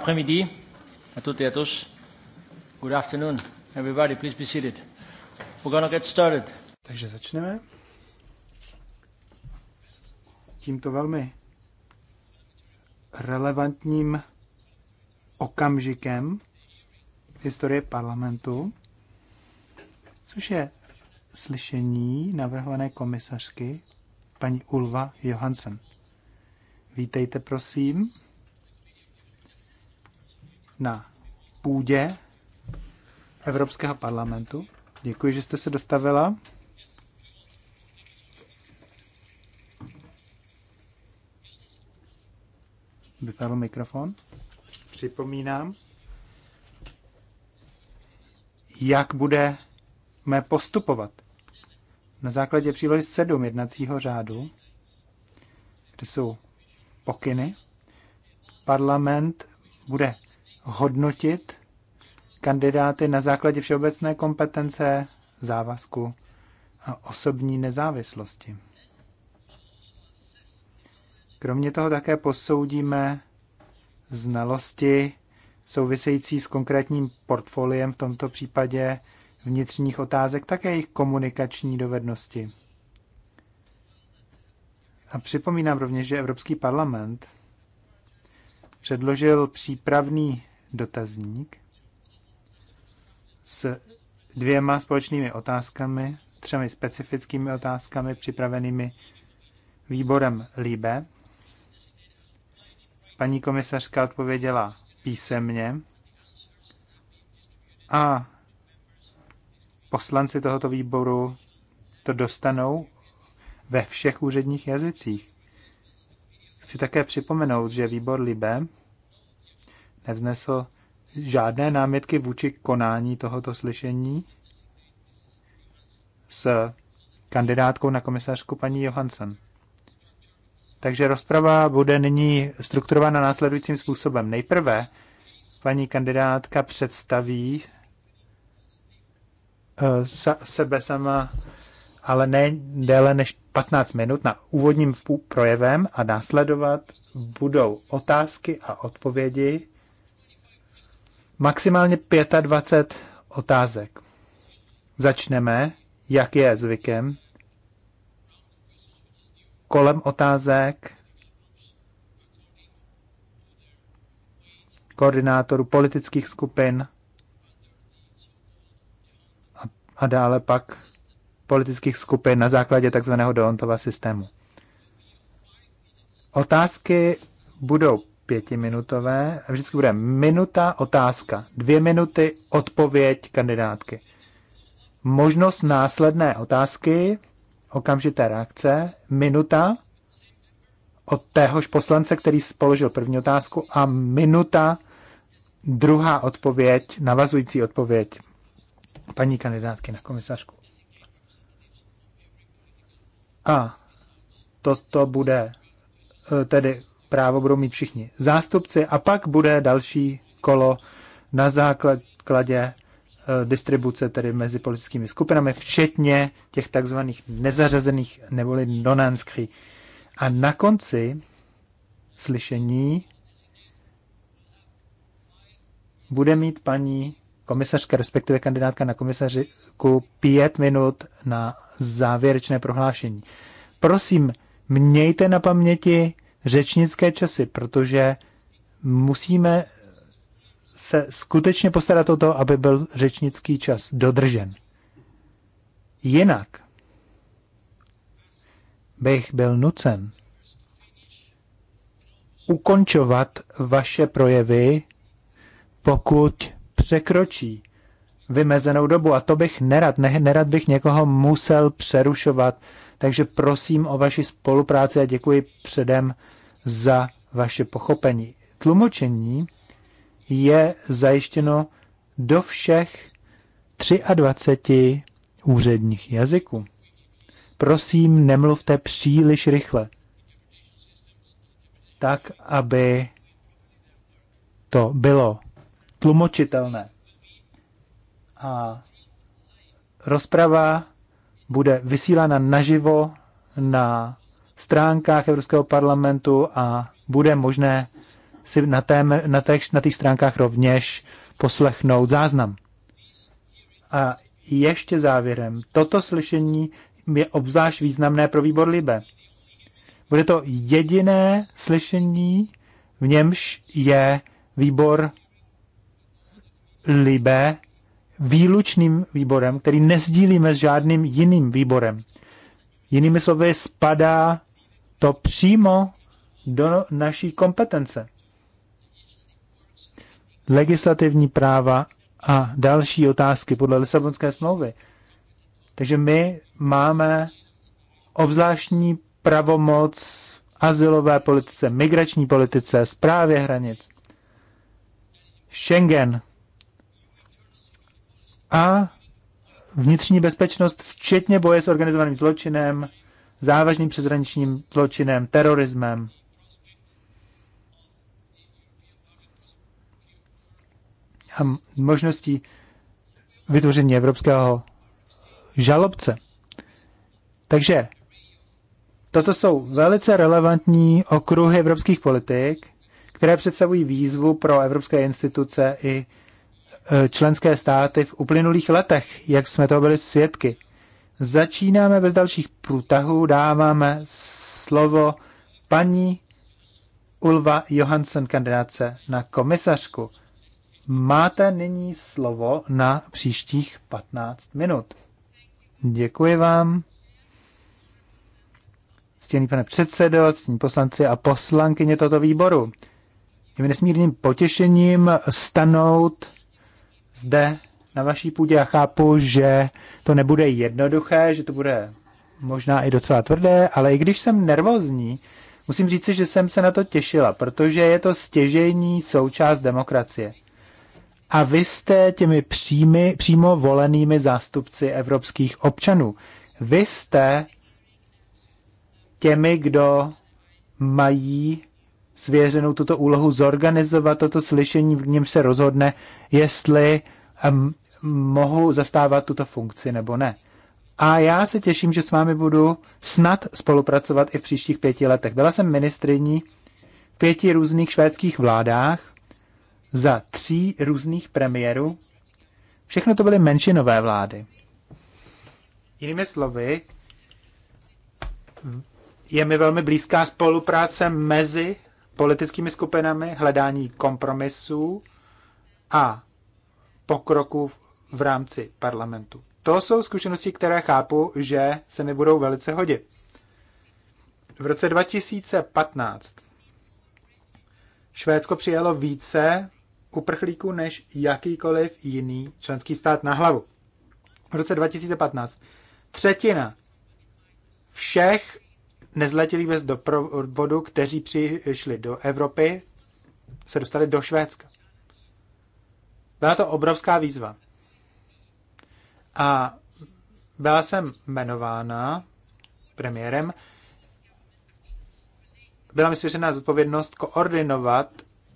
après-midi à toutes et à tous. Good afternoon, everybody. Please be seated. We're gonna get started. Takže začneme. Tímto velmi relevantním okamžikem historie parlamentu, což je slyšení navrhované komisařky paní Ulva Johansen. Vítejte, prosím na půdě Evropského parlamentu. Děkuji, že jste se dostavila. Vypadl mikrofon. Připomínám, jak budeme postupovat. Na základě přílohy 7 jednacího řádu, kde jsou pokyny, parlament bude hodnotit kandidáty na základě všeobecné kompetence, závazku a osobní nezávislosti. Kromě toho také posoudíme znalosti související s konkrétním portfoliem, v tomto případě vnitřních otázek, také jejich komunikační dovednosti. A připomínám rovněž, že Evropský parlament předložil přípravný dotazník s dvěma společnými otázkami, třemi specifickými otázkami připravenými výborem Líbe. Paní komisařka odpověděla písemně a poslanci tohoto výboru to dostanou ve všech úředních jazycích. Chci také připomenout, že výbor Libe nevznesl žádné námětky vůči konání tohoto slyšení s kandidátkou na komisařku paní Johansson. Takže rozprava bude nyní strukturována následujícím způsobem. Nejprve paní kandidátka představí eh, sebe sama, ale ne déle než 15 minut na úvodním projevem a následovat budou otázky a odpovědi maximálně 25 otázek. Začneme, jak je zvykem, kolem otázek koordinátorů politických skupin a, a dále pak politických skupin na základě takzvaného Deontova systému. Otázky budou pětiminutové. Vždycky bude minuta otázka, dvě minuty odpověď kandidátky. Možnost následné otázky, okamžité reakce, minuta od téhož poslance, který položil první otázku a minuta druhá odpověď, navazující odpověď paní kandidátky na komisařku. A toto bude e, tedy právo budou mít všichni zástupci a pak bude další kolo na základě eh, distribuce tedy mezi politickými skupinami, včetně těch takzvaných nezařazených neboli nonanskří. A na konci slyšení bude mít paní komisařka, respektive kandidátka na komisařku, pět minut na závěrečné prohlášení. Prosím, mějte na paměti řečnické časy, protože musíme se skutečně postarat o to, aby byl řečnický čas dodržen. Jinak bych byl nucen ukončovat vaše projevy, pokud překročí vymezenou dobu. A to bych nerad, ne, nerad bych někoho musel přerušovat. Takže prosím o vaši spolupráci a děkuji předem za vaše pochopení. Tlumočení je zajištěno do všech 23 úředních jazyků. Prosím, nemluvte příliš rychle, tak aby to bylo tlumočitelné. A rozprava bude vysílána naživo na stránkách Evropského parlamentu a bude možné si na, té, na, těch, na těch stránkách rovněž poslechnout záznam. A ještě závěrem, toto slyšení je obzvlášť významné pro výbor Libe. Bude to jediné slyšení, v němž je výbor Libe výlučným výborem, který nezdílíme s žádným jiným výborem. Jinými slovy, spadá to přímo do naší kompetence. Legislativní práva a další otázky podle Lisabonské smlouvy. Takže my máme obzvláštní pravomoc azylové politice, migrační politice, zprávě hranic, Schengen a vnitřní bezpečnost, včetně boje s organizovaným zločinem, závažným přezraničním zločinem, terorismem. A možností vytvoření evropského žalobce. Takže toto jsou velice relevantní okruhy evropských politik, které představují výzvu pro evropské instituce i e, členské státy v uplynulých letech, jak jsme to byli svědky. Začínáme bez dalších průtahů, dáváme slovo paní Ulva Johansson, kandidáce na komisařku. Máte nyní slovo na příštích 15 minut. Děkuji vám. Ctěný pane předsedo, ctění poslanci a poslankyně tohoto výboru. Je mi nesmírným potěšením stanout zde na vaší půdě a chápu, že to nebude jednoduché, že to bude možná i docela tvrdé, ale i když jsem nervózní, musím říct, že jsem se na to těšila, protože je to stěžení součást demokracie. A vy jste těmi přími, přímo volenými zástupci evropských občanů. Vy jste těmi, kdo mají svěřenou tuto úlohu zorganizovat toto slyšení, v něm se rozhodne, jestli mohou zastávat tuto funkci nebo ne. A já se těším, že s vámi budu snad spolupracovat i v příštích pěti letech. Byla jsem ministriní v pěti různých švédských vládách za tří různých premiérů. Všechno to byly menšinové vlády. Jinými slovy, je mi velmi blízká spolupráce mezi politickými skupinami, hledání kompromisů a pokroku v rámci parlamentu. To jsou zkušenosti, které chápu, že se mi budou velice hodit. V roce 2015 Švédsko přijalo více uprchlíků než jakýkoliv jiný členský stát na hlavu. V roce 2015 třetina všech nezletilých bez doprovodu, kteří přišli do Evropy, se dostali do Švédska. Byla to obrovská výzva. A byla jsem jmenována premiérem. Byla mi svěřena zodpovědnost koordinovat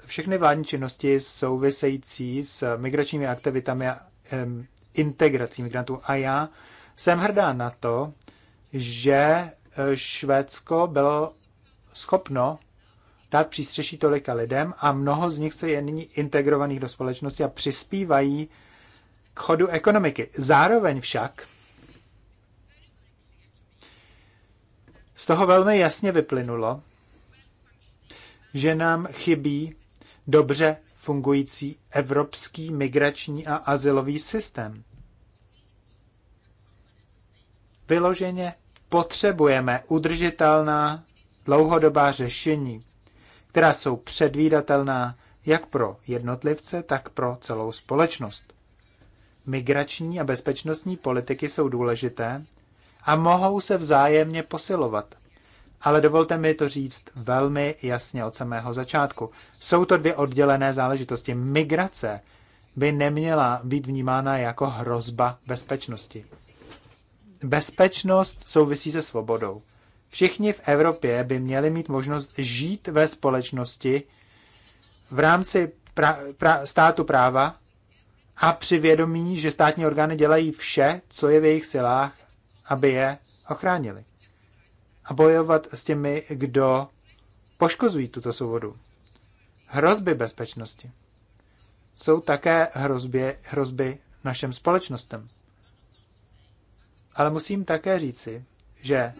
všechny vládní činnosti související s migračními aktivitami a um, integrací migrantů. A já jsem hrdá na to, že Švédsko bylo schopno dát přístřeší tolika lidem a mnoho z nich se je nyní integrovaných do společnosti a přispívají k chodu ekonomiky. Zároveň však z toho velmi jasně vyplynulo, že nám chybí dobře fungující evropský migrační a asilový systém. Vyloženě potřebujeme udržitelná dlouhodobá řešení která jsou předvídatelná jak pro jednotlivce, tak pro celou společnost. Migrační a bezpečnostní politiky jsou důležité a mohou se vzájemně posilovat. Ale dovolte mi to říct velmi jasně od samého začátku. Jsou to dvě oddělené záležitosti. Migrace by neměla být vnímána jako hrozba bezpečnosti. Bezpečnost souvisí se svobodou. Všichni v Evropě by měli mít možnost žít ve společnosti v rámci pra, pra, státu práva a při vědomí, že státní orgány dělají vše, co je v jejich silách, aby je ochránili. A bojovat s těmi, kdo poškozují tuto svobodu. Hrozby bezpečnosti jsou také hrozbě, hrozby našem společnostem. Ale musím také říci, že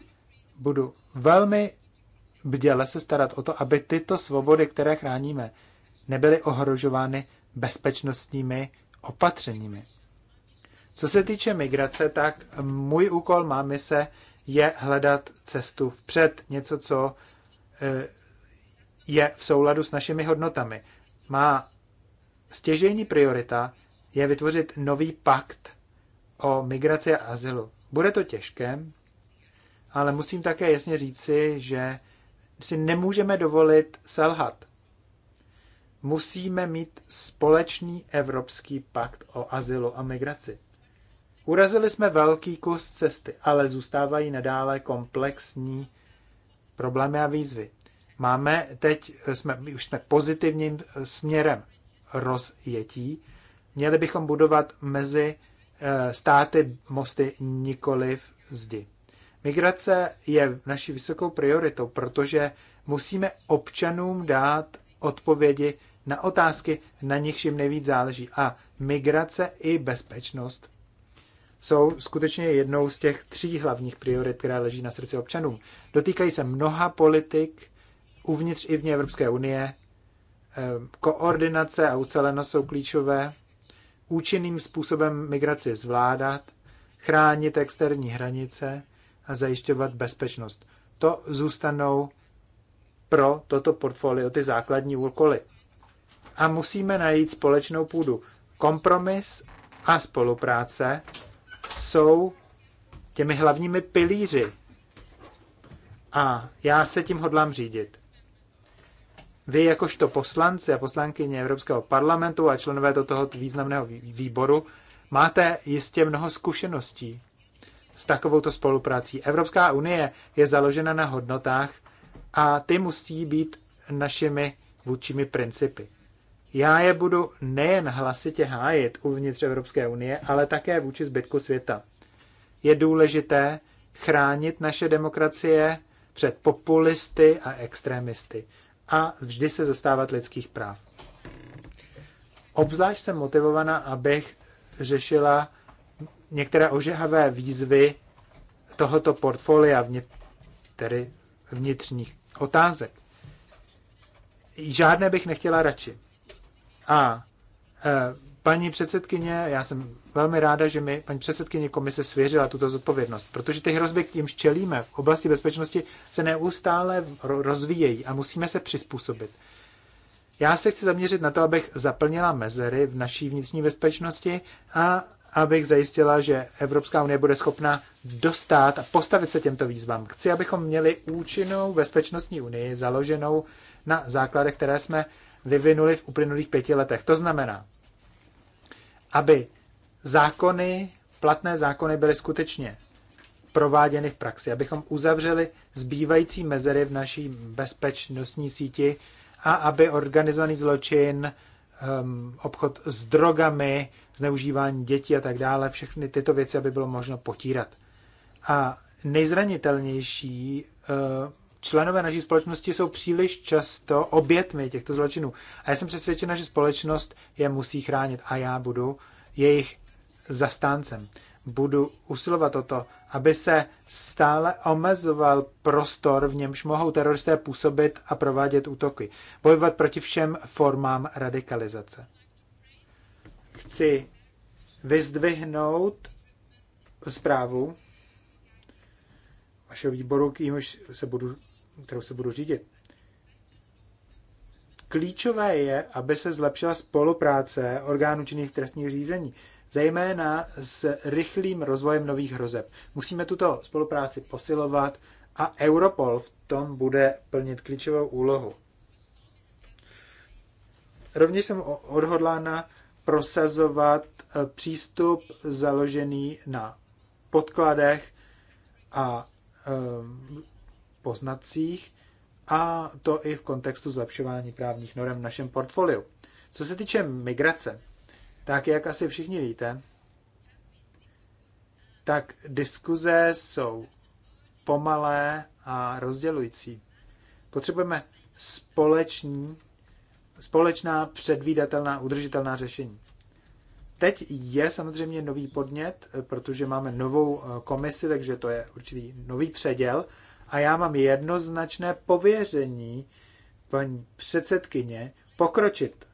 budu velmi bděle se starat o to, aby tyto svobody, které chráníme, nebyly ohrožovány bezpečnostními opatřeními. Co se týče migrace, tak můj úkol, má mise, je hledat cestu vpřed, něco, co e, je v souladu s našimi hodnotami. Má stěžejní priorita je vytvořit nový pakt o migraci a azylu. Bude to těžké, ale musím také jasně říci, že si nemůžeme dovolit selhat. Musíme mít společný Evropský pakt o azylu a migraci. Urazili jsme velký kus cesty, ale zůstávají nadále komplexní problémy a výzvy. Máme teď, jsme, my už jsme pozitivním směrem rozjetí. Měli bychom budovat mezi eh, státy mosty nikoliv zdi. Migrace je naší vysokou prioritou, protože musíme občanům dát odpovědi na otázky, na nichž jim nejvíc záleží. A migrace i bezpečnost jsou skutečně jednou z těch tří hlavních priorit, která leží na srdci občanům. Dotýkají se mnoha politik uvnitř i vně Evropské unie. Ehm, koordinace a ucelenost jsou klíčové. Účinným způsobem migraci zvládat, chránit externí hranice, a zajišťovat bezpečnost. To zůstanou pro toto portfolio ty základní úkoly. A musíme najít společnou půdu. Kompromis a spolupráce jsou těmi hlavními pilíři. A já se tím hodlám řídit. Vy jakožto poslanci a poslankyně Evropského parlamentu a členové do toho významného výboru máte jistě mnoho zkušeností s takovouto spoluprací. Evropská unie je založena na hodnotách a ty musí být našimi vůdčími principy. Já je budu nejen hlasitě hájit uvnitř Evropské unie, ale také vůči zbytku světa. Je důležité chránit naše demokracie před populisty a extremisty a vždy se zastávat lidských práv. Obzvlášť jsem motivovaná, abych řešila některé ožehavé výzvy tohoto portfolia, vnitř, tedy vnitřních otázek. Žádné bych nechtěla radši. A e, paní předsedkyně, já jsem velmi ráda, že mi paní předsedkyně komise svěřila tuto zodpovědnost, protože ty hrozby, k jimž čelíme v oblasti bezpečnosti, se neustále rozvíjejí a musíme se přizpůsobit. Já se chci zaměřit na to, abych zaplnila mezery v naší vnitřní bezpečnosti a abych zajistila, že Evropská unie bude schopna dostat a postavit se těmto výzvám. Chci, abychom měli účinnou bezpečnostní unii založenou na základech, které jsme vyvinuli v uplynulých pěti letech. To znamená, aby zákony, platné zákony byly skutečně prováděny v praxi, abychom uzavřeli zbývající mezery v naší bezpečnostní síti a aby organizovaný zločin um, obchod s drogami, zneužívání dětí a tak dále, všechny tyto věci, aby bylo možno potírat. A nejzranitelnější uh, členové naší společnosti jsou příliš často obětmi těchto zločinů. A já jsem přesvědčena, že společnost je musí chránit a já budu jejich zastáncem budu usilovat o to, aby se stále omezoval prostor, v němž mohou teroristé působit a provádět útoky. Bojovat proti všem formám radikalizace. Chci vyzdvihnout zprávu vašeho výboru, k jímž se budu, kterou se budu řídit. Klíčové je, aby se zlepšila spolupráce orgánů činných trestních řízení zejména s rychlým rozvojem nových hrozeb. Musíme tuto spolupráci posilovat a Europol v tom bude plnit klíčovou úlohu. Rovněž jsem odhodlána prosazovat e, přístup založený na podkladech a e, poznacích, a to i v kontextu zlepšování právních norm v našem portfoliu. Co se týče migrace, tak jak asi všichni víte, tak diskuze jsou pomalé a rozdělující. Potřebujeme společný, společná předvídatelná udržitelná řešení. Teď je samozřejmě nový podnět, protože máme novou eh, komisi, takže to je určitý nový předěl. A já mám jednoznačné pověření paní předsedkyně pokročit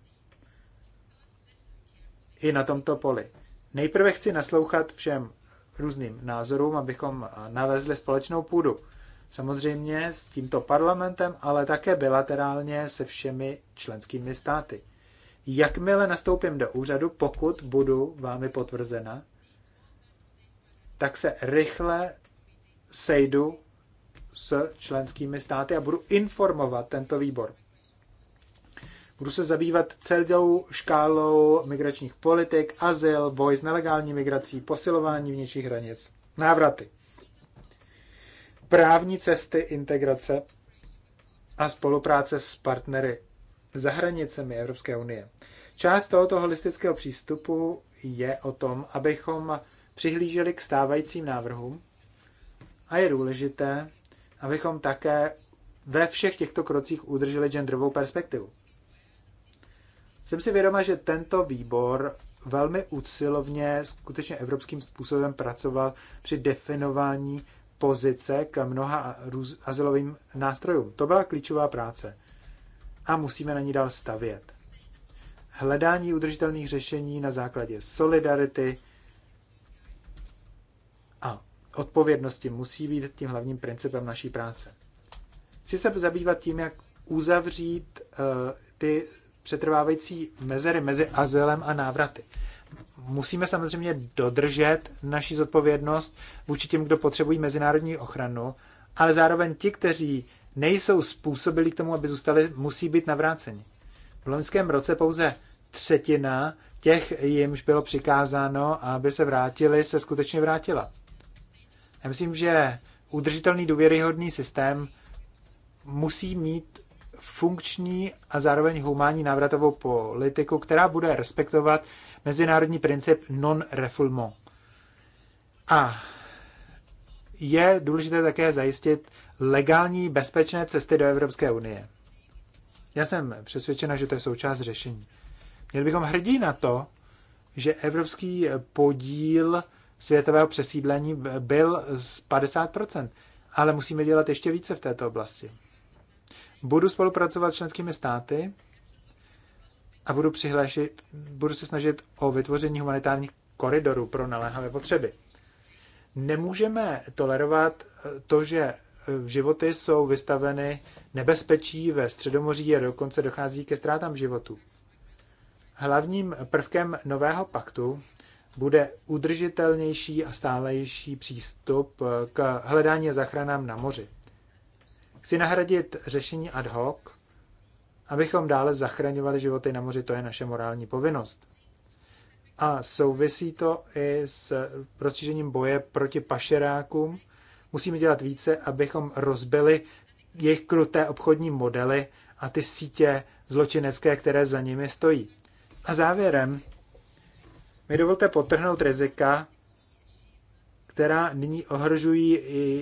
i na tomto poli. Nejprve chci naslouchat všem různým názorům, abychom eh, nalezli společnou půdu. Samozřejmě s tímto parlamentem, ale také bilaterálně se všemi členskými státy. Jakmile nastoupím do úřadu, pokud budu vámi potvrzena, tak se rychle sejdu s členskými státy a budu informovat tento výbor. Budu se zabývat celou škálou migračních politik, azyl, boj s nelegální migrací, posilování vnějších hranic, návraty, právní cesty integrace a spolupráce s partnery za hranicemi Evropské unie. Část tohoto holistického přístupu je o tom, abychom přihlíželi k stávajícím návrhům a je důležité, abychom také ve všech těchto krocích udrželi genderovou perspektivu. Jsem si vědoma, že tento výbor velmi úsilovně, skutečně evropským způsobem pracoval při definování pozice k mnoha růz, azylovým nástrojům. To byla klíčová práce. A musíme na ní dál stavět. Hledání udržitelných řešení na základě solidarity a odpovědnosti musí být tím hlavním principem naší práce. Chci se zabývat tím, jak uzavřít uh, ty přetrvávající mezery mezi azylem a návraty. Musíme samozřejmě dodržet naši zodpovědnost vůči těm, kdo potřebují mezinárodní ochranu, ale zároveň ti, kteří nejsou způsobili k tomu, aby zůstali, musí být navráceni. V loňském roce pouze třetina těch, jimž bylo přikázáno, aby se vrátili, se skutečně vrátila. Já myslím, že udržitelný důvěryhodný systém musí mít funkční a zároveň humánní návratovou politiku, která bude respektovat mezinárodní princip non-refoulement. A je důležité také zajistit legální bezpečné cesty do Evropské unie. Já jsem přesvědčena, že to je součást řešení. Měli bychom hrdí na to, že evropský podíl světového přesídlení byl z 50%, ale musíme dělat ještě více v této oblasti. Budu spolupracovat s členskými státy a budu, přihlášit, budu se snažit o vytvoření humanitárních koridorů pro naléhavé potřeby. Nemůžeme tolerovat eh, to, že eh, životy jsou vystaveny nebezpečí ve Středomoří a dokonce dochází ke ztrátám životů. Hlavním prvkem nového paktu bude udržitelnější a stálejší přístup eh, k hledání a zachranám na moři. Chci nahradit řešení ad hoc, abychom dále zachraňovali životy na moři, to je naše morální povinnost. A souvisí to i s prostřížením boje proti pašerákům. Musíme dělat více, abychom rozbili jejich kruté obchodní modely a ty sítě zločinecké, které za nimi stojí. A závěrem mi dovolte potrhnout rizika, která nyní ohrožují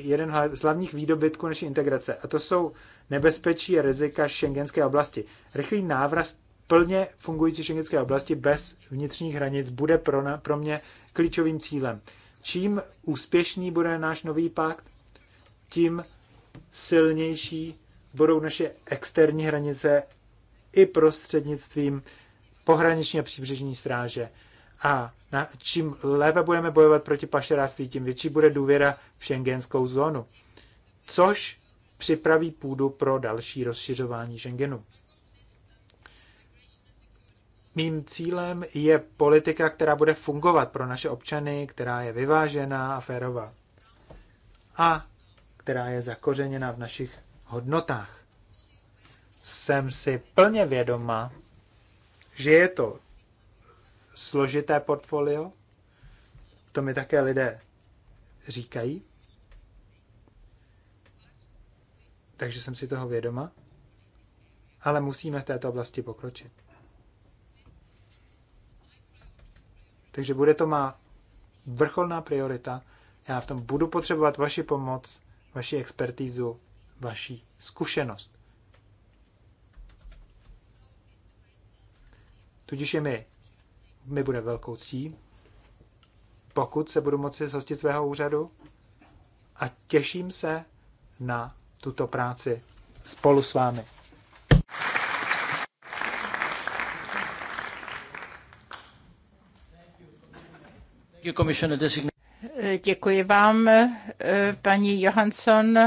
jeden z hlavních výdobytků naší integrace. A to jsou nebezpečí a rizika šengenské oblasti. Rychlý návrat plně fungující šengenské oblasti bez vnitřních hranic bude pro, na, pro mě klíčovým cílem. Čím úspěšný bude náš nový pakt, tím silnější budou naše externí hranice i prostřednictvím pohraniční a příbřežní stráže. A na, čím lépe budeme bojovat proti pašeráctví, tím větší bude důvěra v šengenskou zónu, což připraví půdu pro další rozšiřování Schengenu. Mým cílem je politika, která bude fungovat pro naše občany, která je vyvážená a férová a která je zakořeněna v našich hodnotách. Jsem si plně vědoma, že je to složité portfolio. To mi také lidé říkají. Takže jsem si toho vědoma. Ale musíme v této oblasti pokročit. Takže bude to má vrcholná priorita. Já v tom budu potřebovat vaši pomoc, vaši expertízu, vaši zkušenost. Tudíž je mi mi bude velkou ctí, pokud se budu moci zhostit svého úřadu a těším se na tuto práci spolu s vámi. Děkuji vám, eh, paní Johansson,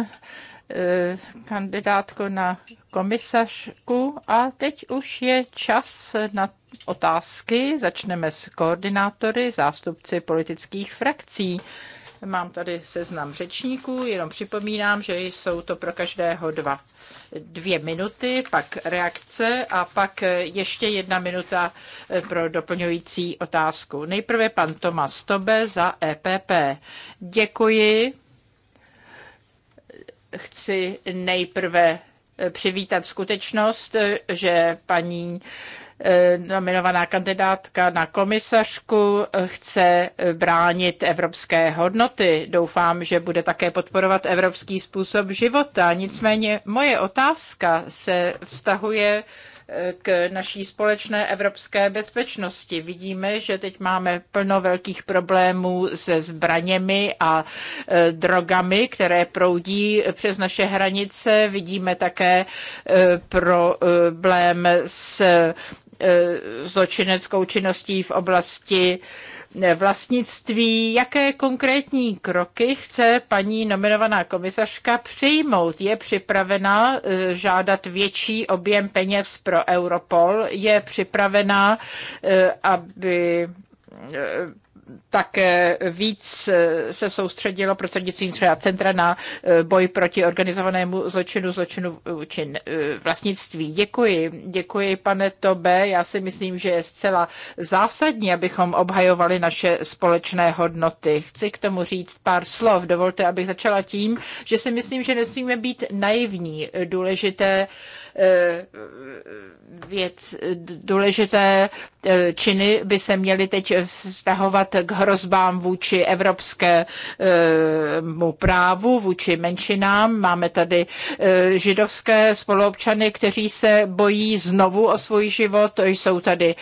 Eh, kandidátko na komisařku a teď už je čas na otázky. Začneme s koordinátory, zástupci politických frakcí. Mám tady seznam řečníků, jenom připomínám, že jsou to pro každého dva, dvě minuty, pak reakce a pak ještě jedna minuta eh, pro doplňující otázku. Nejprve pan Tomas Tobe za EPP. Děkuji chci nejprve eh, přivítat skutečnost, eh, že paní eh, nominovaná kandidátka na komisařku chce bránit evropské hodnoty. Doufám, že bude také podporovat evropský způsob života. Nicméně moje otázka se vztahuje k naší společné evropské bezpečnosti. Vidíme, že teď máme plno velkých problémů se zbraněmi a e, drogami, které proudí přes naše hranice. Vidíme také e, problém s e, zločineckou činností v oblasti vlastnictví, jaké konkrétní kroky chce paní nominovaná komisařka přijmout. Je připravena eh, žádat větší objem peněz pro Europol, je připravena, eh, aby eh, také víc eh, se soustředilo prostřednictvím třeba centra na eh, boj proti organizovanému zločinu, zločinu eh, či vlastnictví. Děkuji, děkuji pane Tobe. Já si myslím, že je zcela zásadní, abychom obhajovali naše společné hodnoty. Chci k tomu říct pár slov. Dovolte, abych začala tím, že si myslím, že nesmíme být naivní. Důležité Eh, věc, důležité eh, činy by se měly teď vztahovat k hrozbám vůči evropskému eh, právu, vůči menšinám. Máme tady židovské spoluobčany, kteří se bojí znovu o svůj život. Jsou tady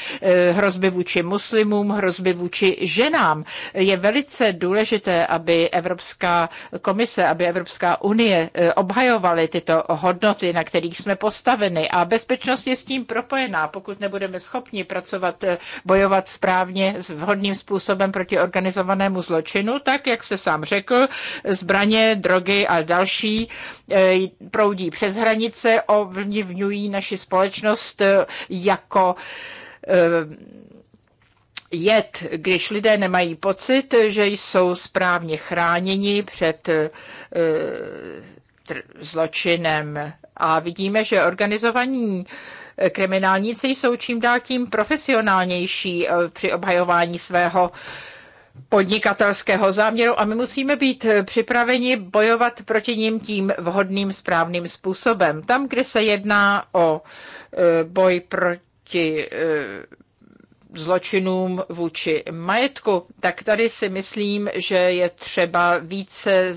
hrozby vůči muslimům, hrozby vůči ženám. Je velice důležité, aby Evropská komise, aby Evropská unie obhajovaly tyto hodnoty, na kterých jsme postavili postaveny a bezpečnost je s tím propojená. Pokud nebudeme schopni pracovat, eh, bojovat správně, s vhodným způsobem proti organizovanému zločinu, tak, jak se sám řekl, zbraně, drogy a další eh, proudí přes hranice, ovlivňují naši společnost eh, jako jed, když lidé nemají pocit, že jsou správně chráněni před zločinem a vidíme, že organizovaní eh, kriminálníci jsou čím dál tím profesionálnější eh, při obhajování svého podnikatelského záměru a my musíme být eh, připraveni bojovat proti ním tím vhodným správným způsobem. Tam, kde se jedná o boj proti zločinům vůči majetku, tak tady si myslím, že je třeba více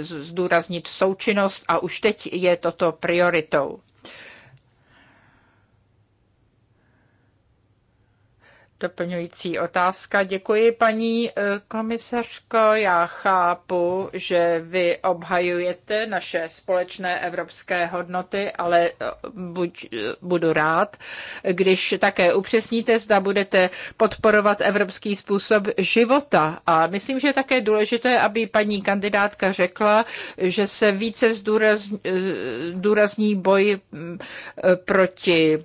zdůraznit součinnost a už teď je toto prioritou. Doplňující otázka. Děkuji, paní eh, komisařko. Já chápu, že vy obhajujete naše společné evropské hodnoty, ale eh, buď, eh, budu rád, když také upřesníte, zda budete podporovat evropský způsob života. A myslím, že je také důležité, aby paní kandidátka řekla, že se více zdůrazní, boj mm, proti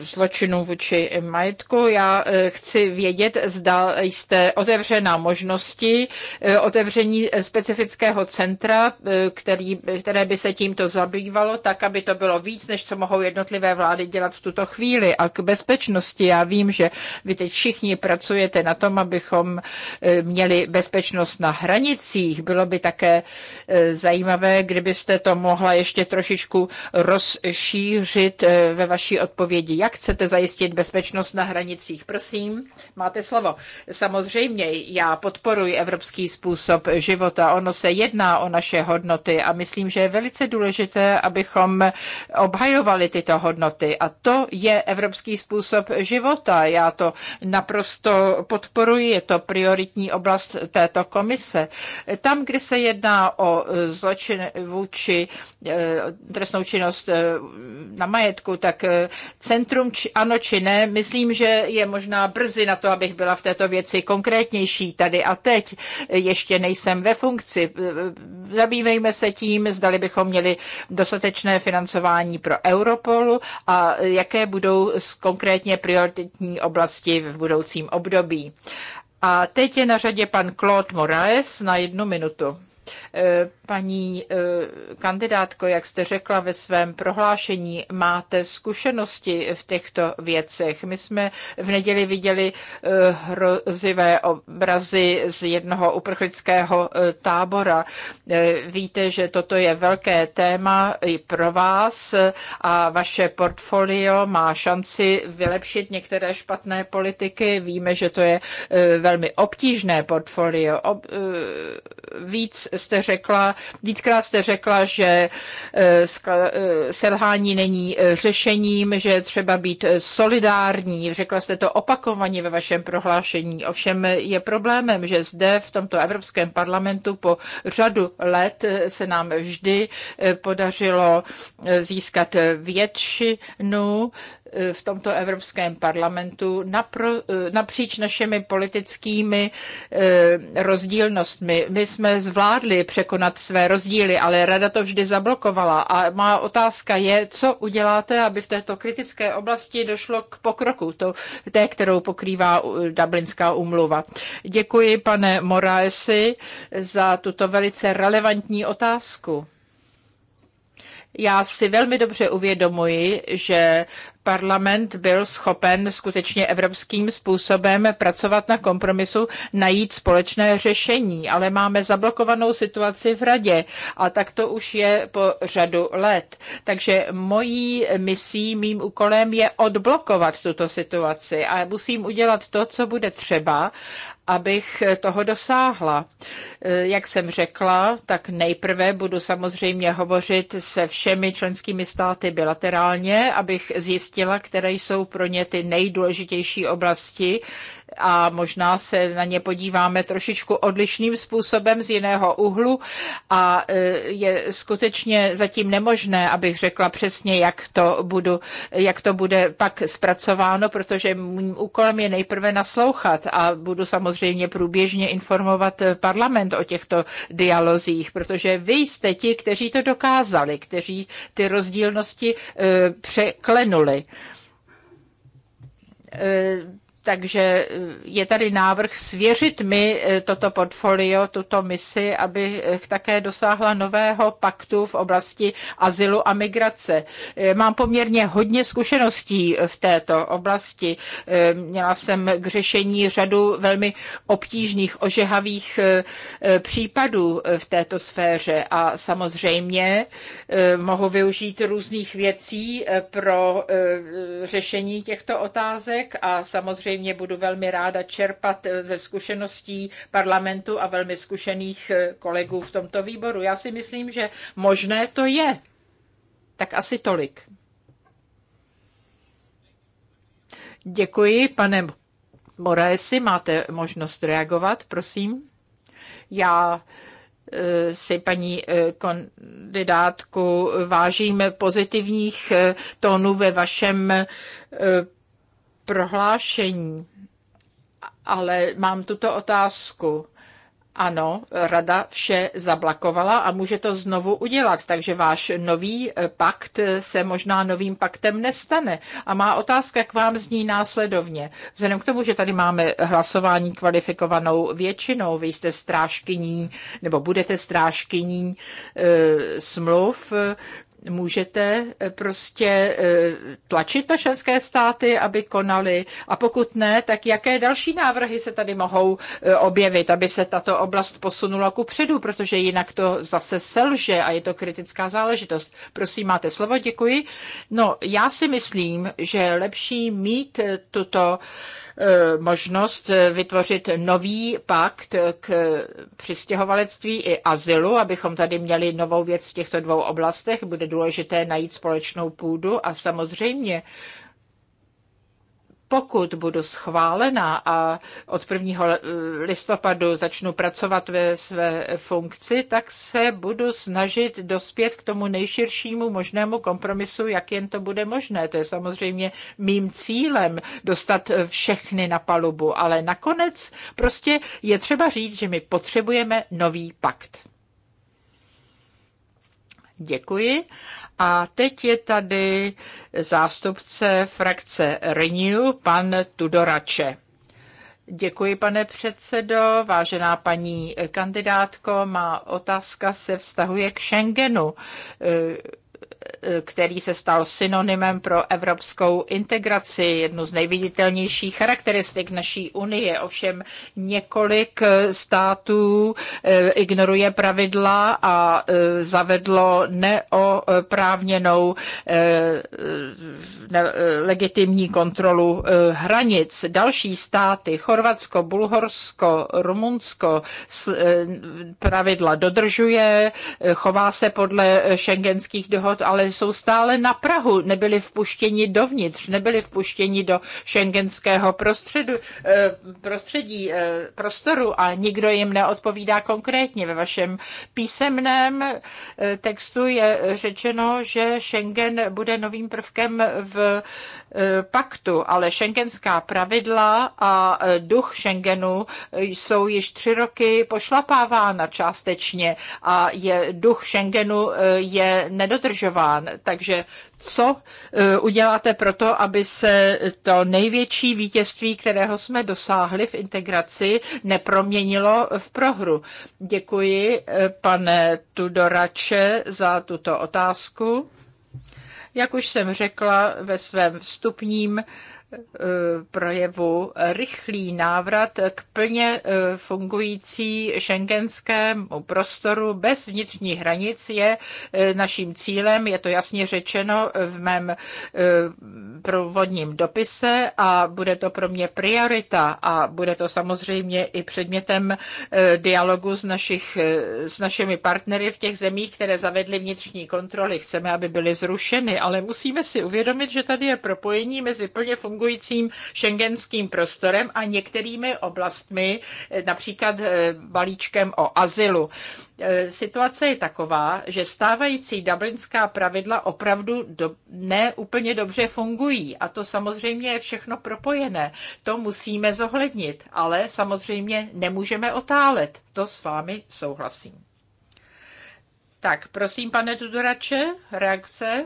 zločinu vůči majetku. Já Eh, chci vědět, zda jste otevřená možnosti eh, otevření specifického centra, eh, který, které by se tímto zabývalo, tak, aby to bylo víc, než co mohou jednotlivé vlády dělat v tuto chvíli. A k bezpečnosti já vím, že vy teď všichni pracujete na tom, abychom měli bezpečnost na hranicích. Bylo by také zajímavé, kdybyste to mohla ještě trošičku rozšířit ve vaší odpovědi. Jak chcete zajistit bezpečnost na hranicích? Prosím prosím, máte slovo. Samozřejmě, já podporuji evropský způsob života. Ono se jedná o naše hodnoty a myslím, že je velice důležité, abychom obhajovali tyto hodnoty. A to je evropský způsob života. Já to naprosto podporuji. Je to prioritní oblast této komise. Tam, kde se jedná o zločin vůči eh, trestnou činnost eh, na majetku, tak eh, centrum či, ano či ne, myslím, že je možná možná brzy na to, abych byla v této věci konkrétnější tady a teď. Ještě nejsem ve funkci. Zabývejme se tím, zdali bychom měli dostatečné financování pro Europol a jaké budou konkrétně prioritní oblasti v budoucím období. A teď je na řadě pan Claude Moraes na jednu minutu. Eh, paní eh, kandidátko, jak jste řekla ve svém prohlášení, máte zkušenosti v těchto věcech. My jsme v neděli viděli eh, hrozivé obrazy z jednoho uprchlického tábora. Víte, že toto je velké téma i pro vás a vaše portfolio má šanci vylepšit některé špatné politiky. Víme, že to je velmi obtížné portfolio. Víc jste řekla, víckrát jste řekla, že eh, eh, selhání není eh, řešením, že je třeba být solidární. Řekla jste to opakovaně ve vašem prohlášení. Ovšem je problémem, že zde v tomto Evropském parlamentu po řadu let se nám vždy podařilo získat většinu Eh, v tomto Evropském parlamentu napro, eh, napříč našimi politickými eh, rozdílnostmi. My jsme zvládli překonat své rozdíly, ale rada to vždy zablokovala. A má otázka je, co uděláte, aby v této kritické oblasti došlo k pokroku, to, té, kterou pokrývá Dublinská umluva. Děkuji, pane Moraesi, za tuto velice relevantní otázku. Já si velmi dobře uvědomuji, že parlament byl schopen skutečně evropským způsobem pracovat na kompromisu, najít společné řešení, ale máme zablokovanou situaci v radě a tak to už je po řadu let. Takže mojí misí, mým úkolem je odblokovat tuto situaci a musím udělat to, co bude třeba, abych toho dosáhla. Eh, jak jsem řekla, tak nejprve budu samozřejmě hovořit se všemi členskými státy bilaterálně, abych zjistila, které jsou pro ně ty nejdůležitější oblasti, a možná se na ně podíváme trošičku odlišným způsobem z jiného úhlu a e, je skutečně zatím nemožné, abych řekla přesně, jak to, budu, jak to bude pak zpracováno, protože mým úkolem je nejprve naslouchat a budu samozřejmě průběžně informovat parlament o těchto dialozích, protože vy jste ti, kteří to dokázali, kteří ty rozdílnosti e, překlenuli e, takže eh, je tady návrh svěřit mi eh, toto portfolio, tuto misi, aby eh, také dosáhla nového paktu v oblasti azylu a migrace. Mám poměrně hodně zkušeností v této oblasti. Měla jsem k řešení řadu velmi obtížných, ožehavých případů v této sféře a samozřejmě mohu využít různých věcí pro řešení těchto otázek a samozřejmě samozřejmě budu velmi ráda čerpat eh, ze zkušeností parlamentu a velmi zkušených eh, kolegů v tomto výboru. Já si myslím, že možné to je. Tak asi tolik. Děkuji, pane Moraesi. Máte možnost reagovat, prosím. Já eh, si paní kandidátku vážím pozitivních tónů ve vašem prohlášení, ale mám tuto otázku. Ano, rada vše zablakovala a může to znovu udělat, takže váš nový eh, pakt se možná novým paktem nestane. A má otázka k vám zní následovně. Vzhledem k tomu, že tady máme hlasování kvalifikovanou většinou, vy jste strážkyní nebo budete strážkyní e, smluv, můžete eh, prostě eh, tlačit na členské státy, aby konali a pokud ne, tak jaké další návrhy se tady mohou eh, objevit, aby se tato oblast posunula ku předu, protože jinak to zase selže a je to kritická záležitost. Prosím, máte slovo, děkuji. No, já si myslím, že lepší mít tuto uh, Eh, možnost vytvořit nový pakt k přistěhovalectví i azylu, abychom tady měli novou věc v těchto dvou oblastech. Bude důležité najít společnou půdu a samozřejmě pokud budu schválená a od 1. listopadu začnu pracovat ve své funkci, tak se budu snažit dospět k tomu nejširšímu možnému kompromisu, jak jen to bude možné. To je samozřejmě mým cílem dostat všechny na palubu, ale nakonec prostě je třeba říct, že my potřebujeme nový pakt. Děkuji. A teď je tady zástupce frakce Renew, pan Tudorače. Děkuji, pane předsedo. Vážená paní kandidátko, má otázka se vztahuje k Schengenu který se stal synonymem pro evropskou integraci, jednu z nejviditelnějších charakteristik naší unie. Ovšem několik států eh, ignoruje pravidla a eh, zavedlo neoprávněnou eh, legitimní kontrolu hranic. Další státy, Chorvatsko, Bulhorsko, Rumunsko, pravidla dodržuje, chová se podle šengenských dohod ale jsou stále na Prahu, nebyli vpuštěni dovnitř, nebyli vpuštěni do šengenského prostředu, eh, prostředí, eh, prostoru a nikdo jim neodpovídá konkrétně. Ve vašem písemném eh, textu je řečeno, že Schengen bude novým prvkem v paktu, ale šengenská pravidla a duch Schengenu jsou již tři roky pošlapávána částečně a je, duch Schengenu je nedodržován blokován. Takže co e, uděláte pro to, aby se to největší vítězství, kterého jsme dosáhli v integraci, neproměnilo v prohru? Děkuji, e, pane Tudorače, za tuto otázku. Jak už jsem řekla ve svém vstupním Eh, projevu rychlý návrat k plně eh, fungující šengenskému prostoru bez vnitřních hranic je eh, naším cílem, je to jasně řečeno v mém průvodním dopise a bude to pro mě priorita a bude to samozřejmě i předmětem dialogu s, našich, s našimi partnery v těch zemích, které zavedly vnitřní kontroly. Chceme, aby byly zrušeny, ale musíme si uvědomit, že tady je propojení mezi plně fungující fungujícím šengenským prostorem a některými oblastmi, eh, například eh, balíčkem o azylu. Eh, situace je taková, že stávající dublinská pravidla opravdu do, ne úplně dobře fungují a to samozřejmě je všechno propojené. To musíme zohlednit, ale samozřejmě nemůžeme otálet. To s vámi souhlasím. Tak, prosím, pane Tudorače, reakce?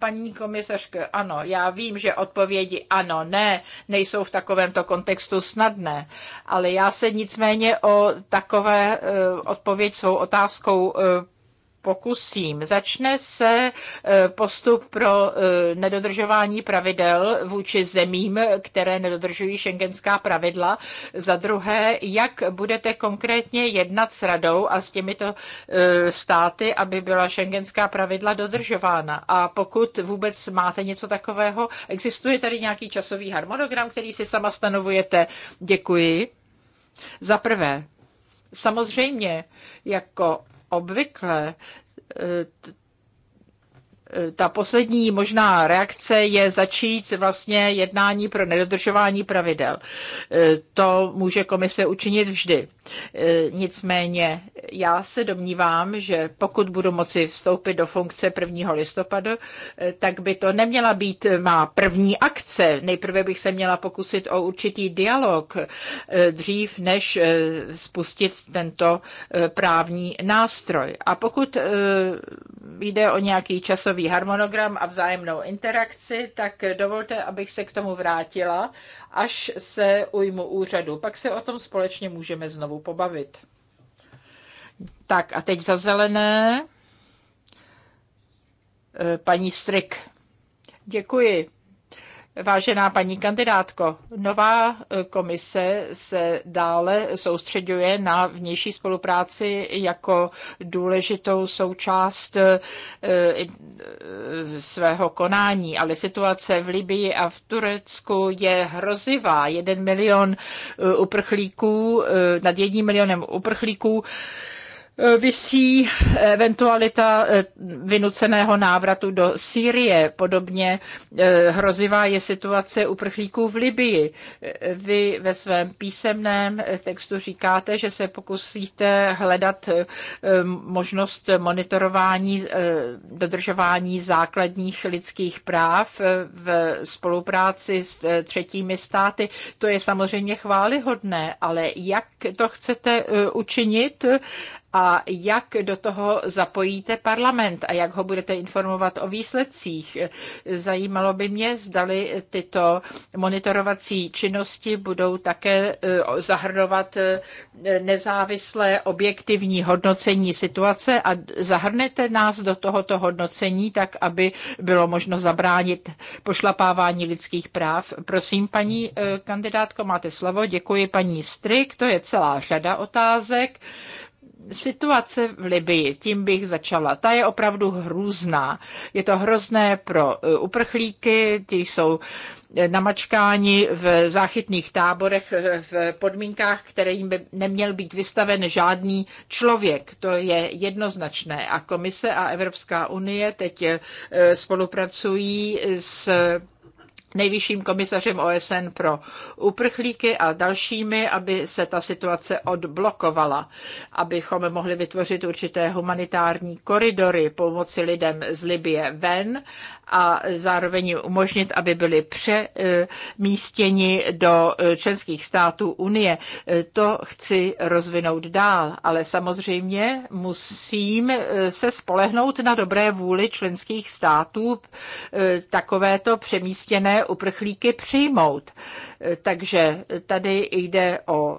Paní komisařko, ano, já vím, že odpovědi ano, ne, nejsou v takovémto kontextu snadné, ale já se nicméně o takové eh, odpověď svou otázkou eh, pokusím. Začne se eh, postup pro eh, nedodržování pravidel vůči zemím, které nedodržují šengenská pravidla. Za druhé, jak budete konkrétně jednat s radou a s těmito eh, státy, aby byla šengenská pravidla dodržována. A pokud vůbec máte něco takového, existuje tady nějaký časový harmonogram, který si sama stanovujete? Děkuji. Za prvé, samozřejmě jako obvykle eh, ta poslední možná reakce je začít vlastně jednání pro nedodržování pravidel. Eh, to může komise učinit vždy. E, nicméně já se domnívám, že pokud budu moci vstoupit do funkce 1. listopadu, e, tak by to neměla být má první akce. Nejprve bych se měla pokusit o určitý dialog e, dřív, než spustit tento právní nástroj. A pokud jde o nějaký časový harmonogram a vzájemnou interakci, tak dovolte, abych se k tomu vrátila až se ujmu úřadu. Pak se o tom společně můžeme znovu pobavit. Tak a teď za zelené. Eh, paní Strik. Děkuji. Vážená paní kandidátko, nová eh, komise se dále soustředuje na vnější spolupráci jako důležitou součást eh, eh, svého konání, ale situace v Libii a v Turecku je hrozivá. Jeden milion uprchlíků, nad jedním milionem uprchlíků visí eh, eventualita eh, vynuceného návratu do Sýrie. Podobně eh, hrozivá je situace uprchlíků v Libii. Vy ve svém písemném textu říkáte, že se pokusíte hledat možnost monitorování dodržování základních lidských práv v spolupráci s třetími státy. To je samozřejmě chválihodné, ale jak to chcete učinit, a jak do toho zapojíte parlament a jak ho budete informovat o výsledcích. Zajímalo by mě, zdali tyto monitorovací činnosti budou také e, zahrnovat e, nezávislé objektivní hodnocení situace a zahrnete nás do tohoto hodnocení tak, aby bylo možno zabránit pošlapávání lidských práv. Prosím, paní e, kandidátko, máte slovo. Děkuji paní Strik, to je celá řada otázek situace v Libii, tím bych začala, ta je opravdu hrůzná. Je to hrozné pro e, uprchlíky, ti jsou e, namačkáni v záchytných táborech e, v podmínkách, které jim by neměl být vystaven žádný člověk. To je jednoznačné. A komise a Evropská unie teď spolupracují s nejvyšším komisařem OSN pro uprchlíky a dalšími, aby se ta situace odblokovala, abychom mohli vytvořit určité humanitární koridory pomoci lidem z Libie ven a zároveň jim umožnit, aby byli přemístěni do e, členských států Unie. E, to chci rozvinout dál, ale samozřejmě musím e, se spolehnout na dobré vůli členských států takovéto přemístěné uprchlíky přijmout. Takže tady jde o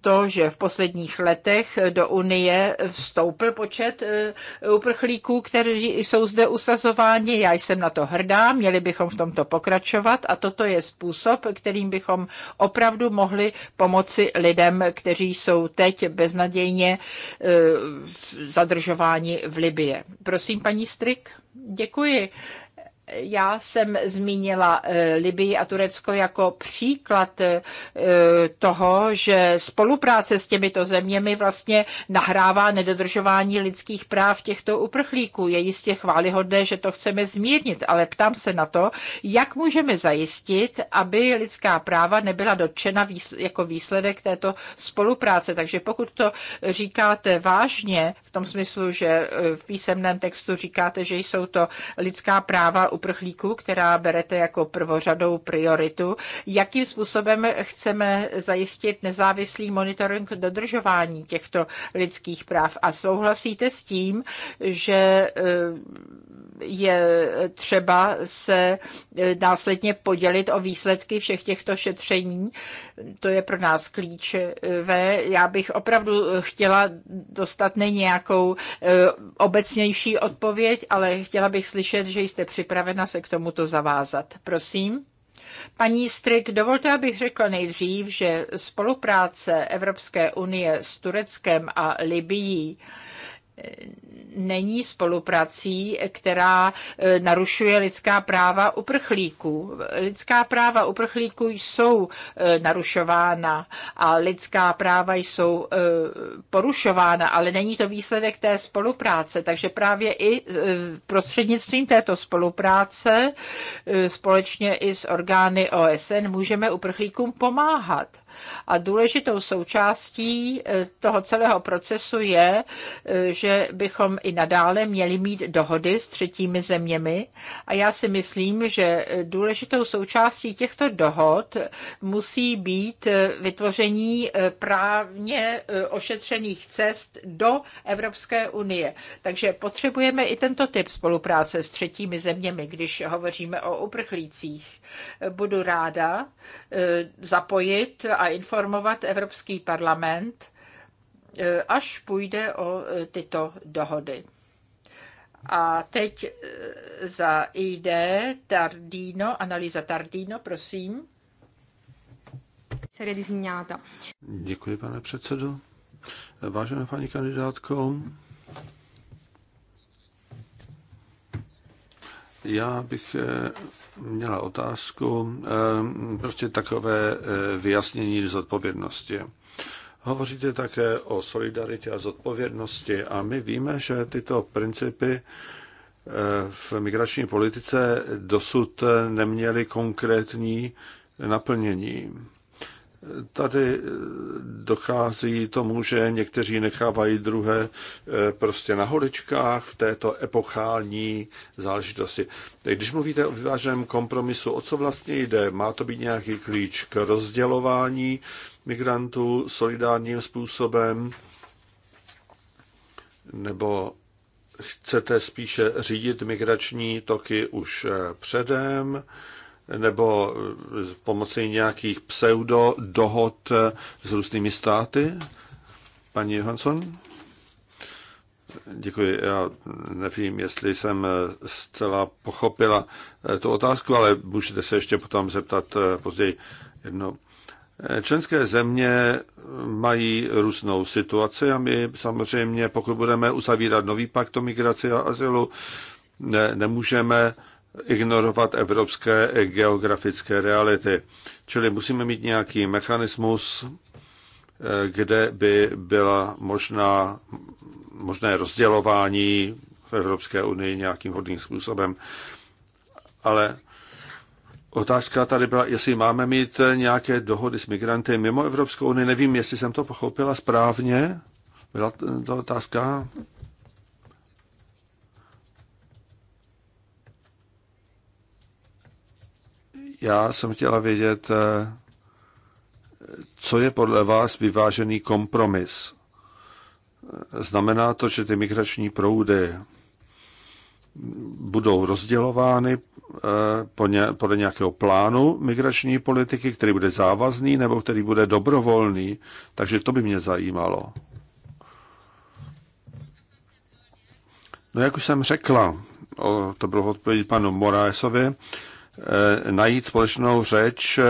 to, že v posledních letech do Unie vstoupil počet e, uprchlíků, kteří jsou zde usazováni. Já jsem na to hrdá, měli bychom v tomto pokračovat a toto je způsob, kterým bychom opravdu mohli pomoci lidem, kteří jsou teď beznadějně e, zadržováni v Libie. Prosím, paní Strik. Děkuji. Já jsem zmínila eh, Libii a Turecko jako příklad eh, toho, že spolupráce s těmito zeměmi vlastně nahrává nedodržování lidských práv těchto uprchlíků. Je jistě chválihodné, že to chceme zmírnit, ale ptám se na to, jak můžeme zajistit, aby lidská práva nebyla dotčena jako výsledek této spolupráce. Takže pokud to říkáte vážně, v tom smyslu, že eh, v písemném textu říkáte, že jsou to lidská práva uprchlíků, která berete jako prvořadou prioritu. Jakým způsobem chceme zajistit nezávislý monitoring dodržování těchto lidských práv? A souhlasíte s tím, že eh, je třeba se eh, následně podělit o výsledky všech těchto šetření. To je pro nás klíčové. Já bych opravdu chtěla dostat ne nějakou eh, obecnější odpověď, ale chtěla bych slyšet, že jste připraveni připravena se k tomuto zavázat. Prosím. Paní Strik, dovolte, abych řekl nejdřív, že spolupráce Evropské unie s Tureckem a Libií není spoluprací, která e, narušuje lidská práva uprchlíků. Lidská práva uprchlíků jsou e, narušována a lidská práva jsou e, porušována, ale není to výsledek té spolupráce. Takže právě i prostřednictvím této spolupráce společně i s orgány OSN můžeme uprchlíkům pomáhat. A důležitou součástí eh, toho celého procesu je, eh, že bychom i nadále měli mít dohody s třetími zeměmi. A já si myslím, že eh, důležitou součástí těchto dohod musí být vytvoření právně ošetřených cest do Evropské unie. Takže potřebujeme i tento typ spolupráce s třetími zeměmi, když hovoříme o uprchlících. Budu ráda zapojit a informovat Evropský parlament, e, až půjde o e, tyto dohody. A teď e, za ID Tardino, analýza Tardino, prosím. Děkuji, pane předsedo. Vážená paní kandidátko, Já bych eh, měla otázku, eh, prostě takové eh, vyjasnění zodpovědnosti. Hovoříte také o solidaritě a zodpovědnosti a my víme, že tyto principy v migrační politice dosud neměly konkrétní naplnění. Tady eh, dochází tomu, že někteří nechávají druhé eh, prostě na holičkách v této epochální záležitosti. Když mluvíte o vyváženém kompromisu, o co vlastně jde? Má to být nějaký klíč k rozdělování migrantů solidárním způsobem? Nebo chcete spíše řídit migrační toky už eh, předem? nebo pomocí nějakých pseudo dohod s různými státy? Paní Johansson? Děkuji. Já nevím, jestli jsem zcela pochopila eh, tu otázku, ale můžete se ještě potom zeptat eh, později jedno. Eh, členské země mají různou situaci a my samozřejmě, pokud budeme uzavírat nový pakt o migraci a azylu, ne, nemůžeme ignorovat evropské geografické reality. Čili musíme mít nějaký mechanismus, eh, kde by byla možná, možné rozdělování v Evropské unii nějakým hodným způsobem. Ale otázka tady byla, jestli máme mít nějaké dohody s migranty mimo Evropskou unii. Nevím, jestli jsem to pochopila správně. Byla to otázka? Já jsem chtěla vědět, eh, co je podle vás vyvážený kompromis. Eh, znamená to, že ty migrační proudy budou rozdělovány eh, podle nějakého plánu migrační politiky, který bude závazný nebo který bude dobrovolný. Takže to by mě zajímalo. No jak už jsem řekla, to bylo odpověď panu Moraesovi, Eh, najít společnou řeč eh,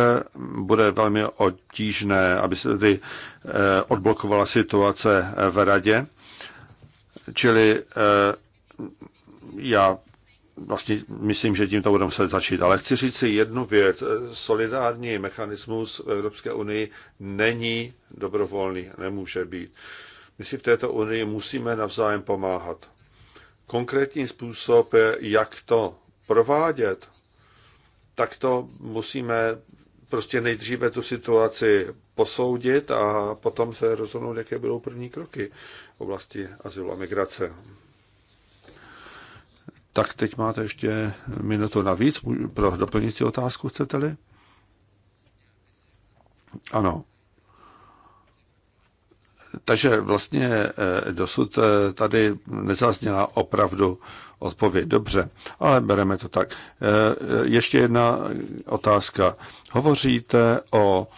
bude velmi obtížné, aby se tedy eh, odblokovala situace v radě. Čili já vlastně myslím, že tímto budeme muset začít. Ale chci říct si jednu věc. Solidární mechanismus v Evropské unii není dobrovolný, nemůže být. My si v této unii musíme navzájem pomáhat. Konkrétní způsob, jak to provádět, tak to musíme prostě nejdříve tu situaci posoudit a potom se rozhodnout, jaké budou první kroky v oblasti azylu a migrace. Tak teď máte ještě minutu navíc pro doplňující otázku, chcete-li? Ano. Takže vlastně eh, dosud eh, tady nezazněla opravdu odpověď. Dobře, ale bereme to tak. Eh, eh, ještě jedna otázka. Hovoříte o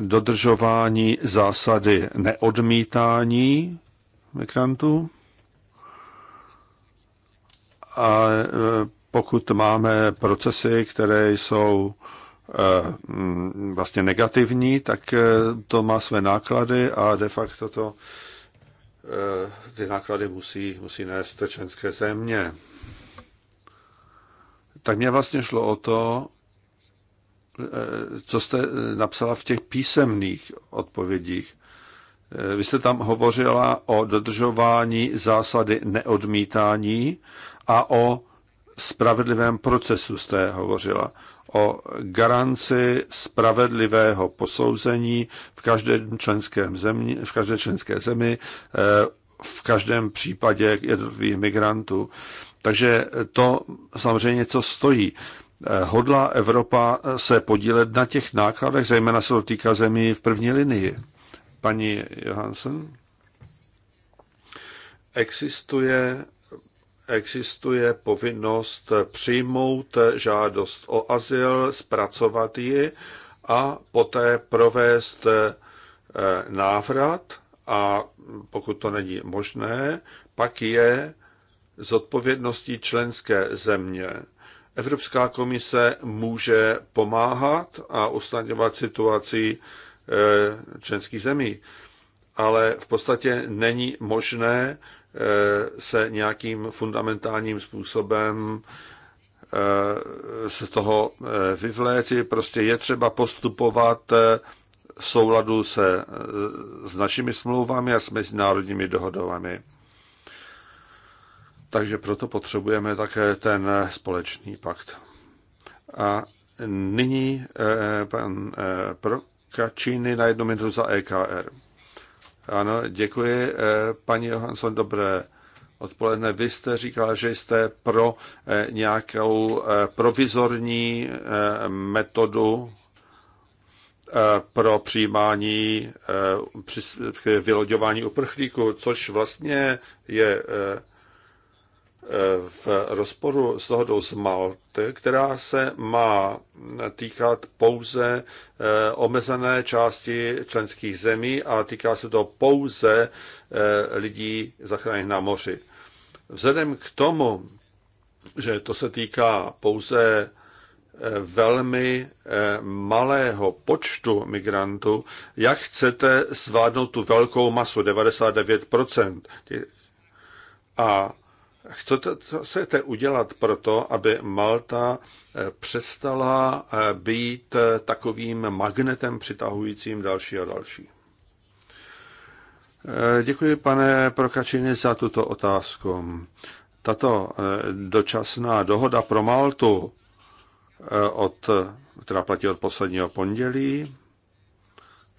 dodržování zásady neodmítání migrantů? A eh, pokud máme procesy, které jsou mm, vlastně negativní, tak to má své náklady a de facto to Eh, ty náklady musí, musí nést členské země. Tak mě vlastně šlo o to, eh, co jste eh, napsala v těch písemných odpovědích. Vy jste tam hovořila o dodržování zásady neodmítání a o spravedlivém procesu jste hovořila, o garanci spravedlivého posouzení v každém členském zemi, v každé členské zemi, eh, v každém případě jednotlivých migrantů. Takže to samozřejmě něco stojí. Eh, Hodla Evropa se podílet na těch nákladech, zejména se to týká zemí v první linii. Paní Johansen, existuje existuje povinnost přijmout žádost o azyl, zpracovat ji a poté provést eh, návrat a pokud to není možné, pak je z odpovědností členské země. Evropská komise může pomáhat a usnadňovat situaci eh, členských zemí, ale v podstatě není možné Eh, se nějakým fundamentálním způsobem eh, z toho eh, vyvléci. Prostě je třeba postupovat v souladu se s našimi smlouvami a s mezinárodními dohodovami. Takže proto potřebujeme také ten společný pakt. A nyní pan Prokačiny na jednu minutu za EKR. Ano, děkuji. Eh, paní Johansson, dobré odpoledne. Vy jste říkala, že jste pro eh, nějakou eh, provizorní metodu pro přijímání při vyloďování uprchlíků, což vlastně je v rozporu s dohodou z Malty, která se má týkat pouze eh, omezené části členských zemí a týká se to pouze eh, lidí zachráněných na moři. Vzhledem k tomu, že to se týká pouze eh, velmi malého počtu migrantů, jak chcete zvládnout tu velkou masu, 99%. A Chcete, chcete udělat proto, aby Malta eh, přestala eh, být eh, takovým magnetem přitahujícím další a další? Děkuji, pane Prokačiny, za tuto otázku. Tato dočasná dohoda pro Maltu, od, která platí od posledního pondělí,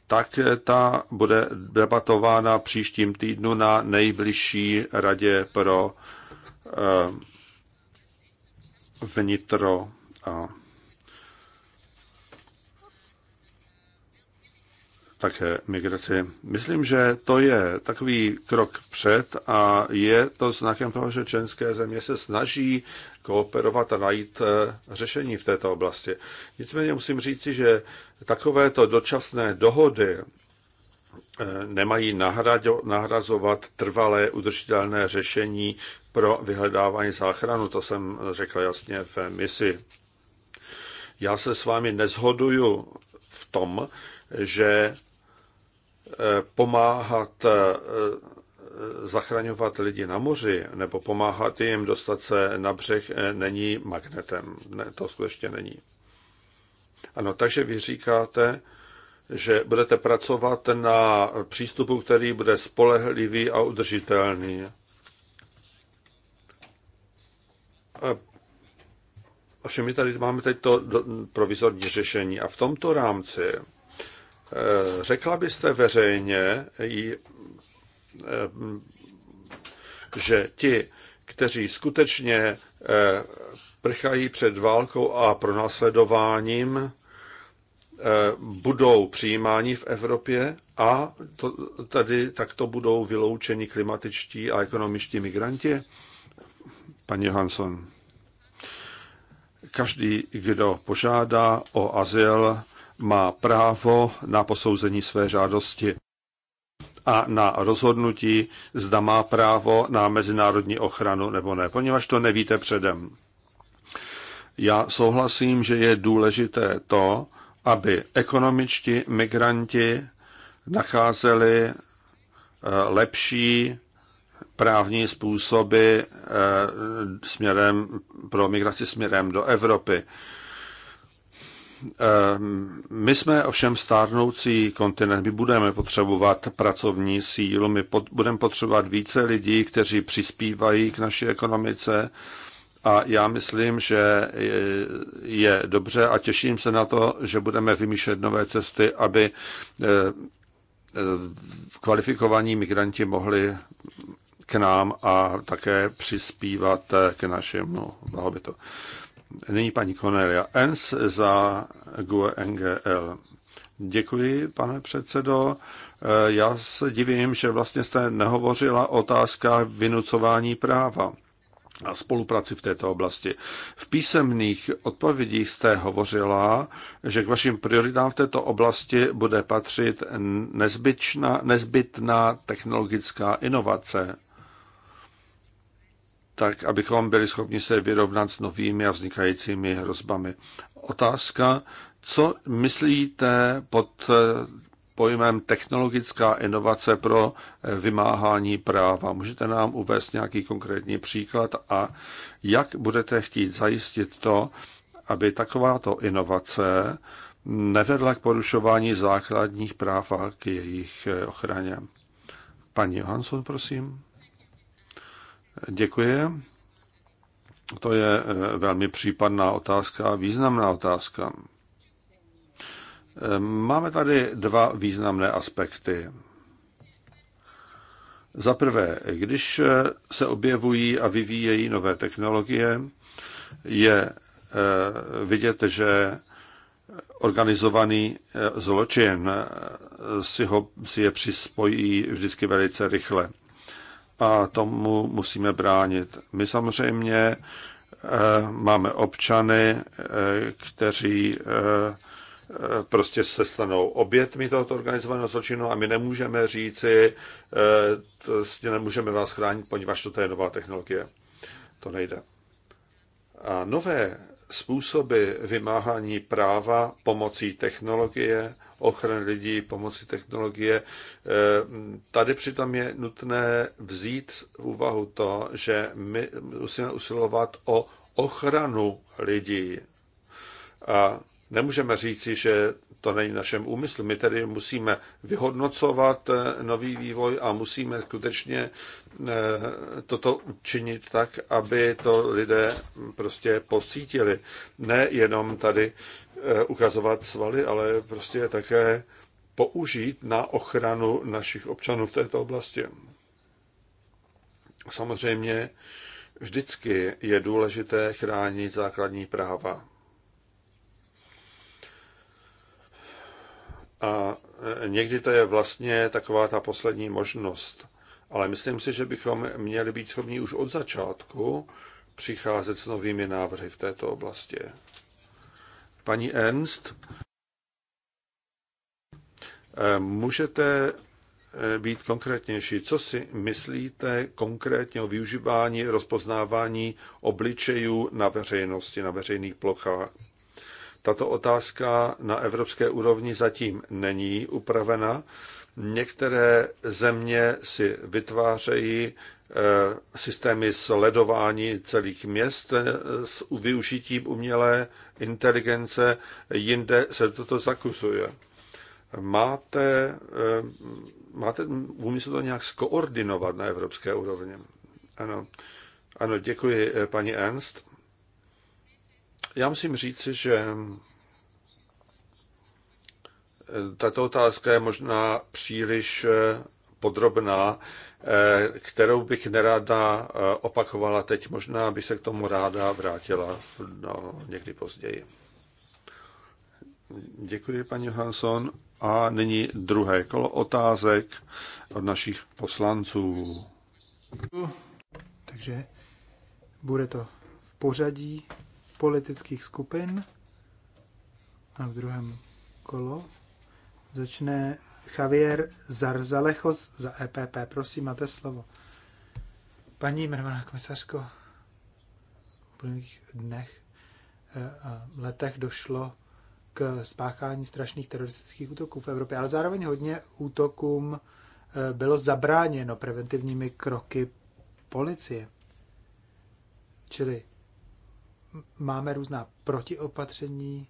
tak ta bude debatována příštím týdnu na nejbližší radě pro Eh, vnitro a také migraci. Myslím, že to je takový krok před a je to znakem toho, že členské země se snaží kooperovat a najít eh, řešení v této oblasti. Nicméně musím říci, že takovéto dočasné dohody eh, nemají nahrazovat trvalé udržitelné řešení pro vyhledávání záchranu. To jsem řekl jasně v misi. Já se s vámi nezhoduju v tom, že e, pomáhat e, zachraňovat lidi na moři nebo pomáhat jim dostat se na břeh e, není magnetem. Ne, to skutečně není. Ano, takže vy říkáte, že budete pracovat na přístupu, který bude spolehlivý a udržitelný. Ovšem my tady máme teď to provizorní řešení a v tomto rámci eh, řekla byste veřejně, eh, že ti, kteří skutečně eh, prchají před válkou a pronásledováním, budou přijímáni v Evropě a to, tady takto budou vyloučeni klimatičtí a ekonomičtí migranti? Paní Johansson, každý, kdo požádá o azyl, má právo na posouzení své žádosti a na rozhodnutí, zda má právo na mezinárodní ochranu nebo ne, poněvadž to nevíte předem. Já souhlasím, že je důležité to, aby ekonomičtí migranti nacházeli eh, lepší právní způsoby eh, směrem, pro migraci směrem do Evropy. Eh, my jsme ovšem stárnoucí kontinent, my budeme potřebovat pracovní sílu, my pod, budeme potřebovat více lidí, kteří přispívají k naší ekonomice a já myslím, že je dobře a těším se na to, že budeme vymýšlet nové cesty, aby eh, kvalifikovaní migranti mohli k nám a také přispívat k našemu blahobytu. Nyní paní Cornelia Ens za GUE NGL. Děkuji, pane předsedo. Já se divím, že vlastně jste nehovořila o otázkách vynucování práva a spolupráci v této oblasti. V písemných odpovědích jste hovořila, že k vašim prioritám v této oblasti bude patřit nezbytná, nezbytná technologická inovace tak abychom byli schopni se vyrovnat s novými a vznikajícími hrozbami. Otázka, co myslíte pod eh, pojmem technologická inovace pro eh, vymáhání práva. Můžete nám uvést nějaký konkrétní příklad a jak budete chtít zajistit to, aby takováto inovace nevedla k porušování základních práv a k jejich eh, ochraně. Paní Johansson, prosím. Děkuji. To je eh, velmi případná otázka, významná otázka. Eh, máme tady dva významné aspekty. Za prvé, když eh, se objevují a vyvíjejí nové technologie, je vidět, že organizovaný zločin si, ho, si je přispojí vždycky velice rychle a tomu musíme bránit. My samozřejmě eh, máme občany, eh, kteří eh, prostě se stanou obětmi tohoto organizovaného zločinu a my nemůžeme říci, prostě nemůžeme vás chránit, poněvadž to je nová technologie. To nejde. A nové způsoby vymáhání práva pomocí technologie ochrany lidí pomocí technologie. Eh, tady přitom je nutné vzít v úvahu to, že my musíme usilovat o ochranu lidí. A nemůžeme říci, že to není našem úmyslu. My tedy musíme vyhodnocovat eh, nový vývoj a musíme skutečně eh, toto učinit tak, aby to lidé prostě pocítili. Ne jenom tady Eh, ukazovat svaly, ale prostě je také použít na ochranu našich občanů v této oblasti. Samozřejmě vždycky je důležité chránit základní práva. A eh, někdy to je vlastně taková ta poslední možnost. Ale myslím si, že bychom měli být schopni už od začátku přicházet s novými návrhy v této oblasti. Paní Ernst, eh, můžete eh, být konkrétnější. Co si myslíte konkrétně o využívání rozpoznávání obličejů na veřejnosti, na veřejných plochách? Tato otázka na evropské úrovni zatím není upravena. Některé země si vytvářejí Eh, systémy sledování celých měst eh, s využitím umělé inteligence, jinde se toto zakusuje. Máte, eh, máte v to nějak skoordinovat na evropské úrovni? Ano. Ano, děkuji, paní Ernst. Já musím říci, že tato otázka je možná příliš podrobná. Eh, kterou bych nerada eh, opakovala teď. Možná by se k tomu ráda vrátila no, někdy později. Děkuji, paní Johansson. A nyní druhé kolo otázek od našich poslanců. Takže bude to v pořadí politických skupin a v druhém kolo začne Javier Zarzalechos za EPP. Prosím, máte slovo. Paní jmenovaná komisařko, v uplynulých dnech eh, a letech došlo k spáchání strašných teroristických útoků v Evropě, ale zároveň hodně útokům eh, bylo zabráněno preventivními kroky policie. Čili máme různá protiopatření,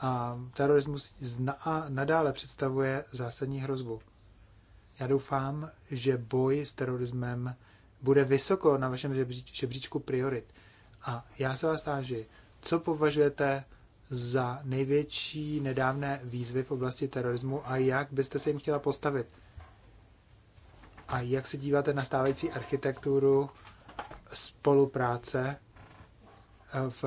a terorismus zna nadále představuje zásadní hrozbu. Já doufám, že boj s terorismem bude vysoko na vašem žebříčku priorit. A já se vás táži, co považujete za největší nedávné výzvy v oblasti terorismu a jak byste se jim chtěla postavit? A jak se díváte na stávající architekturu spolupráce eh, v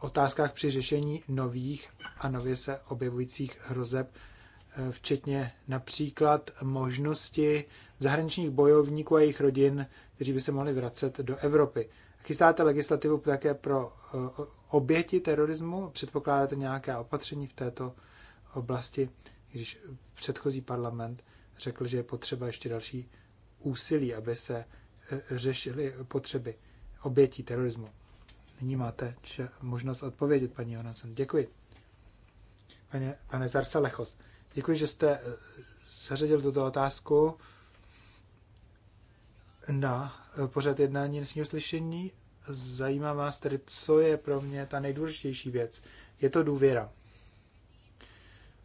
otázkách při řešení nových a nově se objevujících hrozeb, eh, včetně například možnosti zahraničních bojovníků a jejich rodin, kteří by se mohli vracet do Evropy. Chystáte legislativu také pro eh, oběti terorismu? Předpokládáte nějaké opatření v této oblasti, když předchozí parlament řekl, že je potřeba ještě další úsilí, aby se eh, řešily potřeby obětí terorismu? Nyní máte možnost odpovědět, paní Jonasen. Děkuji. Pane, pane Zarsa Lechos, děkuji, že jste eh, zařadil tuto otázku na eh, pořad jednání dnesního slyšení. Zajímá vás tedy, co je pro mě ta nejdůležitější věc. Je to důvěra.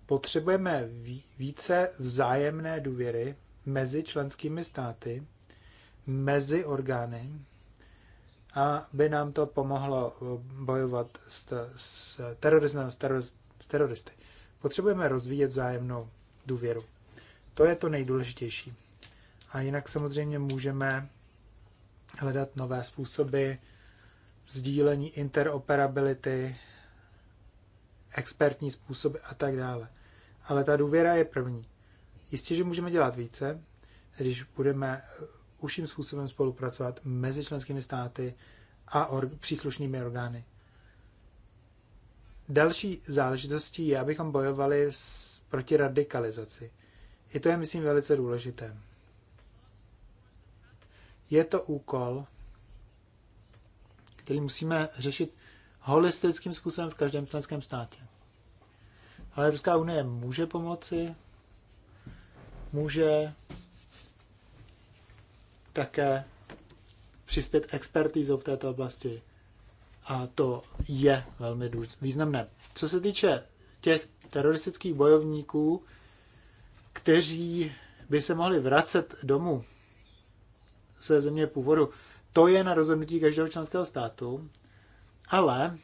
Potřebujeme více vzájemné důvěry mezi členskými státy, mezi orgány, a by nám to pomohlo eh, bojovat s, s terorismem, s, teror, s teroristy. Potřebujeme rozvíjet vzájemnou důvěru. To je to nejdůležitější. A jinak samozřejmě můžeme hledat nové způsoby sdílení interoperability, expertní způsoby a tak dále. Ale ta důvěra je první. Jistě, že můžeme dělat více, když budeme užším způsobem spolupracovat mezi členskými státy a org- příslušnými orgány. Další záležitostí je, abychom bojovali s, proti radikalizaci. I to je, myslím, velice důležité. Je to úkol, který musíme řešit holistickým způsobem v každém členském státě. Ale Evropská unie může pomoci, může také přispět expertizou v této oblasti. A to je velmi významné. Co se týče těch teroristických bojovníků, kteří by se mohli vracet domů své země původu, to je na rozhodnutí každého členského státu, ale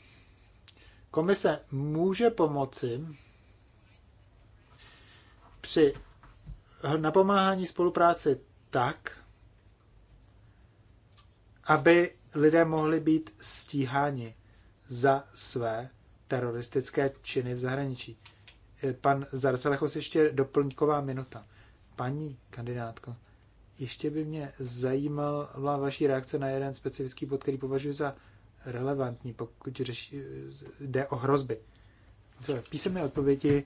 komise může pomoci při napomáhání spolupráci tak, aby lidé mohli být stíháni za své teroristické činy v zahraničí. Eh, pan Zarcelechos ještě doplňková minuta. Paní kandidátko, ještě by mě zajímala vaší reakce na jeden specifický bod, který považuji za relevantní, pokud řeši, eh, jde o hrozby. V písemné odpovědi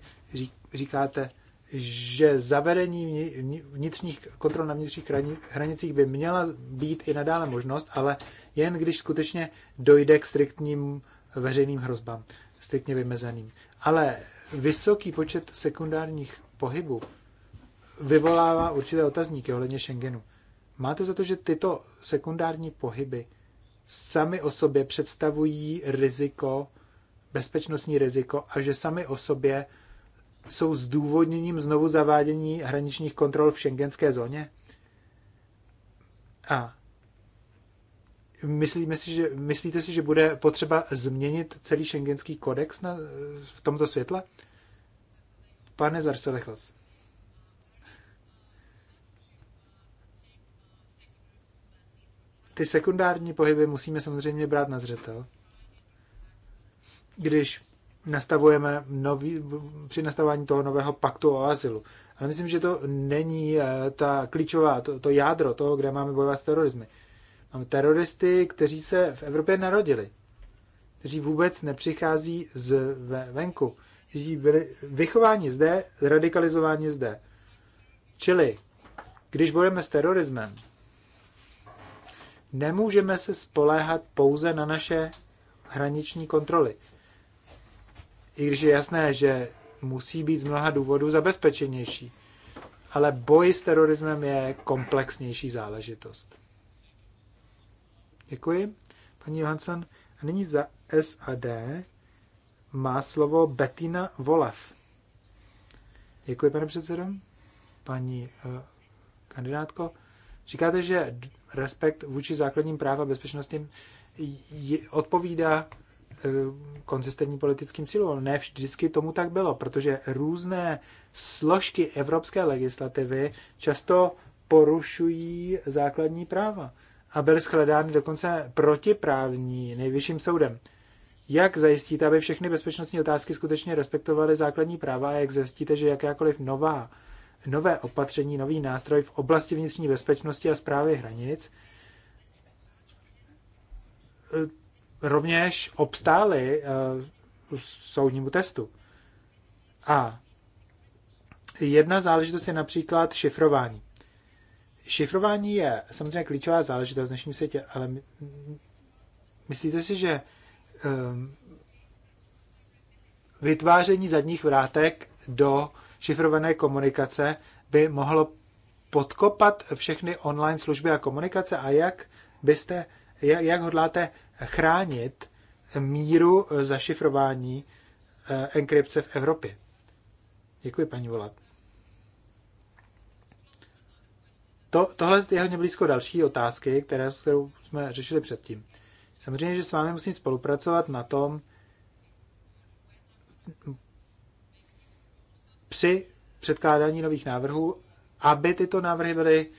říkáte, že zavedení vnitřních kontrol na vnitřních hranicích by měla být i nadále možnost, ale jen když skutečně dojde k striktním veřejným hrozbám, striktně vymezeným. Ale vysoký počet sekundárních pohybů vyvolává určité otazníky ohledně Schengenu. Máte za to, že tyto sekundární pohyby sami o sobě představují riziko, bezpečnostní riziko a že sami o sobě jsou zdůvodněním znovu zavádění hraničních kontrol v šengenské zóně? A myslíme si, že, myslíte si, že bude potřeba změnit celý šengenský kodex na, v tomto světle? Pane Zarselechos. Ty sekundární pohyby musíme samozřejmě brát na zřetel. Když nastavujeme nový, při nastavování toho nového paktu o azylu. Ale myslím, že to není eh, ta klíčová, to, to jádro toho, kde máme bojovat s terorismy. Máme teroristy, kteří se v Evropě narodili, kteří vůbec nepřichází z venku, kteří byli vychováni zde, radikalizováni zde. Čili, když bojujeme s terorismem, nemůžeme se spoléhat pouze na naše hraniční kontroly i když je jasné, že musí být z mnoha důvodů zabezpečenější. Ale boj s terorismem je komplexnější záležitost. Děkuji, paní Johansson. A nyní za SAD má slovo Bettina Volev. Děkuji, pane předsedo. Paní uh, kandidátko, říkáte, že respekt vůči základním práva a bezpečnosti odpovídá Eh, konzistentním politickým cílům, ne vždycky tomu tak bylo, protože různé složky evropské legislativy často porušují základní práva a byly shledány dokonce protiprávní nejvyšším soudem. Jak zajistíte, aby všechny bezpečnostní otázky skutečně respektovaly základní práva a jak zjistíte, že jakákoliv nová, nové opatření, nový nástroj v oblasti vnitřní bezpečnosti a zprávy hranic eh, rovněž obstály eh, soudnímu testu. A jedna záležitost je například šifrování. Šifrování je samozřejmě klíčová záležitost v dnešním světě, ale myslíte si, že um, vytváření zadních vrátek do šifrované komunikace by mohlo podkopat všechny online služby a komunikace a jak byste, jak, jak hodláte chránit míru eh, zašifrování eh, enkrypce v Evropě. Děkuji, paní Volat. To, tohle je hodně blízko další otázky, které, kterou jsme řešili předtím. Samozřejmě, že s vámi musím spolupracovat na tom, při předkládání nových návrhů, aby tyto návrhy byly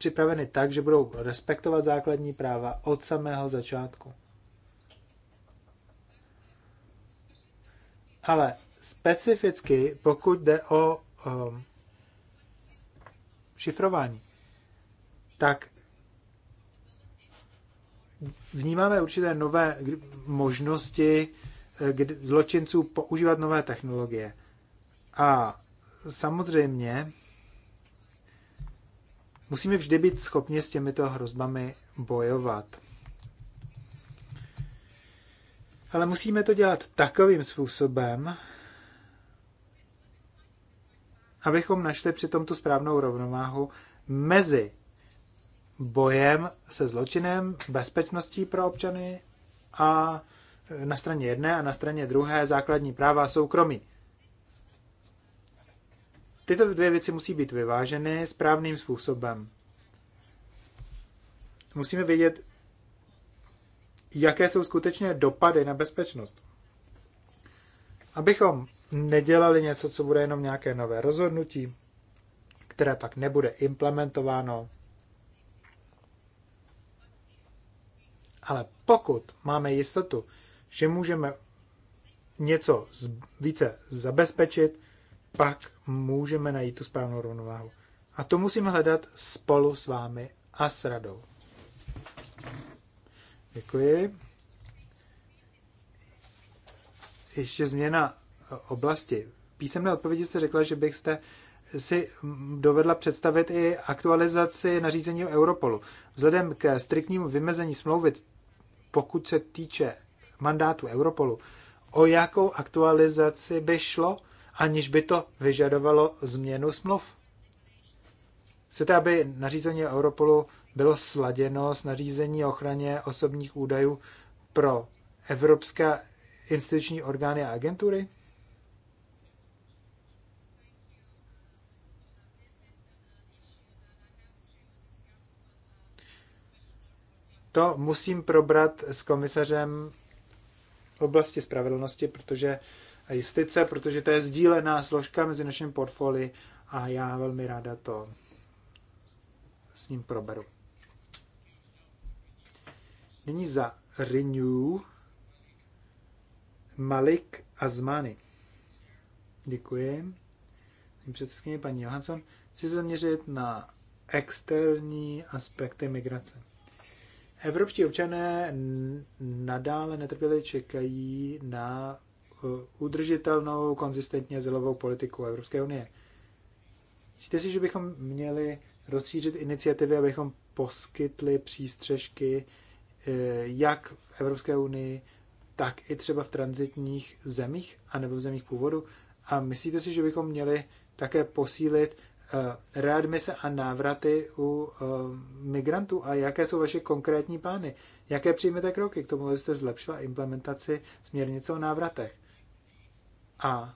připraveny tak, že budou respektovat základní práva od samého začátku. Ale specificky, pokud jde o um, šifrování, tak vnímáme určité nové možnosti eh, zločinců používat nové technologie. A samozřejmě Musíme vždy být schopni s těmito hrozbami bojovat. Ale musíme to dělat takovým způsobem, abychom našli při tu správnou rovnováhu mezi bojem se zločinem, bezpečností pro občany a na straně jedné a na straně druhé základní práva a soukromí. Tyto dvě věci musí být vyváženy správným způsobem. Musíme vědět, jaké jsou skutečně dopady na bezpečnost. Abychom nedělali něco, co bude jenom nějaké nové rozhodnutí, které pak nebude implementováno. Ale pokud máme jistotu, že můžeme něco více zabezpečit, pak můžeme najít tu správnou rovnováhu. A to musíme hledat spolu s vámi a s radou. Děkuji. Ještě změna oblasti. V písemné odpovědi jste řekla, že byste si dovedla představit i aktualizaci nařízení o Europolu. Vzhledem k striktnímu vymezení smlouvy, pokud se týče mandátu Europolu, o jakou aktualizaci by šlo? aniž by to vyžadovalo změnu smluv. Chcete, aby nařízení Europolu bylo sladěno s nařízení o ochraně osobních údajů pro evropské instituční orgány a agentury? To musím probrat s komisařem oblasti spravedlnosti, protože a justice, protože to je sdílená složka mezi naším portfolii a já velmi ráda to s ním proberu. Nyní za Renew Malik Azmany. Děkuji. Paní předsedkyně, paní Johansson, chci zaměřit na externí aspekty migrace. Evropští občané nadále netrpěli čekají na Eh, udržitelnou, konzistentně zelovou politiku Evropské unie. Myslíte si, že bychom měli rozšířit iniciativy, abychom poskytli přístřežky eh, jak v Evropské unii, tak i třeba v transitních zemích anebo v zemích původu? A myslíte si, že bychom měli také posílit eh, readmise a návraty u migrantů a jaké jsou vaše konkrétní plány? Jaké přijmete kroky k tomu, abyste zlepšila implementaci směrnice o návratech? A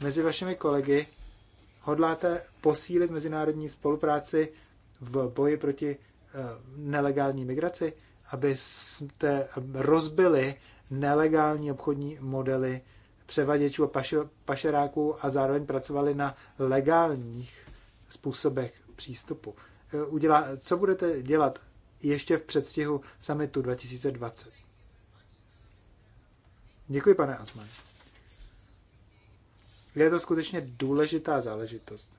mezi vašimi kolegy hodláte posílit mezinárodní spolupráci v boji proti eh, nelegální migraci, abyste rozbili nelegální obchodní modely převaděčů a pašeráků a zároveň pracovali na legálních způsobech přístupu. Eh, udělá, co budete dělat ještě v předstihu summitu 2020? Děkuji, pane Asmane. Je to skutečně důležitá záležitost.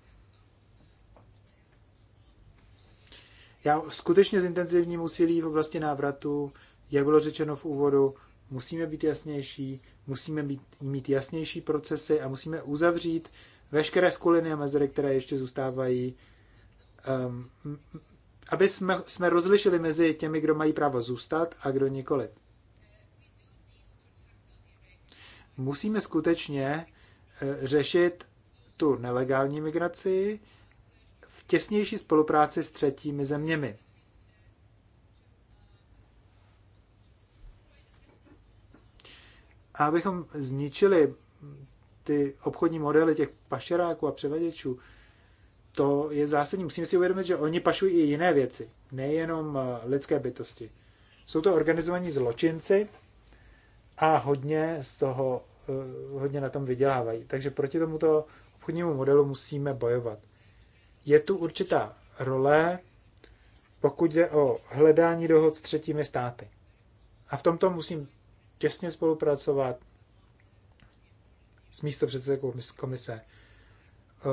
Já skutečně s intenzivním úsilí v oblasti návratu, jak bylo řečeno v úvodu, musíme být jasnější, musíme být, mít jasnější procesy a musíme uzavřít veškeré skuliny a mezery, které ještě zůstávají, um, aby jsme, jsme rozlišili mezi těmi, kdo mají právo zůstat a kdo nikoli. Musíme skutečně Eh, řešit tu nelegální migraci v těsnější spolupráci s třetími zeměmi. A abychom zničili ty obchodní modely těch pašeráků a převaděčů, to je zásadní. Musíme si uvědomit, že oni pašují i jiné věci, nejenom eh, lidské bytosti. Jsou to organizovaní zločinci a hodně z toho Eh, hodně na tom vydělávají. Takže proti tomuto obchodnímu modelu musíme bojovat. Je tu určitá role, pokud jde o hledání dohod s třetími státy. A v tomto musím těsně spolupracovat s místo předsedou komise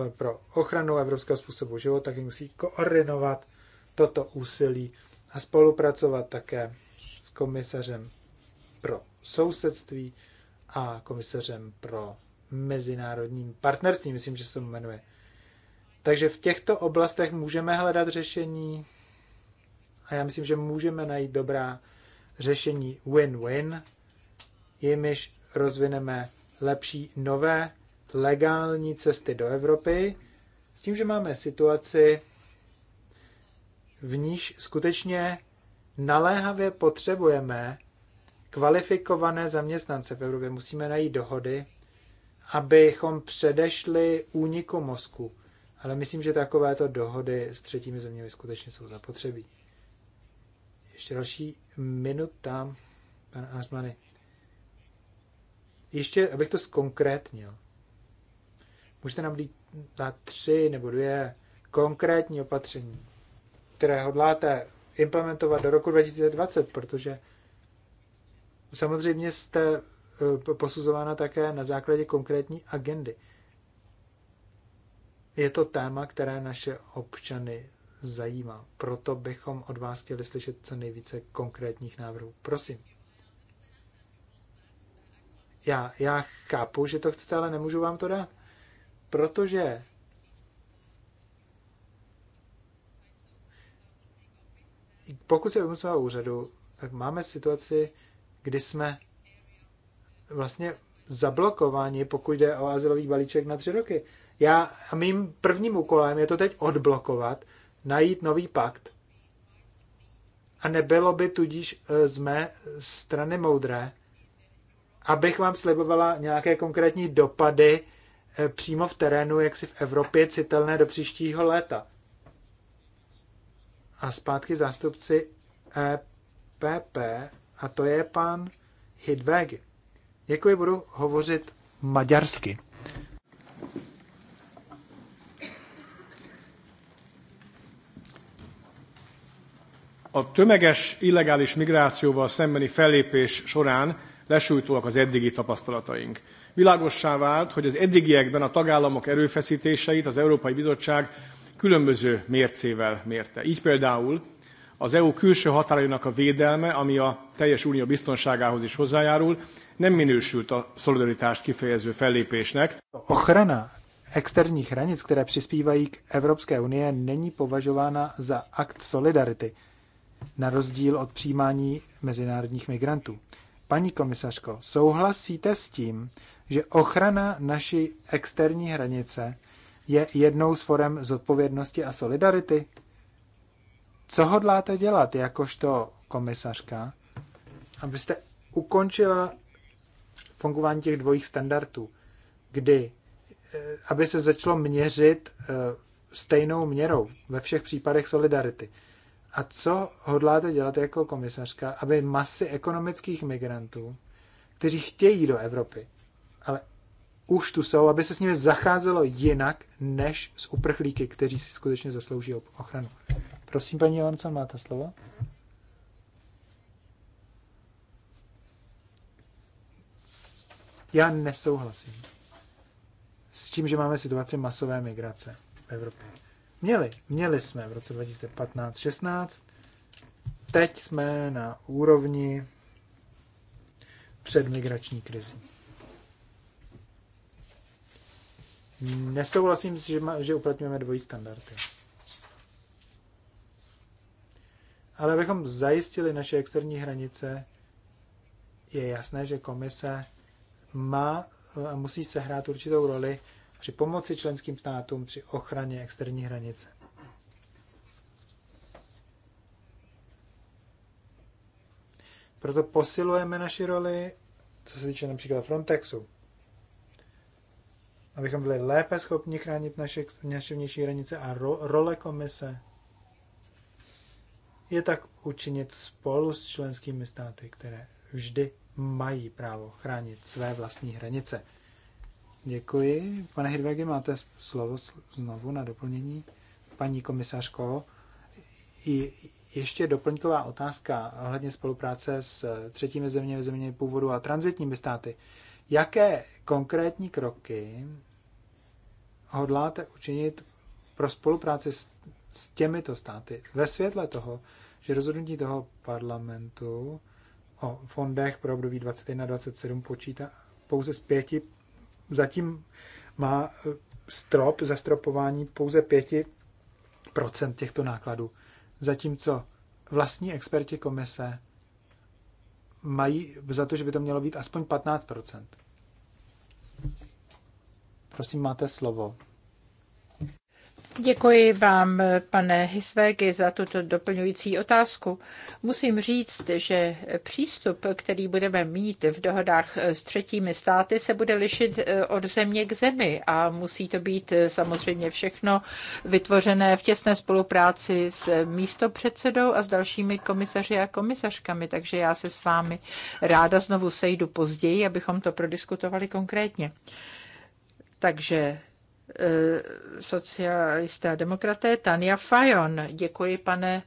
eh, pro ochranu evropského způsobu života, který musí koordinovat toto úsilí a spolupracovat také s komisařem pro sousedství, a komisařem pro mezinárodním partnerství, myslím, že se jmenuje. Takže v těchto oblastech můžeme hledat řešení a já myslím, že můžeme najít dobrá řešení win-win, jimiž rozvineme lepší nové legální cesty do Evropy, s tím, že máme situaci, v níž skutečně naléhavě potřebujeme kvalifikované zaměstnance v Evropě. Musíme najít dohody, abychom předešli úniku mozku. Ale myslím, že takovéto dohody s třetími zeměmi skutečně jsou zapotřebí. Ještě další minuta, pan Asmany. Ještě, abych to zkonkrétnil. Můžete nám dát tři nebo dvě konkrétní opatření, které hodláte implementovat do roku 2020, protože Samozřejmě jste e, posuzována také na základě konkrétní agendy. Je to téma, které naše občany zajímá. Proto bychom od vás chtěli slyšet co nejvíce konkrétních návrhů. Prosím. Já, já chápu, že to chcete, ale nemůžu vám to dát. Protože pokud se vezmu úřadu, tak máme situaci, kdy jsme vlastně zablokováni, pokud jde o azylový balíček na tři roky. Já a mým prvním úkolem je to teď odblokovat, najít nový pakt. A nebylo by tudíž e, z mé strany moudré, abych vám slibovala nějaké konkrétní dopady e, přímo v terénu, jak si v Evropě citelné do příštího léta. A zpátky zástupci EPP a to je pan Hidvegi. Děkuji, budu hovořit maďarsky. A tömeges illegális migrációval szembeni fellépés során lesújtóak az eddigi tapasztalataink. Világossá vált, hogy az eddigiekben a tagállamok erőfeszítéseit az Európai Bizottság különböző mércével mérte. Így például az EU külső határainak a védelme, ami a teljes unió biztonságához is hozzájárul, nem minősült a szolidaritást kifejező fellépésnek. Ochrana externích hranic, které přispívají k Evropské unie, není považována za akt solidarity, na rozdíl od přijímání mezinárodních migrantů. Paní komisařko, souhlasíte s tím, že ochrana naší externí hranice je jednou z forem zodpovědnosti a solidarity? Co hodláte dělat jakožto komisařka, abyste ukončila fungování těch dvojích standardů, kdy eh, aby se začalo měřit eh, stejnou měrou ve všech případech solidarity. A co hodláte dělat jako komisařka, aby masy ekonomických migrantů, kteří chtějí do Evropy, ale už tu jsou, aby se s nimi zacházelo jinak, než s uprchlíky, kteří si skutečně zaslouží ochranu. Prosím, paní Alonso, máte slovo? Já nesouhlasím s tím, že máme situaci masové migrace v Evropě. Měli, měli jsme v roce 2015-16, teď jsme na úrovni předmigrační krizi. Nesouhlasím, že, že uplatňujeme dvojí standardy. Ale abychom zajistili naše externí hranice, je jasné, že komise má a e, musí hrát určitou roli při pomoci členským státům při ochraně externí hranice. Proto posilujeme naši roli, co se týče například Frontexu. Abychom byli lépe schopni chránit naše, naše vnější hranice a ro, role komise je tak učinit spolu s členskými státy, které vždy mají právo chránit své vlastní hranice. Děkuji. Pane Hirvegi, máte slovo znovu na doplnění. Paní komisařko, ještě doplňková otázka ohledně spolupráce s třetími zeměmi, zeměmi původu a transitními státy. Jaké konkrétní kroky hodláte učinit pro spolupráci s s těmito státy ve světle toho, že rozhodnutí toho parlamentu o fondech pro období 21-27 počítá pouze z pěti, zatím má eh, strop, zastropování pouze procent těchto nákladů. Zatímco vlastní experti komise mají za to, že by to mělo být aspoň 15%. Prosím, máte slovo. Děkuji vám, pane Hisvégy, za tuto doplňující otázku. Musím říct, že přístup, který budeme mít v dohodách s třetími státy, se bude lišit eh, od země k zemi a musí to být eh, samozřejmě všechno vytvořené v těsné spolupráci s místopředsedou a s dalšími komisaři a komisařkami. Takže já se s vámi ráda znovu sejdu později, abychom to prodiskutovali konkrétně. Takže Eh, socialisté a demokraté Tania Fajon. Děkuji, pane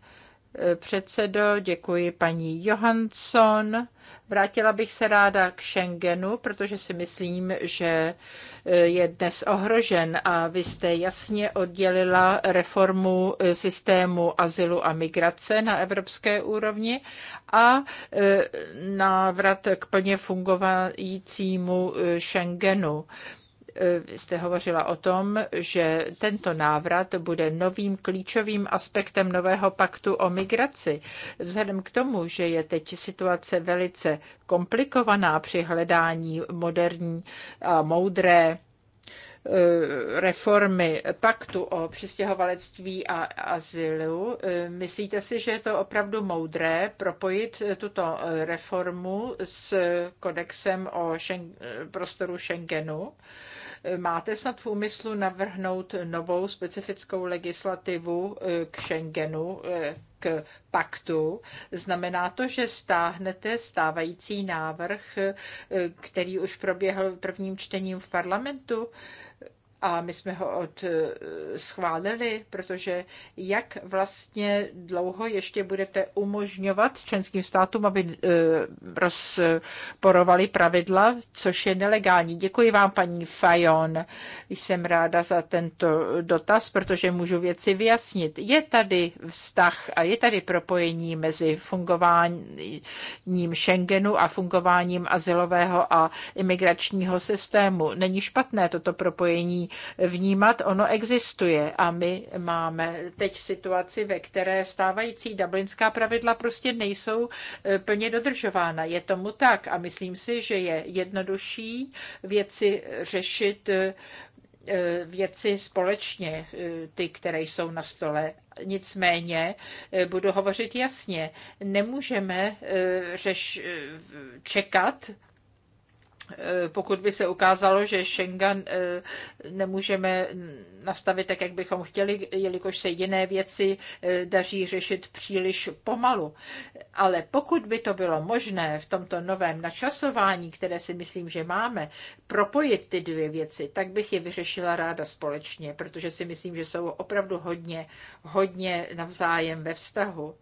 eh, předsedo, děkuji paní Johansson. Vrátila bych se ráda k Schengenu, protože si myslím, že eh, je dnes ohrožen a vy jste jasně oddělila reformu systému azylu a migrace na evropské úrovni a návrat k plně fungujícímu Schengenu. Eh, jste hovořila o tom, že tento návrat bude novým klíčovým aspektem nového paktu o migraci. Vzhledem k tomu, že je teď situace velice komplikovaná při hledání moderní a moudré eh, reformy paktu o přistěhovalectví a azylu. Eh, myslíte si, že je to opravdu moudré propojit tuto reformu s kodexem o prostoru Schengenu? Máte snad v úmyslu navrhnout novou specifickou legislativu e, k Schengenu, e, k paktu. Znamená to, že stáhnete stávající návrh, e, který už proběhl prvním čtením v parlamentu? a my jsme ho od eh, schválili, protože jak vlastně dlouho ještě budete umožňovat členským státům, aby eh, rozporovali pravidla, což je nelegální. Děkuji vám, paní Fajon. Jsem ráda za tento dotaz, protože můžu věci vyjasnit. Je tady vztah a je tady propojení mezi fungováním Schengenu a fungováním azylového a imigračního systému. Není špatné toto propojení vnímat, ono existuje. A my máme teď situaci, ve které stávající dublinská pravidla prostě nejsou e, plně dodržována. Je tomu tak a myslím si, že je jednodušší věci řešit e, e, věci společně, ty, které jsou na stole. Nicméně budu hovořit jasně. Nemůžeme řeš, čekat Eh, pokud by se ukázalo, že Schengen eh, nemůžeme nastavit tak, jak bychom chtěli, jelikož se jiné věci eh, daří řešit příliš pomalu. Ale pokud by to bylo možné v tomto novém načasování, které si myslím, že máme, propojit ty dvě věci, tak bych je vyřešila ráda společně, protože si myslím, že jsou opravdu hodně, hodně navzájem ve vztahu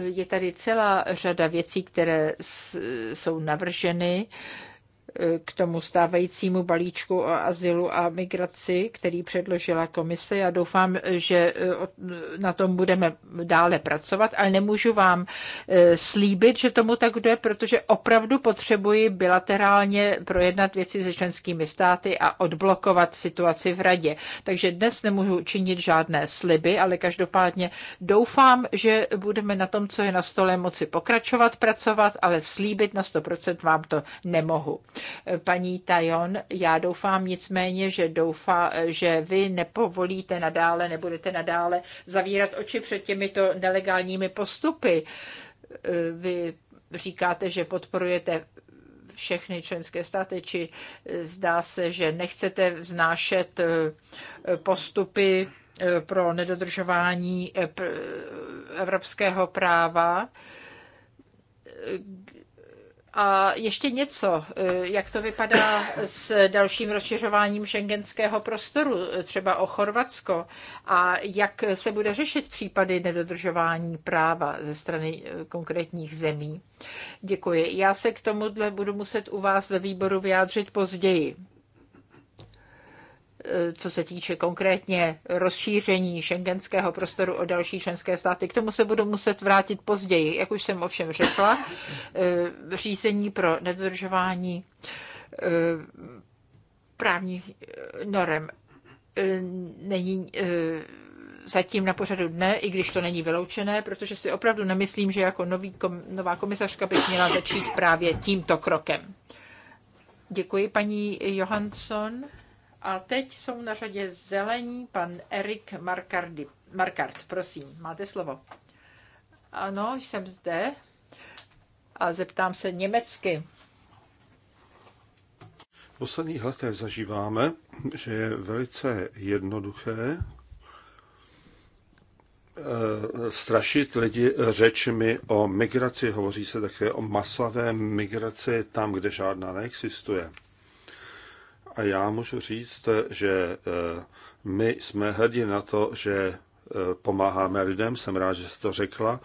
je tady celá řada věcí, které jsou navrženy k tomu stávajícímu balíčku o azylu a migraci, který předložila komise. Já doufám, že e, na tom budeme dále pracovat, ale nemůžu vám e, slíbit, že tomu tak bude, protože opravdu potřebuji bilaterálně projednat věci se členskými státy a odblokovat situaci v radě. Takže dnes nemůžu činit žádné sliby, ale každopádně doufám, že budeme na tom, co je na stole, moci pokračovat, pracovat, ale slíbit na 100% vám to nemohu. Eh, paní Tajon. Já doufám nicméně, že, doufá, eh, že vy nepovolíte nadále, nebudete nadále zavírat oči před těmito nelegálními postupy. Eh, vy říkáte, že podporujete všechny členské státy, či zdá se, že nechcete vznášet postupy pro nedodržování evropského práva a ještě něco, eh, jak to vypadá s dalším rozšiřováním šengenského prostoru, eh, třeba o Chorvatsko, a jak se bude řešit případy nedodržování práva ze strany eh, konkrétních zemí. Děkuji. Já se k tomuhle budu muset u vás ve výboru vyjádřit později. Eh, co se týče konkrétně rozšíření šengenského prostoru o další členské státy. K tomu se budu muset vrátit později, jak už jsem ovšem řekla. Eh, řízení pro nedodržování eh, právních norem není zatím na pořadu dne, i když to není vyloučené, protože si opravdu nemyslím, že jako nový kom, nová komisařka bych měla začít právě tímto krokem. Děkuji, paní Johansson. A teď jsou na řadě zelení pan Erik Markardy. Markard, prosím, máte slovo. Ano, jsem zde a zeptám se německy. V posledních letech zažíváme, že je velice jednoduché eh, strašit lidi řečmi o migraci. Hovoří se také o masové migraci tam, kde žádná neexistuje. A já můžu říct, že eh, my jsme hrdí na to, že eh, pomáháme lidem, jsem rád, že jste to řekla,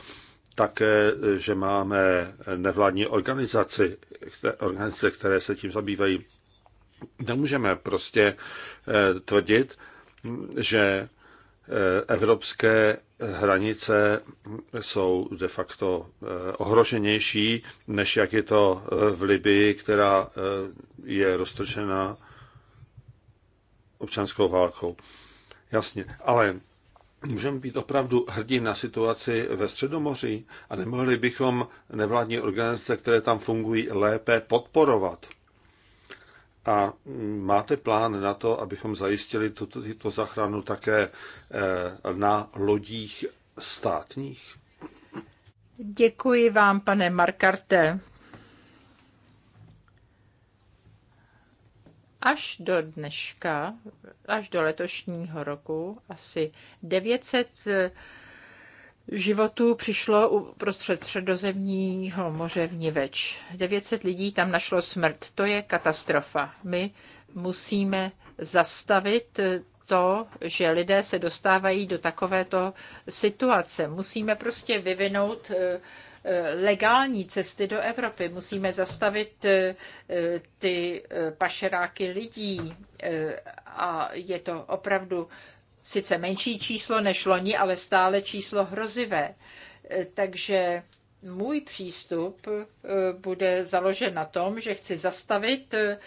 také, eh, že máme nevládní organizaci, organizace, které se tím zabývají. Nemůžeme prostě tvrdit, že evropské hranice jsou de facto ohroženější, než jak je to v Libii, která je roztočená občanskou válkou. Jasně, ale můžeme být opravdu hrdí na situaci ve Středomoří a nemohli bychom nevládní organizace, které tam fungují, lépe podporovat. A máte plán na to, abychom zajistili tuto, tuto zachranu také eh, na lodích státních? Děkuji vám, pane Markarte. až do dneška, až do letošního roku, asi 900 eh, životů přišlo uprostřed středozemního moře v Niveč. 900 lidí tam našlo smrt. To je katastrofa. My musíme zastavit eh, to, že lidé se dostávají do takovéto situace. Musíme prostě vyvinout eh, Eh, legální cesty do Evropy. Musíme zastavit eh, ty eh, pašeráky lidí a je to opravdu sice menší číslo než loni, ale stále číslo hrozivé. Takže můj přístup eh, bude založen na tom, že chci zastavit eh,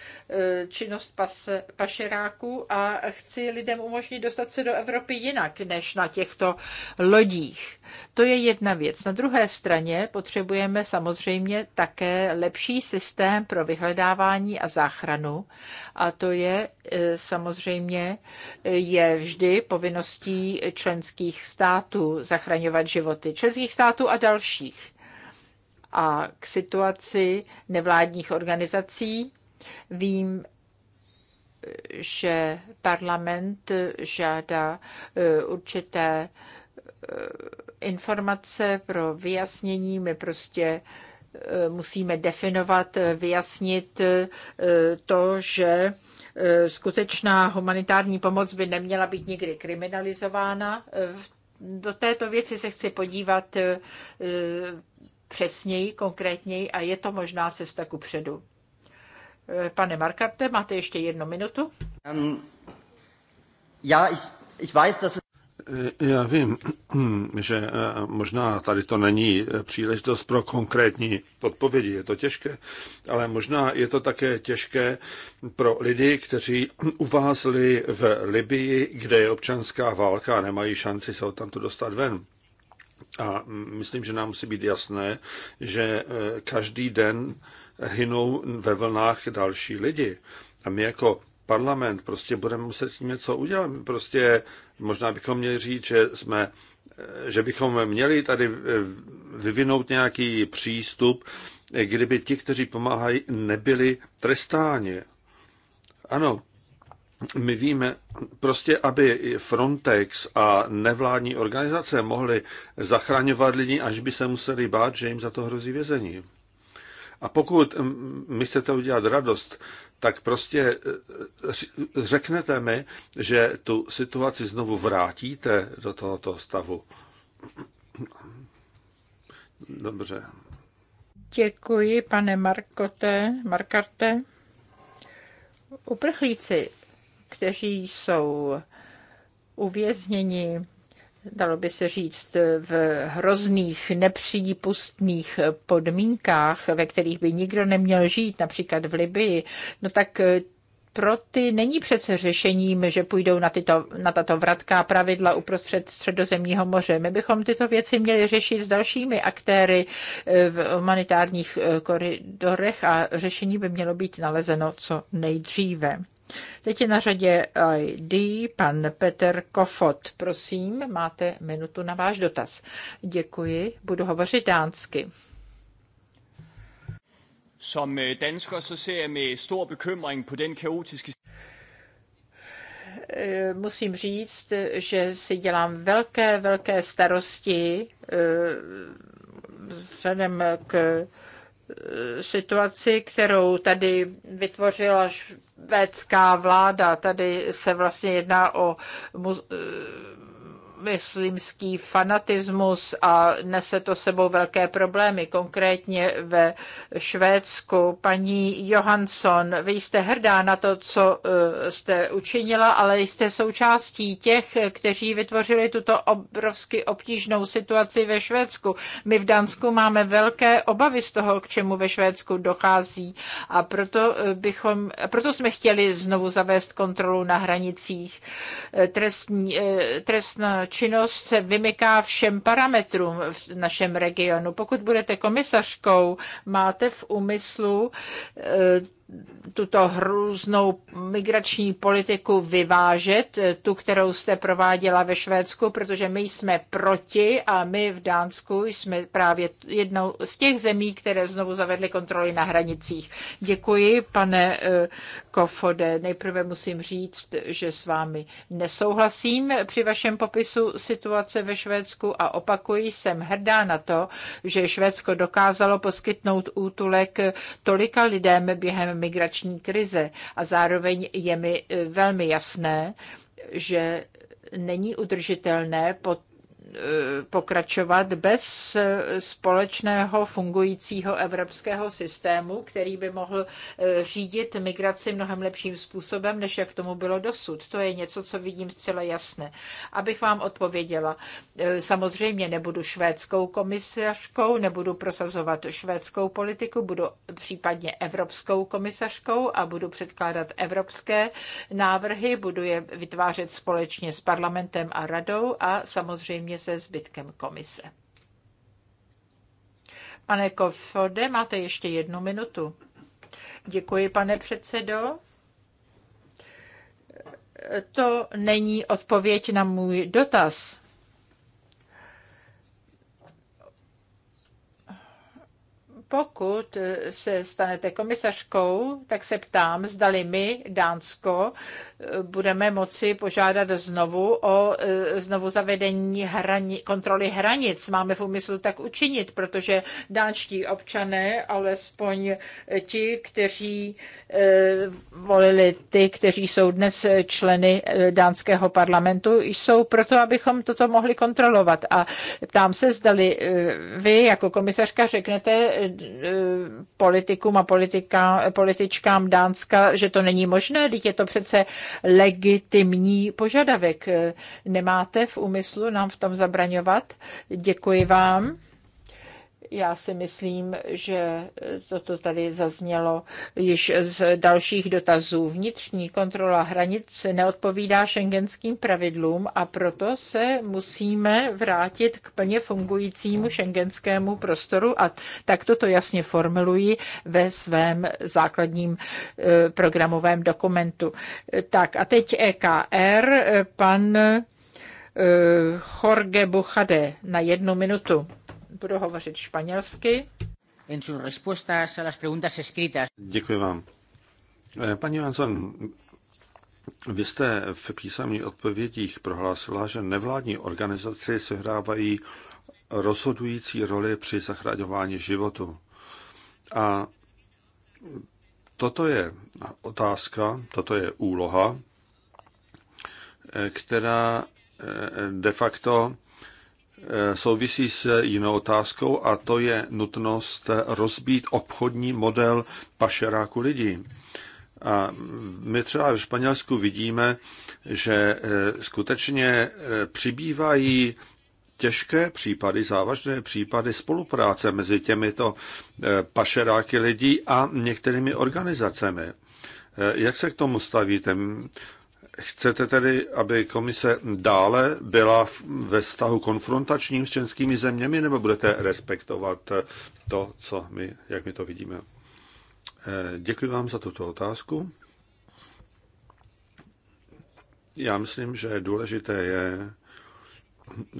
činnost pase, pašeráků a chci lidem umožnit dostat se do Evropy jinak než na těchto lodích. To je jedna věc. Na druhé straně potřebujeme samozřejmě také lepší systém pro vyhledávání a záchranu a to je eh, samozřejmě je vždy povinností členských států zachraňovat životy členských států a dalších a k situaci nevládních organizací. Vím, že parlament žádá eh, určité eh, informace pro vyjasnění. My prostě eh, musíme definovat, vyjasnit to, že skutečná humanitární pomoc by neměla být nikdy kriminalizována. Do této věci se chci podívat přesněji, konkrétněji a je to možná cesta ku předu. Eh, pane Markarte, máte ještě jednu minutu? Um, já, ich, ich weiß, dass... Eh, já vím, že eh, možná tady to není příležitost pro konkrétní odpovědi, je to těžké, ale možná je to také těžké pro lidi, kteří uvázli v Libii, kde je občanská válka a nemají šanci se tam tu dostat ven. A myslím, že nám musí být jasné, že eh, každý den hynou ve vlnách další lidi. A my jako parlament prostě budeme muset s tím něco udělat. Prostě možná bychom měli říct, že jsme eh, že bychom měli tady eh, vyvinout nějaký přístup, kdyby ti, kteří pomáhají, nebyli trestáni. Ano, my víme, prostě aby Frontex a nevládní organizace mohly zachraňovat lidi, až by se museli bát, že jim za to hrozí vězení. A pokud mi chcete udělat radost, tak prostě e, řeknete mi, že tu situaci znovu vrátíte do tohoto stavu. Dobře. Děkuji, pane Markote, Markarte. Uprchlíci kteří jsou uvězněni, dalo by se říct, v hrozných, nepřípustných podmínkách, ve kterých by nikdo neměl žít, například v Libii, no tak eh, pro ty není přece řešením, že půjdou na, tyto, na tato vratká pravidla uprostřed středozemního moře. My bychom tyto věci měli řešit s dalšími aktéry eh, v humanitárních eh, koridorech a řešení by mělo být nalezeno co nejdříve. Teď je na řadě ID pan Peter Kofot. Prosím, máte minutu na váš dotaz. Děkuji, budu hovořit dánsky. Som øh, dansker så ser jeg med stor bekymring på den kaotiske eh, musím říct, že si dělám velké, velké starosti eh, vzhledem k eh, situaci, kterou tady vytvořila švédská vláda. Tady se vlastně jedná o muslimský fanatismus a nese to sebou velké problémy, konkrétně ve Švédsku. Paní Johansson, vy jste hrdá na to, co eh, jste učinila, ale jste součástí těch, kteří vytvořili tuto obrovsky obtížnou situaci ve Švédsku. My v Dánsku máme velké obavy z toho, k čemu ve Švédsku dochází a proto, eh, bychom, proto jsme chtěli znovu zavést kontrolu na hranicích. Eh, trestní, trestná činnost se vymyká všem parametrům v našem regionu. Pokud budete komisařkou, máte v úmyslu eh, tuto hrůznou migrační politiku vyvážet, tu, kterou jste prováděla ve Švédsku, protože my jsme proti a my v Dánsku jsme právě jednou z těch zemí, které znovu zavedly kontroly na hranicích. Děkuji, pane eh, Kofode. Nejprve musím říct, že s vámi nesouhlasím při vašem popisu situace ve Švédsku a opakuji, jsem hrdá na to, že Švédsko dokázalo poskytnout útulek tolika lidem během migrační krize a zároveň je mi eh, velmi jasné, že není udržitelné pod Eh, pokračovat bez společného fungujícího evropského systému, který by mohl eh, řídit migraci mnohem lepším způsobem, než jak tomu bylo dosud. To je něco, co vidím zcela jasné. Abych vám odpověděla, eh, samozřejmě nebudu švédskou komisařkou, nebudu prosazovat švédskou politiku, budu případně evropskou komisařkou a budu předkládat evropské návrhy, budu je vytvářet společně s parlamentem a radou a samozřejmě se zbytkem komise. Pane Kofode, máte ještě jednu minutu. Děkuji, pane předsedo. To není odpověď na můj dotaz. pokud se stanete komisařkou, tak se ptám, zdali my, Dánsko, budeme moci požádat znovu o e, znovu zavedení hrani, kontroly hranic. Máme v úmyslu tak učinit, protože dánští občané, alespoň ti, kteří e, volili ty, kteří jsou dnes členy e, dánského parlamentu, jsou proto, abychom toto mohli kontrolovat. A tam se, zdali vy jako komisařka řeknete politikům a politika, političkám Dánska, že to není možné, teď je to přece legitimní požadavek. Nemáte v úmyslu nám v tom zabraňovat? Děkuji vám. Já si myslím, že toto tady zaznělo již z dalších dotazů. Vnitřní kontrola hranic neodpovídá šengenským pravidlům a proto se musíme vrátit k plně fungujícímu šengenskému prostoru a tak toto jasně formuluji ve svém základním eh, programovém dokumentu. Tak a teď EKR, pan eh, Jorge Buchade na jednu minutu. Budu hovořit španělsky. En sus respuestas a las preguntas escritas. Děkuji vám. Eh, paní Johansson, vy jste v písemných odpovědích prohlásila, že nevládní organizace sehrávají rozhodující roli při zachraňování životu. A toto je otázka, toto je úloha, eh, která eh, de facto Eh, souvisí s jinou otázkou a to je nutnost eh, rozbít obchodní model pašeráku lidí. A my třeba ve Španělsku vidíme, že eh, skutečně přibývají těžké případy, závažné případy spolupráce mezi těmito pašeráky lidí a některými organizacemi. Jak se k tomu stavíte? Chcete tedy, aby komise dále byla ve vztahu konfrontačním s českými zeměmi, nebo budete respektovat to, co my, jak my to vidíme? Eh, děkuji vám za tuto otázku. Já myslím, že důležité je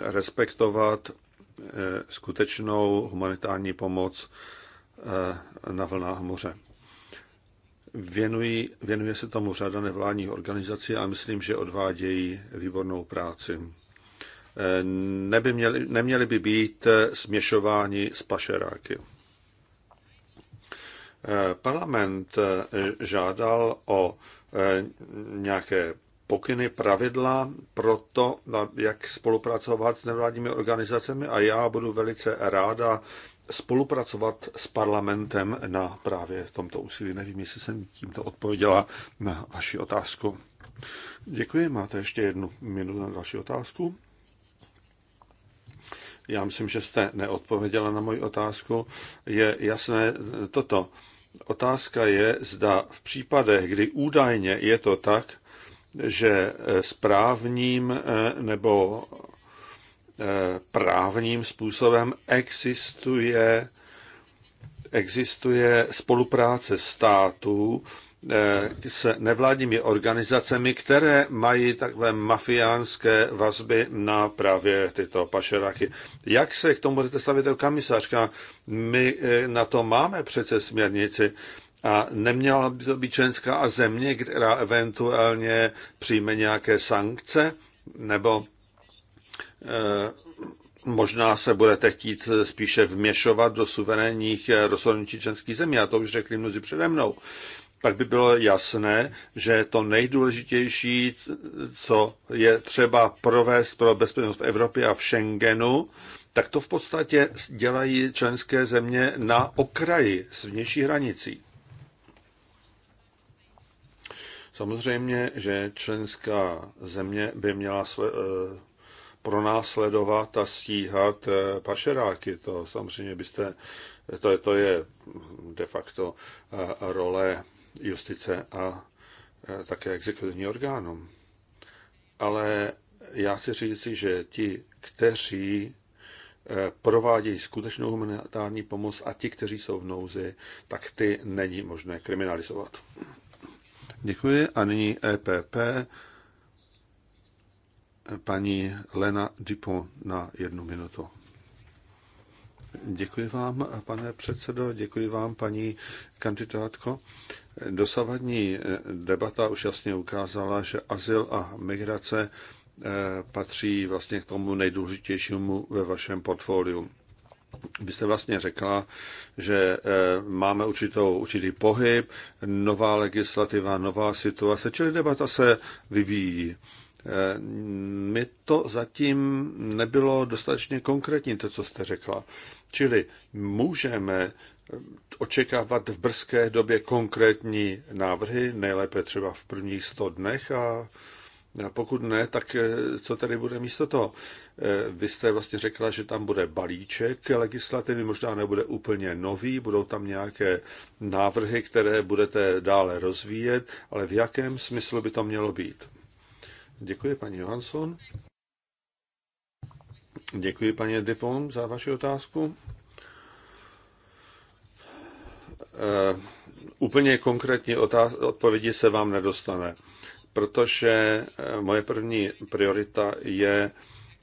respektovat eh, skutečnou humanitární pomoc eh, na vlnách moře. Věnují, věnuje se tomu řada nevládních organizací a myslím, že odvádějí výbornou práci. Eh, Neby měli, neměli by být eh, směšováni s pašeráky. Eh, parlament žádal o nějaké pokyny, pravidla pro to, jak spolupracovat s nevládními organizacemi a já budu velice ráda, spolupracovat s parlamentem na právě tomto úsilí. Nevím, jestli jsem tímto odpověděla na vaši otázku. Děkuji, máte ještě jednu minutu na další otázku. Já myslím, že jste neodpověděla na moji otázku. Je jasné toto. Otázka je, zda v případech, kdy údajně je to tak, že správním eh, nebo právním způsobem existuje, existuje spolupráce států eh, s nevládními organizacemi, které mají takové mafiánské vazby na právě tyto pašeráky. Jak se k tomu budete stavit, komisařka? My eh, na to máme přece směrnici. A neměla by to být členská a země, která eventuálně přijme nějaké sankce, nebo Eh, možná se budete chtít spíše vměšovat do suverénních eh, rozhodnutí členských zemí, a to už řekli mnozí přede mnou. Pak by bylo jasné, že to nejdůležitější, co je třeba provést pro bezpečnost v Evropě a v Schengenu, tak to v podstatě dělají členské země na okraji s vnější hranicí. Samozřejmě, že členská země by měla své, pronásledovat a stíhat eh, pašeráky. To samozřejmě byste, to, je, to je de facto eh, role justice a eh, také exekutivní orgánům. Ale já si říci, že ti, kteří provádějí skutečnou humanitární pomoc a ti, kteří jsou v nouzi, tak ty není možné kriminalizovat. Děkuji a nyní EPP paní Lena Dipo na jednu minutu. Děkuji vám, pane předsedo, děkuji vám, paní kandidátko. Dosavadní debata už jasně ukázala, že azyl a migrace eh, patří vlastně k tomu nejdůležitějšímu ve vašem portfoliu. Vy jste vlastně řekla, že eh, máme určitou, určitý pohyb, nová legislativa, nová situace, čili debata se vyvíjí. Eh, mi to zatím nebylo dostatečně konkrétní, to, co jste řekla. Čili můžeme eh, očekávat v brzké době konkrétní návrhy, nejlépe třeba v prvních 100 dnech a pokud ne, tak eh, co tady bude místo toho? Vy jste vlastně řekla, že tam bude balíček legislativy, možná nebude úplně nový, budou tam nějaké návrhy, které budete dále rozvíjet, ale v jakém smyslu by to mělo být? Děkuji, paní Johansson. Děkuji, paní Depon, za vaši otázku. Eh, úplně konkrétní odpovědi se vám nedostane, protože eh, moje první priorita je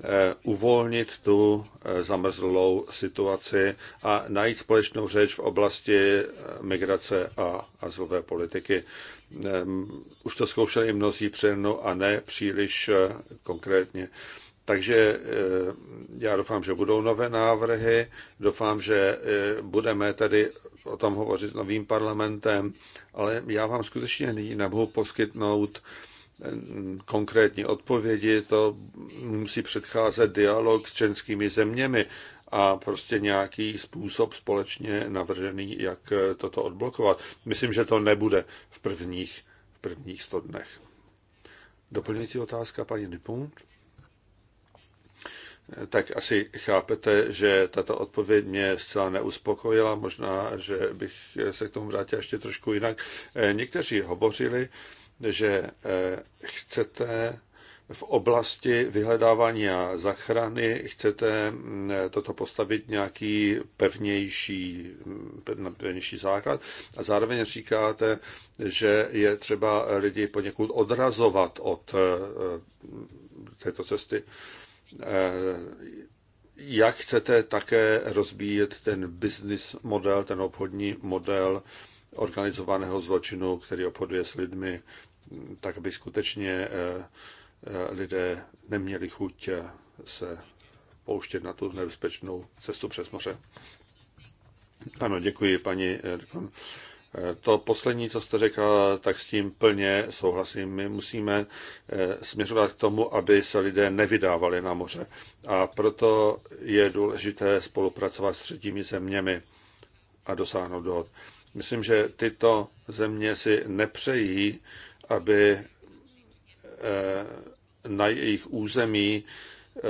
eh, uvolnit tu zamrzlou situaci a najít společnou řeč v oblasti migrace a azylové politiky už to zkoušeli mnozí přede mnou a ne příliš eh, konkrétně. Takže eh, já doufám, že budou nové návrhy, doufám, že eh, budeme tady o tom hovořit s novým parlamentem, ale já vám skutečně nyní nemohu poskytnout konkrétní odpovědi, to musí předcházet dialog s členskými zeměmi a prostě nějaký způsob společně navržený, jak eh, toto odblokovat. Myslím, že to nebude v prvních, v prvních 100 dnech. Doplňující otázka, paní Dupont? Eh, tak asi chápete, že tato odpověď mě zcela neuspokojila. Možná, že bych eh, se k tomu vrátil ještě trošku jinak. Někteří hovořili, že chcete v oblasti vyhledávání a zachrany chcete mm, toto postavit nějaký pevnější, mm, pevnější základ a zároveň říkáte, že je třeba lidi poněkud odrazovat od eh, eh, této cesty. Eh, jak chcete také rozbíjet ten business model, ten obchodní model organizovaného zločinu, který obchoduje s lidmi, mm, tak aby skutečně lidé neměli chuť se pouštět na tu nebezpečnou cestu přes moře. Ano, děkuji, paní. To poslední, co jste řekla, tak s tím plně souhlasím. My musíme eh, směřovat k tomu, aby se lidé nevydávali na moře. A proto je důležité spolupracovat s třetími zeměmi a dosáhnout dohod. Myslím, že tyto země si nepřejí, aby Eh, na jejich území eh,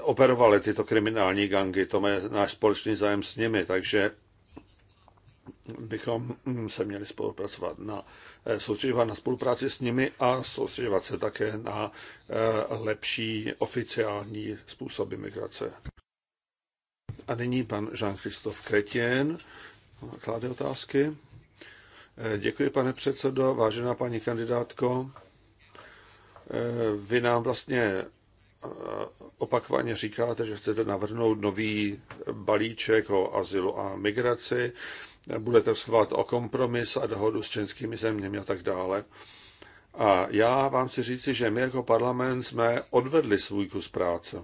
operovaly tyto kriminální gangy. To je náš společný zájem s nimi, takže bychom mm, se měli spolupracovat na eh, soustředovat na spolupráci s nimi a soustředovat se také na lepší oficiální způsoby migrace. A nyní pan Jean-Christophe Kretien klade otázky. Děkuji, pane předsedo, vážená paní kandidátko. Eh, vy nám vlastně eh, opakovaně říkáte, že chcete navrhnout nový balíček o azylu a migraci, budete vstvat o kompromis a dohodu s českými zeměmi a tak dále. A já vám chci říci, že my jako parlament jsme odvedli svůj kus práce.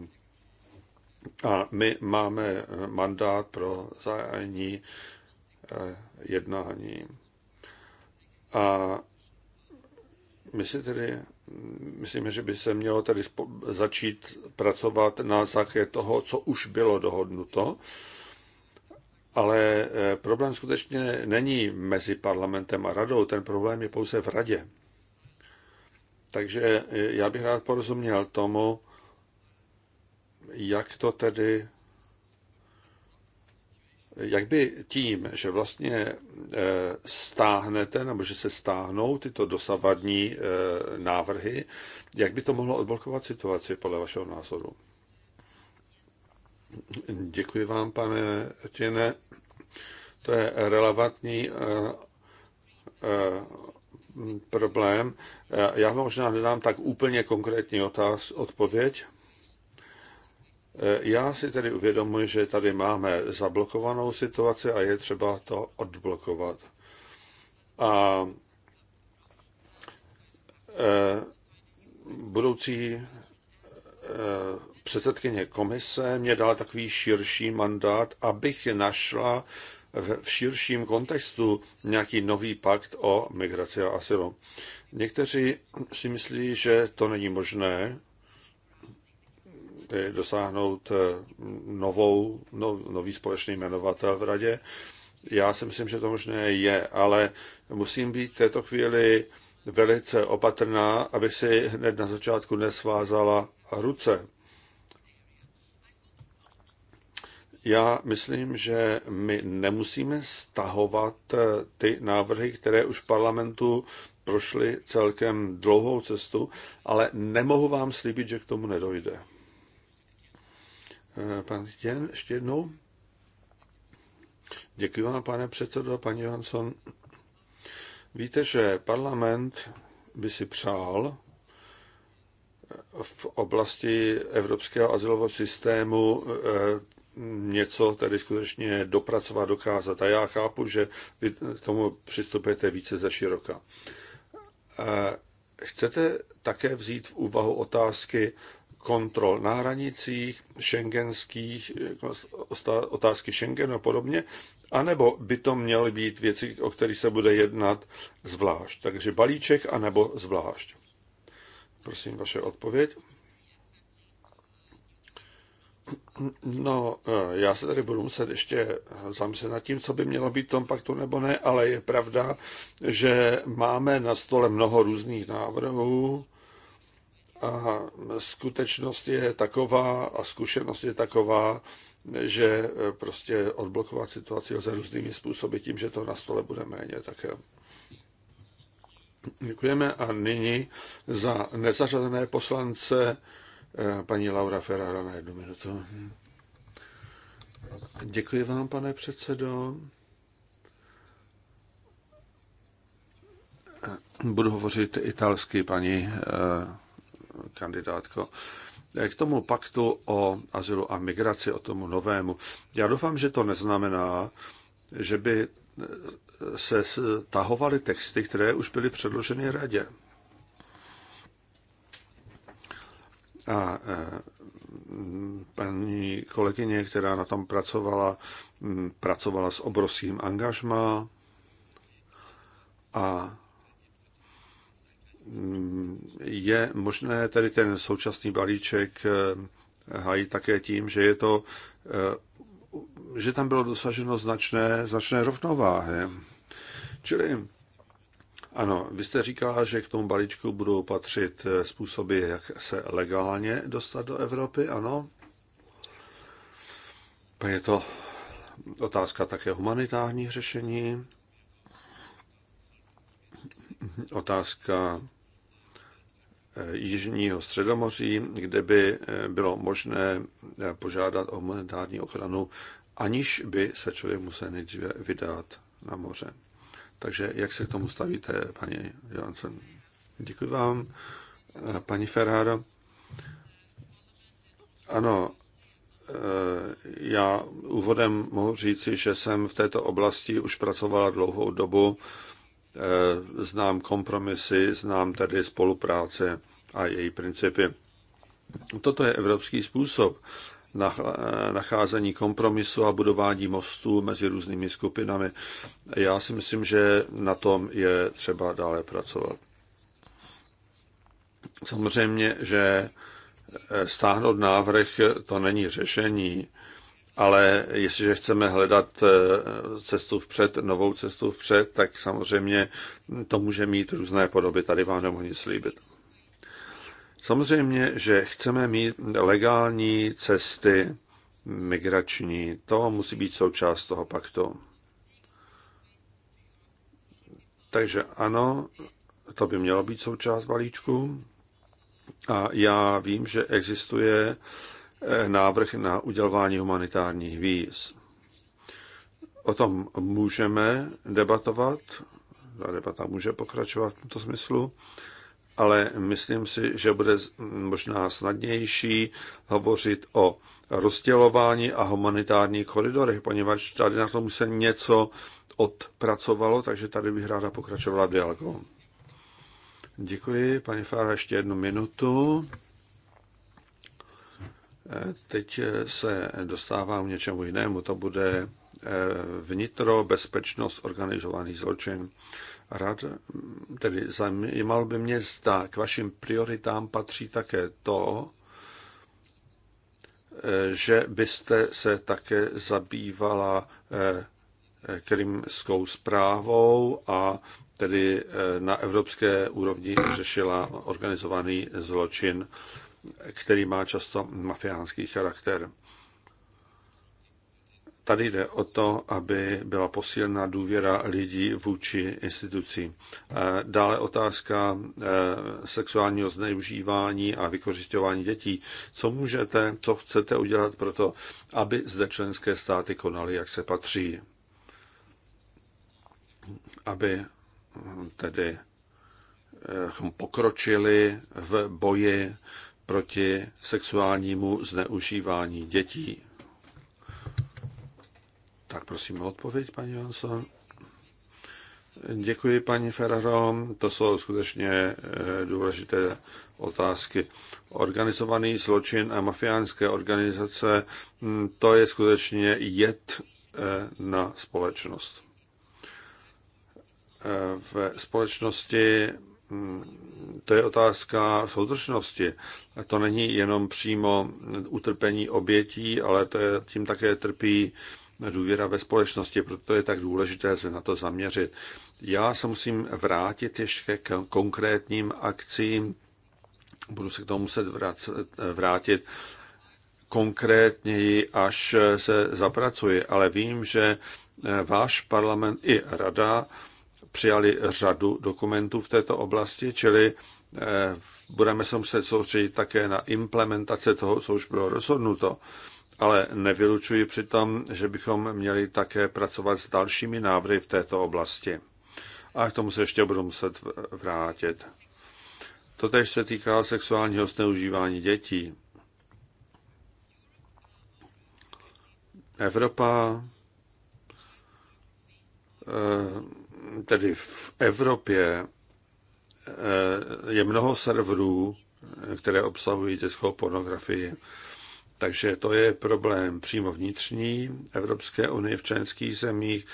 A my máme eh, mandát pro zájemní jednání. A my si tedy myslím, že by se mělo tady začít pracovat na základě toho, co už bylo dohodnuto. Ale e, problém skutečně není mezi parlamentem a radou, ten problém je pouze v radě. Takže e, já bych rád porozuměl tomu, jak to tedy jak by tím, že vlastně eh, stáhnete nebo že se stáhnou tyto dosavadní eh, návrhy, jak by to mohlo odblokovat situaci podle vašeho názoru? Děkuji vám, pane Těne. To je relevantní eh, problém. Já vám možná nedám tak úplně konkrétní otáz, odpověď, Eh, já si tedy uvědomuji, že tady máme zablokovanou situaci a je třeba to odblokovat. A eh, budoucí eh, předsedkyně komise mě dala takový širší mandát, abych našla v širším kontextu nějaký nový pakt o migraci a asilu. Někteří si myslí, že to není možné, dosáhnout eh, novou, no, nový společný jmenovatel v radě. Já si myslím, že to možné je, ale musím být v této chvíli velice opatrná, aby si hned na začátku nesvázala ruce. Já myslím, že my nemusíme stahovat eh, ty návrhy, které už v parlamentu prošly celkem dlouhou cestu, ale nemohu vám slíbit, že k tomu nedojde. Eh, pan Těn, ještě jednou. Děkuji vám, pane předsedo, paní Johansson. Víte, že parlament by si přál eh, v oblasti evropského azylového systému eh, něco tedy skutečně dopracovat, dokázat. A já chápu, že vy k tomu přistupujete více za široka. Chcete také vzít v úvahu otázky kontrol na hranicích, šengenských, jako otázky Schengenu a podobně, anebo by to měly být věci, o kterých se bude jednat zvlášť. Takže balíček anebo zvlášť. Prosím, vaše odpověď. No, e, já se tady budu muset ještě zamyslet nad tím, co by mělo být v tom paktu nebo ne, ale je pravda, že máme na stole mnoho různých návrhů a skutečnost je taková a zkušenost je taková, že eh, prostě odblokovat situaci lze různými způsoby tím, že to na stole bude méně. Tak jo. Děkujeme a nyní za nezařazené poslance eh, paní Laura Ferrara na jednu minutu. Děkuji vám, pane předsedo. Eh, budu hovořit italsky, paní kandidátko, eh, k tomu paktu o azylu a migraci, o tomu novému. Já doufám, že to neznamená, že by eh, se tahovaly texty, které už byly předloženy radě. A eh, paní kolegyně, která na tom pracovala, mm, pracovala s obrovským angažmá a je možné tedy ten současný balíček eh, hájit také tím, že je to eh, že tam bylo dosaženo značné, značné rovnováhy. Čili ano, vy jste říkala, že k tomu balíčku budou patřit eh, způsoby, jak se legálně dostat do Evropy, ano. Pak je to otázka také humanitárních řešení, otázka Eh, Jižního středomoří, kde by eh, bylo možné eh, požádat o humanitární ochranu, aniž by se člověk musel nejdříve vydat na moře. Takže jak se k tomu stavíte, paní Johansson? Děkuji vám, paní Ferrara. Ano, já úvodem mohu říci, že jsem v této oblasti už pracovala dlouhou dobu, znám kompromisy, znám tedy spolupráce a její principy. Toto je evropský způsob nacházení kompromisu a budování mostů mezi různými skupinami. Já si myslím, že na tom je třeba dále pracovat. Samozřejmě, že eh, stáhnout návrh to není řešení, ale jestliže chceme hledat eh, cestu vpřed, novou cestu vpřed, tak samozřejmě to může mít různé podoby. Tady vám nemohu nic slíbit. Samozřejmě, že chceme mít legální cesty migrační. To musí být součást toho paktu. Takže ano, to by mělo být součást balíčku. A já vím, že existuje eh, návrh na udělování humanitárních víz. O tom můžeme debatovat, ta debata může pokračovat v tomto smyslu, ale myslím si, že bude možná snadnější hovořit o rozdělování a humanitárních koridorech, poněvadž tady na tom se něco odpracovalo, takže tady bych ráda pokračovala v dialogu. Děkuji, paní Fára, ještě jednu minutu. Eh, teď eh, se dostávám k něčemu jinému, to bude eh, vnitro, bezpečnost, organizovaný zločin rad, tedy zajímalo by mě, zda k vašim prioritám patří také to, že byste se také zabývala eh, krymskou zprávou a tedy eh, na evropské úrovni řešila organizovaný zločin, který má často mafiánský charakter. Tady jde o to, aby byla posílena důvěra lidí vůči institucím. Eh, dále otázka eh, sexuálního zneužívání a vykořišťování dětí. Co můžete, co chcete udělat pro to, aby zde členské státy konaly, jak se patří? Aby hm, tedy eh, hm, pokročili v boji proti sexuálnímu zneužívání dětí. Tak prosím o odpověď, paní Johansson. Děkuji, paní Ferraro. To jsou skutečně eh, důležité otázky. Organizovaný zločin a mafiánské organizace, hm, to je skutečně jed eh, na společnost. Eh, v společnosti hm, to je otázka soudržnosti. A to není jenom přímo utrpení obětí, ale to je, tím také trpí důvěra ve společnosti, proto je tak důležité se na to zaměřit. Já se musím vrátit ještě k konkrétním akcím, budu se k tomu muset vrátit konkrétněji, až se zapracuji, ale vím, že váš parlament i rada přijali řadu dokumentů v této oblasti, čili eh, budeme se muset soustředit také na implementace toho, co už bylo rozhodnuto ale nevylučuji přitom, že bychom měli také pracovat s dalšími návrhy v této oblasti. A k tomu se ještě budu muset vrátit. Totež se týká sexuálního zneužívání dětí. Evropa, eh, tedy v Evropě, eh, je mnoho serverů, které obsahují dětskou pornografii. Takže to je problém přímo vnitřní Evropské unie v členských zemích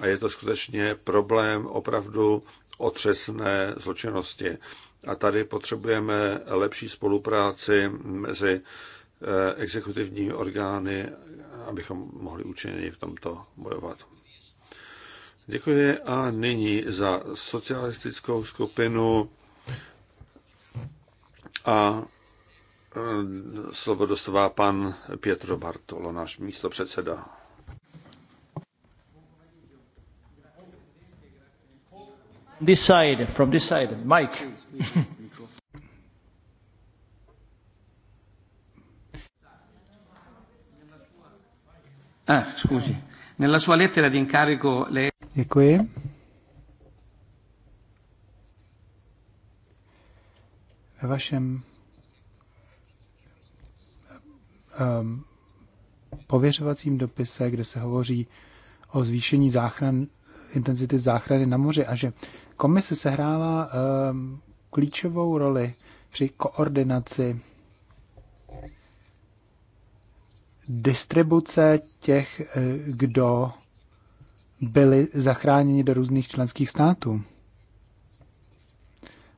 a je to skutečně problém opravdu otřesné zločinnosti. A tady potřebujeme lepší spolupráci mezi eh, exekutivními orgány, abychom mohli účinně v tomto bojovat. Děkuji a nyní za socialistickou skupinu a Eh, slovo dostává pan Pietro Bartolo, náš místo předseda. This side, from this side, Mike. ah, scusi. Nella sua lettera di incarico le... Děkuji. Ve vašem um, pověřovacím dopise, kde se hovoří o zvýšení záchran, intenzity záchrany na moři a že komise sehrála um, klíčovou roli při koordinaci distribuce těch, eh, kdo byli zachráněni do různých členských států.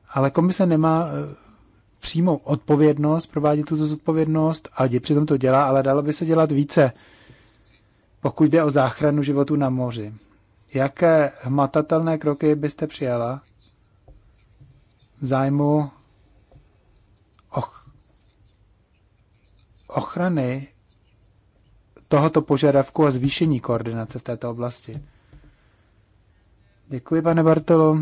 Ale komise nemá eh, Přímo odpovědnost, provádí tuto zodpovědnost a dě, přitom to dělá, ale dalo by se dělat více, pokud jde o záchranu životu na moři. Jaké hmatatelné kroky byste přijala v zájmu och, ochrany tohoto požadavku a zvýšení koordinace v této oblasti? Děkuji, pane Bartolo.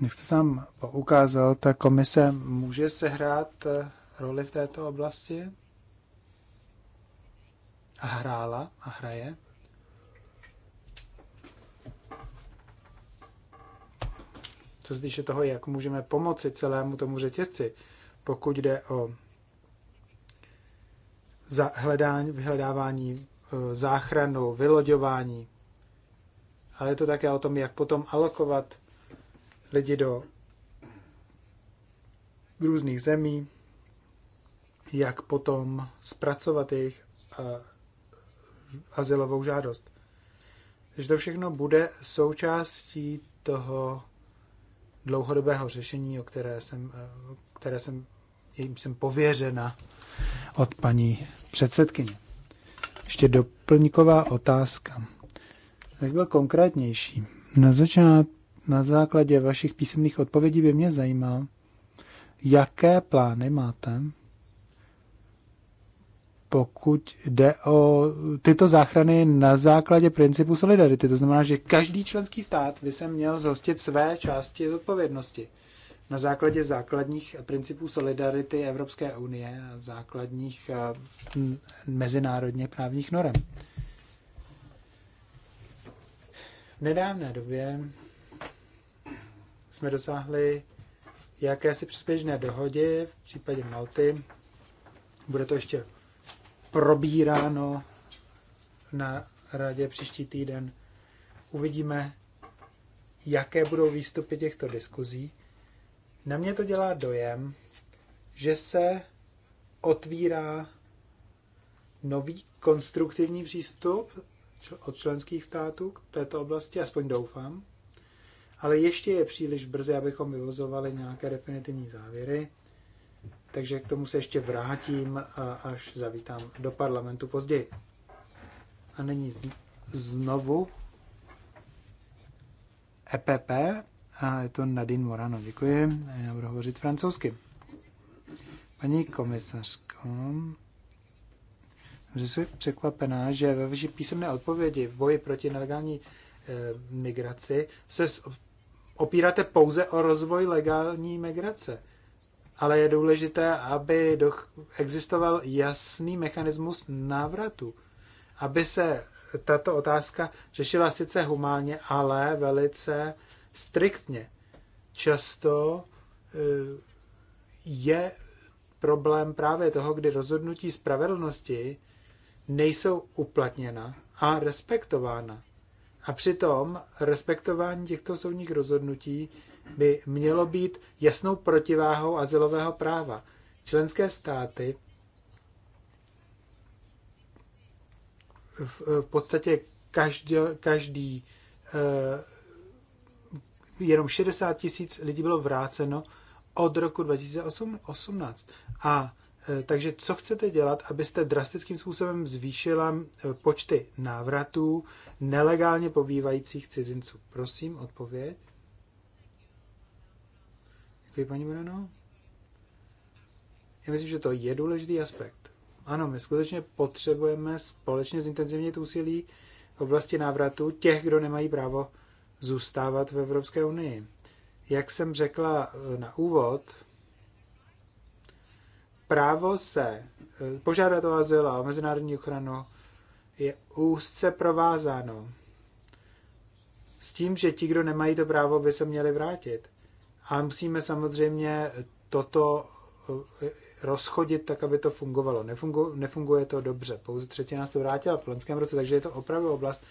Jak jste sám ukázal, ta komise může sehrát eh, roli v této oblasti? A hrála a hraje? Co se týče toho, jak můžeme pomoci celému tomu řetězci, pokud jde o hledání, vyhledávání, eh, záchranu, vyloďování, ale je to také o tom, jak potom alokovat lidi do různých zemí, jak potom zpracovat jejich eh, azylovou žádost. Takže to všechno bude součástí toho dlouhodobého řešení, o které jsem, eh, které jsem, jim jsem pověřena od paní předsedkyně. Ještě doplňková otázka. Jak byl konkrétnější? Na začátku na základě vašich písemných odpovědí by mě zajímalo, jaké plány máte, pokud jde o tyto záchrany na základě principu solidarity. To znamená, že každý členský stát by se měl zhostit své části zodpovědnosti na základě základních principů solidarity Evropské unie a základních eh, mezinárodně právních norem. V nedávné době jsme dosáhli jakési předběžné dohody v případě Malty. Bude to ještě probíráno na radě příští týden. Uvidíme, jaké budou výstupy těchto diskuzí. Na mě to dělá dojem, že se otvírá nový konstruktivní přístup od členských států k této oblasti, aspoň doufám ale ještě je příliš brzy, abychom vyvozovali nějaké definitivní závěry, takže k tomu se ještě vrátím, až zavítám do parlamentu později. A není znovu EPP, a je to Nadine Morano, děkuji, a já budu hovořit francouzsky. Paní komisařko, jsem překvapená, že ve vaší písemné odpovědi v boji proti nelegální eh, migraci se opíráte pouze o rozvoj legální migrace. Ale je důležité, aby existoval jasný mechanismus návratu. Aby se tato otázka řešila sice humánně, ale velice striktně. Často e, je problém právě toho, kdy rozhodnutí spravedlnosti nejsou uplatněna a respektována. A přitom respektování těchto soudních rozhodnutí by mělo být jasnou protiváhou asilového práva. Členské státy v podstatě každý, každý eh, jenom 60 tisíc lidí bylo vráceno od roku 2018. A Eh, takže co chcete dělat, abyste drastickým způsobem zvýšila eh, počty návratů nelegálně pobývajících cizinců? Prosím, odpověď. Děkuji, paní Moreno. Já myslím, že to je důležitý aspekt. Ano, my skutečně potřebujeme společně zintenzivnit úsilí v oblasti návratu těch, kdo nemají právo zůstávat v Evropské unii. Jak jsem řekla eh, na úvod, právo se eh, požádat o azyl a o mezinárodní ochranu je úzce provázáno s tím, že ti, kdo nemají to právo, by se měli vrátit. A musíme samozřejmě toto eh, rozchodit tak, aby to fungovalo. Nefungu, nefunguje to dobře. Pouze třetina se vrátila v loňském roce, takže je to opravdu oblast,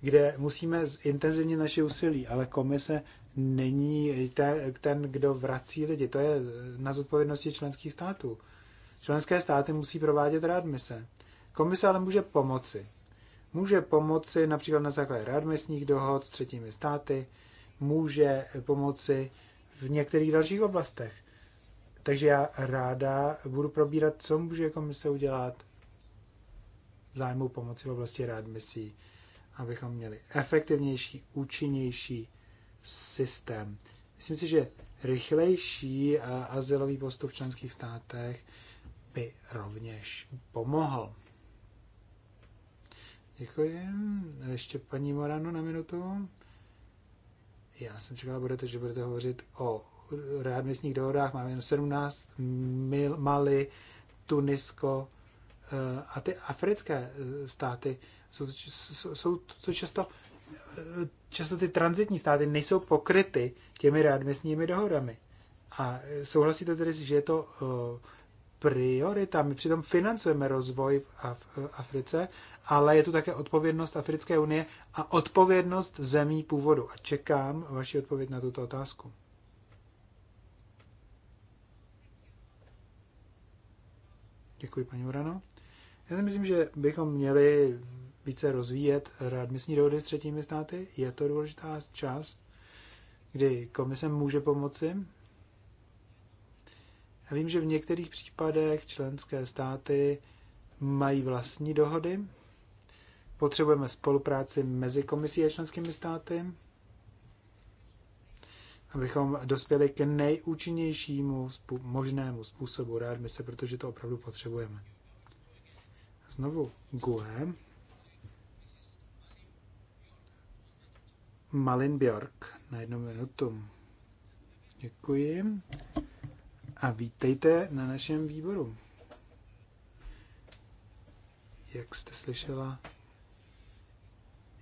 kde musíme zintenzivnit naše úsilí, ale komise není ten, ten, kdo vrací lidi. To je eh, na zodpovědnosti členských států. Členské státy musí provádět readmise. Komise ale může pomoci. Může pomoci například na základě readmisních dohod s třetími státy, může pomoci v některých dalších oblastech. Takže já ráda budu probírat, co může komise udělat v zájmu pomoci v oblasti readmisí, abychom měli efektivnější, účinnější systém. Myslím si, že rychlejší azylový postup v členských státech by rovněž pomohl. Děkuji. Ještě paní Morano na minutu. Já jsem čekala, budete, že budete hovořit o readmisních dohodách. Máme jenom 17 mil, Mali, Tunisko eh, a ty africké eh, státy. Jsou, jsou, jsou to často, eh, často ty transitní státy nejsou pokryty těmi readmisními dohodami. A souhlasíte tedy, že je to prioritami. Přitom financujeme rozvoj v Africe, ale je tu také odpovědnost Africké unie a odpovědnost zemí původu. A čekám vaši odpověď na tuto otázku. Děkuji, paní Urano. Já si myslím, že bychom měli více rozvíjet readmisní dohody s třetími státy. Je to důležitá část, kdy komise může pomoci já vím, že v některých případech členské státy mají vlastní dohody. Potřebujeme spolupráci mezi komisí a členskými státy, abychom dospěli k nejúčinnějšímu možnému způsobu readmise, protože to opravdu potřebujeme. Znovu GUE. Malin Björk na jednu minutu. Děkuji a vítejte na našem výboru. Jak jste slyšela,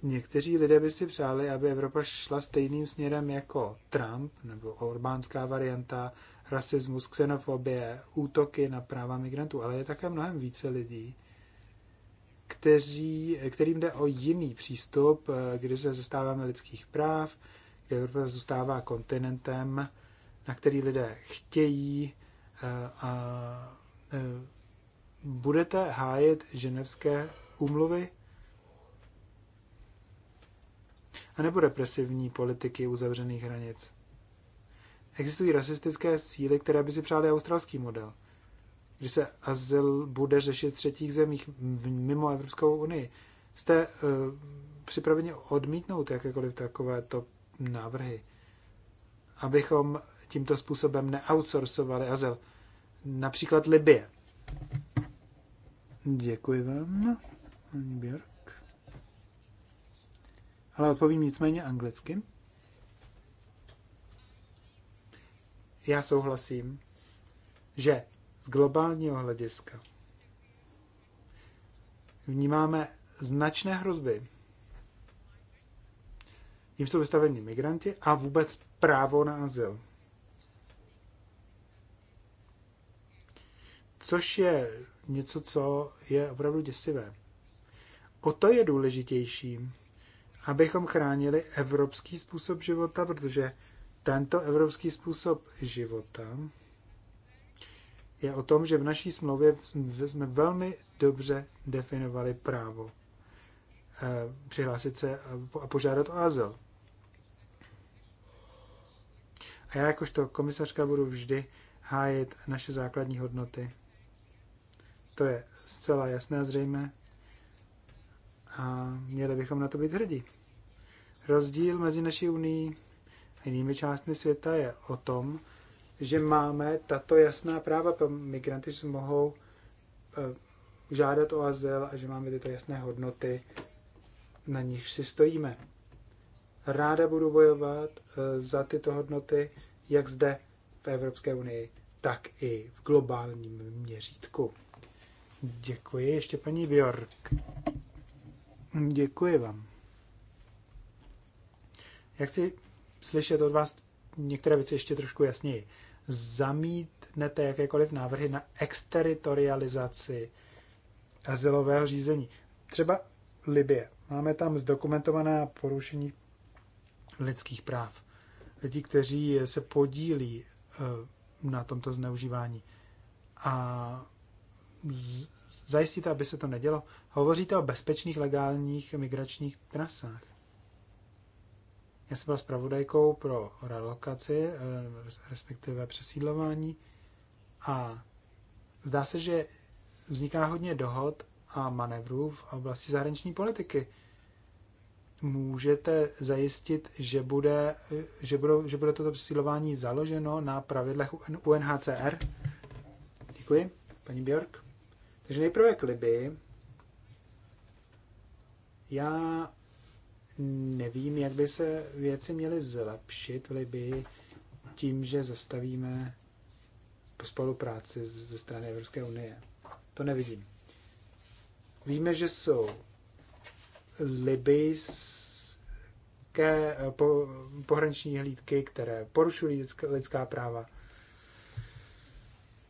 někteří lidé by si přáli, aby Evropa šla stejným směrem jako Trump nebo orbánská varianta, rasismus, xenofobie, útoky na práva migrantů, ale je také mnohem více lidí, kteří, kterým jde o jiný přístup, eh, kdy se zastáváme lidských práv, kdy Evropa zůstává kontinentem, na který lidé chtějí eh, a eh, budete hájit ženevské úmluvy? A nebo represivní politiky uzavřených hranic? Existují rasistické síly, které by si přáli australský model, kdy se azyl bude řešit v třetích zemích mimo Evropskou unii. Jste uh, připraveni odmítnout jakékoliv takovéto návrhy, abychom tímto způsobem neoutsourcovali azyl. Například Libie. Děkuji vám, paní Björk. Ale odpovím nicméně anglicky. Já souhlasím, že z globálního hlediska vnímáme značné hrozby. Jím jsou vystaveni migranti a vůbec právo na azyl. což je něco, co je opravdu děsivé. O to je důležitější, abychom chránili evropský způsob života, protože tento evropský způsob života je o tom, že v naší smlouvě jsme velmi dobře definovali právo eh, přihlásit se a požádat o azyl. A já jakožto komisařka budu vždy hájit naše základní hodnoty to je zcela jasné a zřejmé. A měli bychom na to být hrdí. Rozdíl mezi naší unii a jinými částmi světa je o tom, že máme tato jasná práva pro migranty, že mohou eh, žádat o azyl a že máme tyto jasné hodnoty, na nich si stojíme. Ráda budu bojovat eh, za tyto hodnoty, jak zde v Evropské unii, tak i v globálním měřítku. Děkuji. Ještě paní Bjork. Děkuji vám. Já chci slyšet od vás některé věci ještě trošku jasněji. Zamítnete jakékoliv návrhy na exteritorializaci azylového řízení. Třeba Libie. Máme tam zdokumentovaná porušení lidských práv. Lidí, kteří se podílí eh, na tomto zneužívání. A zajistíte, aby se to nedělo? Hovoříte o bezpečných legálních migračních trasách. Já jsem byl zpravodajkou pro relokaci, eh, respektive přesídlování a zdá se, že vzniká hodně dohod a manevrů v oblasti zahraniční politiky. Můžete zajistit, že bude, eh, že budou, že bude toto přesídlování založeno na pravidlech UNHCR? Děkuji, paní Bjork. Takže nejprve k Liby. Já nevím, jak by se věci měly zlepšit v Liby tím, že zastavíme spolupráci ze strany Evropské unie. To nevidím. Víme, že jsou ke po, pohraniční hlídky, které porušují lidská, lidská práva.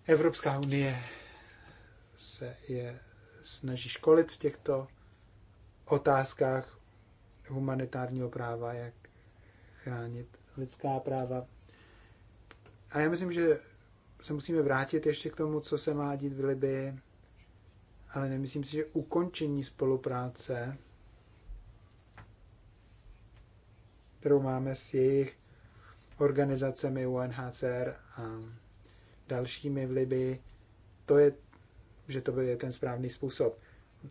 Evropská unie se je snaží školit v těchto otázkách humanitárního práva, jak chránit lidská práva. A já myslím, že se musíme vrátit ještě k tomu, co se má dít v Libii, ale nemyslím si, že ukončení spolupráce, kterou máme s jejich organizacemi UNHCR a dalšími v Libii, to je že to byl ten správný způsob.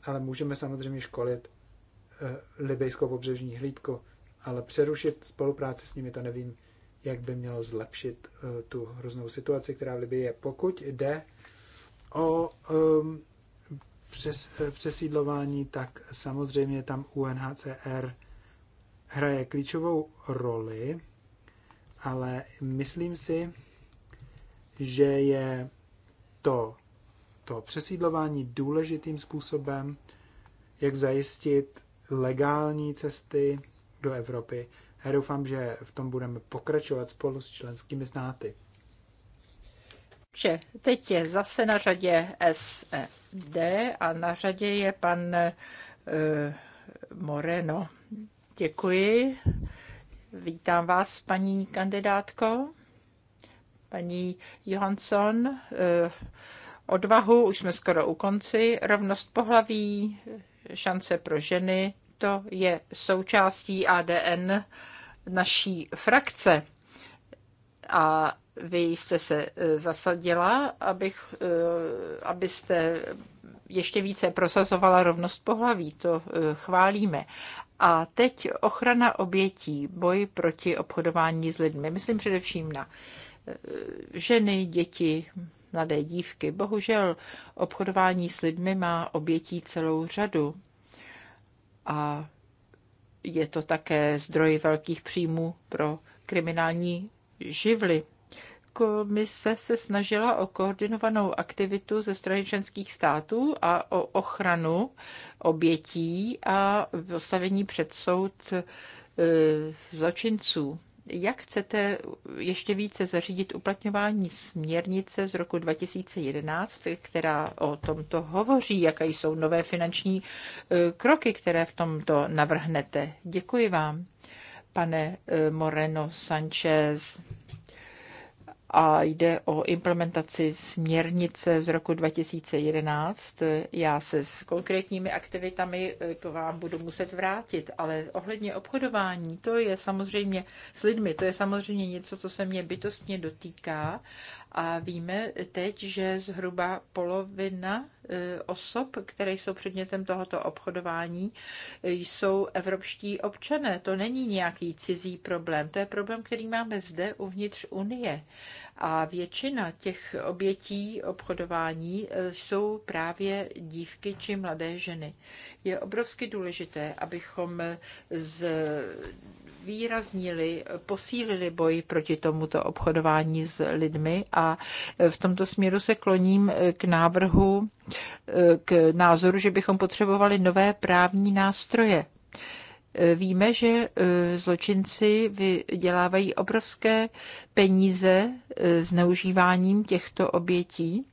Ale můžeme samozřejmě školit e, libejskou pobřežní hlídku, ale přerušit spolupráci s nimi, to nevím, jak by mělo zlepšit e, tu hroznou situaci, která v Libii je. Pokud jde o e, přes, eh, přesídlování, tak samozřejmě tam UNHCR hraje klíčovou roli, ale myslím si, že je to toho přesídlování důležitým způsobem, jak zajistit legální cesty do Evropy. Já doufám, že v tom budeme pokračovat spolu s členskými státy. teď je zase na řadě SD e a na řadě je pan uh, Moreno. Děkuji. Vítám vás, paní kandidátko. Paní Johansson, uh, odvahu, už jsme skoro u konci, rovnost pohlaví, šance pro ženy, to je součástí ADN naší frakce. A vy jste se e, zasadila, abych, e, abyste ještě více prosazovala rovnost pohlaví, to e, chválíme. A teď ochrana obětí, boj proti obchodování s lidmi, myslím především na ženy, děti, mladé dívky. Bohužel obchodování s lidmi má obětí celou řadu a je to také zdroj velkých příjmů pro kriminální živly. Komise se snažila o koordinovanou aktivitu ze strany členských států a o ochranu obětí a postavení před soud e, zločinců. Jak chcete ještě více zařídit uplatňování směrnice z roku 2011, která o tomto hovoří? Jaké jsou nové finanční e, kroky, které v tomto navrhnete? Děkuji vám, pane e, Moreno Sanchez a jde o implementaci směrnice z roku 2011. Já se s konkrétními aktivitami k eh, vám budu muset vrátit, ale ohledně obchodování, to je samozřejmě s lidmi, to je samozřejmě něco, co se mě bytostně dotýká a víme teď, že zhruba polovina eh, osob, které jsou předmětem tohoto obchodování, eh, jsou evropští občané. To není nějaký cizí problém, to je problém, který máme zde uvnitř Unie. A většina těch obětí obchodování eh, jsou právě dívky či mladé ženy. Je obrovsky důležité, abychom z výraznili, posílili boj proti tomuto obchodování s lidmi a eh, v tomto směru se kloním eh, k návrhu, k názoru, že bychom potřebovali nové právní nástroje Víme, že e, zločinci vydělávají obrovské peníze e, zneužíváním těchto obětí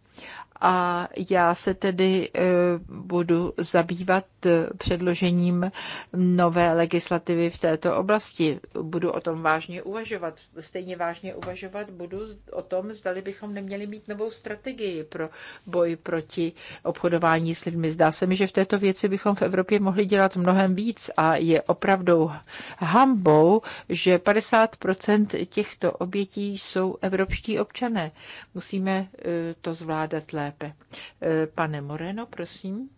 a já se tedy eh, budu zabývat eh, předložením nové legislativy v této oblasti. Budu o tom vážně uvažovat. Stejně vážně uvažovat budu o tom, zdali bychom neměli mít novou strategii pro boj proti obchodování s lidmi. Zdá se mi, že v této věci bychom v Evropě mohli dělat mnohem víc a je opravdu hambou, že 50% těchto obětí jsou evropští občané. Musíme eh, to zvládat lépe lépe. Eh, pane Moreno, prosím.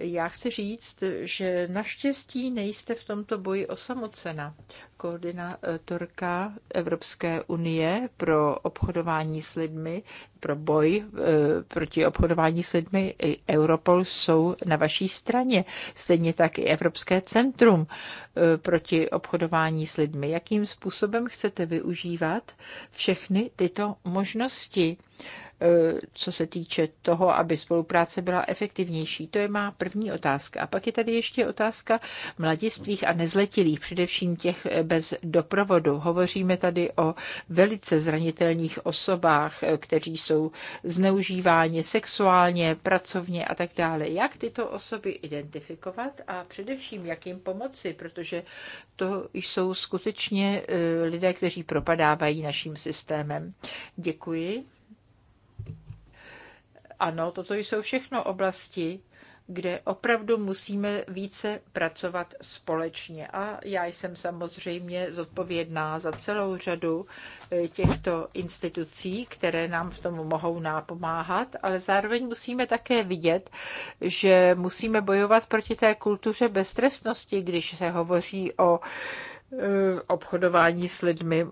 Já chci říct, že naštěstí nejste v tomto boji osamocena. Koordinátorka Evropské unie pro obchodování s lidmi, pro boj eh, proti obchodování s lidmi, i Europol jsou na vaší straně. Stejně tak i Evropské centrum eh, proti obchodování s lidmi. Jakým způsobem chcete využívat všechny tyto možnosti? E, co se týče toho, aby spolupráce byla efektivnější? To je má první otázka. A pak je tady ještě otázka mladistvých a nezletilých, především těch bez doprovodu. Hovoříme tady o velice zranitelných osobách, e, kteří jsou zneužíváni sexuálně, pracovně a tak dále. Jak tyto osoby identifikovat a především jak jim pomoci, protože to jsou skutečně e, lidé, kteří propadávají naším systémem. Děkuji. Ano, toto jsou všechno oblasti, kde opravdu musíme více pracovat společně. A já jsem samozřejmě zodpovědná za celou řadu e, těchto institucí, které nám v tom mohou nápomáhat, ale zároveň musíme také vidět, že musíme bojovat proti té kultuře beztrestnosti, když se hovoří o e, obchodování s lidmi, e,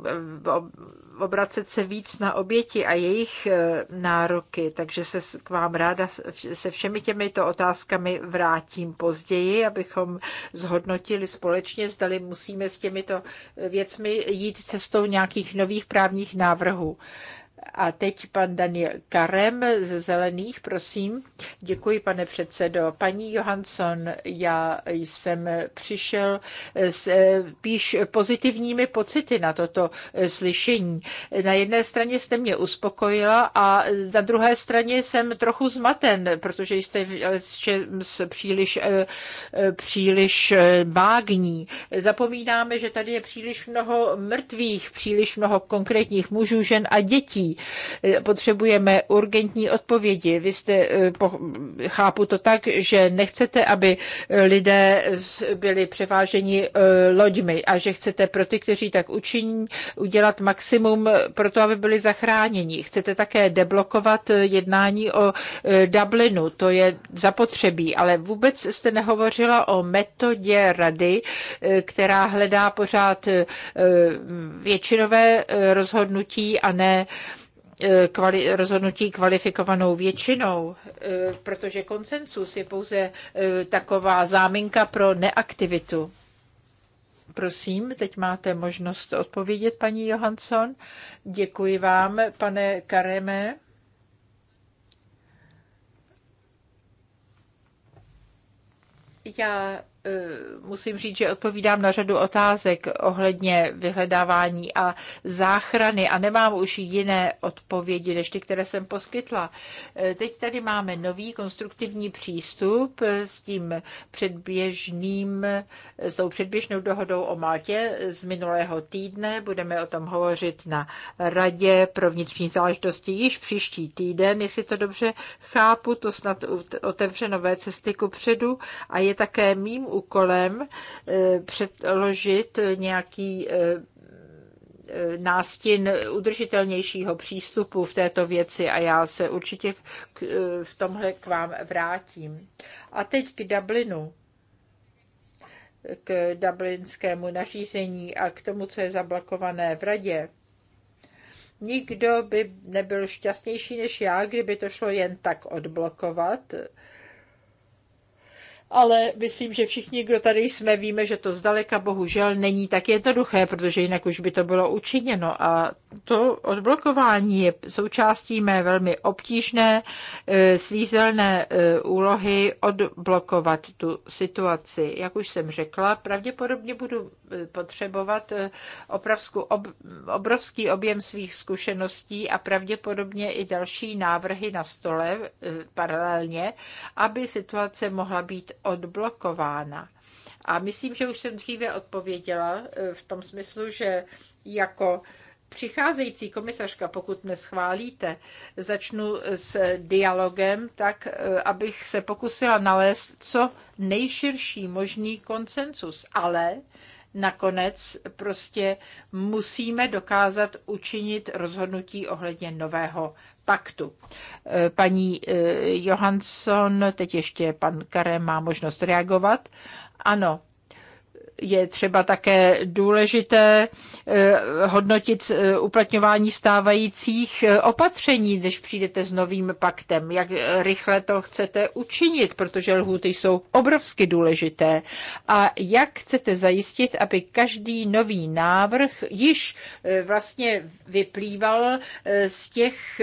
obracet se víc na oběti a jejich e, nároky, takže se k vám ráda se všemi těmito otázkami vrátím později, abychom zhodnotili společně, zdali musíme s těmito e, věcmi jít cestou nějakých nových právních návrhů. A teď pan Daniel Karem ze Zelených, prosím. Děkuji, pane předsedo. Paní Johansson, já jsem přišel s eh, píš pozitivními pocity na toto eh, slyšení. Na jedné straně jste mě uspokojila a na druhé straně jsem trochu zmaten, protože jste příliš, eh, příliš vágní. Zapomínáme, že tady je příliš mnoho mrtvých, příliš mnoho konkrétních mužů, žen a dětí Potřebujeme urgentní odpovědi. Vy jste, eh, chápu to tak, že nechcete, aby eh, lidé byli převáženi eh, loďmi a že chcete pro ty, kteří tak učiní, udělat maximum pro to, aby byli zachráněni. Chcete také deblokovat jednání o Dublinu, to je zapotřebí, ale vůbec jste nehovořila o metodě rady, která hledá pořád většinové rozhodnutí a ne uh, Eh, kvali- rozhodnutí kvalifikovanou většinou, eh, protože konsenzus je pouze eh, taková záminka pro neaktivitu. Prosím, teď máte možnost odpovědět, paní Johansson. Děkuji vám, pane Kareme. Já Eh, musím říct, že odpovídám na řadu otázek ohledně vyhledávání a záchrany a nemám už jiné odpovědi než ty, které jsem poskytla. Eh, teď tady máme nový konstruktivní přístup eh, s tím předběžným, s tou předběžnou dohodou o Maltě z minulého týdne. Budeme o tom hovořit na Radě pro vnitřní záležitosti již příští týden, jestli to dobře chápu, to snad otevře nové cesty ku předu a je také mým úkolem eh, předložit nějaký eh, eh, nástin udržitelnějšího přístupu v této věci a já se určitě v, tomhle k vám vrátím. A teď k Dublinu, k dublinskému nařízení a k tomu, co je zablokované v radě. Nikdo by nebyl šťastnější než já, kdyby to šlo jen tak odblokovat ale myslím, že všichni, kdo tady jsme, víme, že to zdaleka bohužel není tak jednoduché, protože jinak už by to bylo učiněno. A to odblokování je součástí mé velmi obtížné, e, svízelné e, úlohy odblokovat tu situaci. Jak už jsem řekla, pravděpodobně budu e, potřebovat opravsku, ob, obrovský objem svých zkušeností a pravděpodobně i další návrhy na stole paralelně, aby situace mohla být odblokována. A myslím, že už jsem dříve odpověděla eh, v tom smyslu, že jako přicházející komisařka, pokud mě schválíte, začnu s dialogem, tak eh, abych se pokusila nalézt co nejširší možný konsensus. Ale nakonec prostě musíme dokázat učinit rozhodnutí ohledně nového paktu. Eh, paní eh, Johansson, teď ještě pan Karem má možnost reagovat. Ano, je třeba také důležité eh, hodnotit eh, uplatňování stávajících eh, opatření, když přijdete s novým paktem, jak rychle to chcete učinit, protože lhůty jsou obrovsky důležité. A jak chcete zajistit, aby každý nový návrh již vlastně vyplýval z těch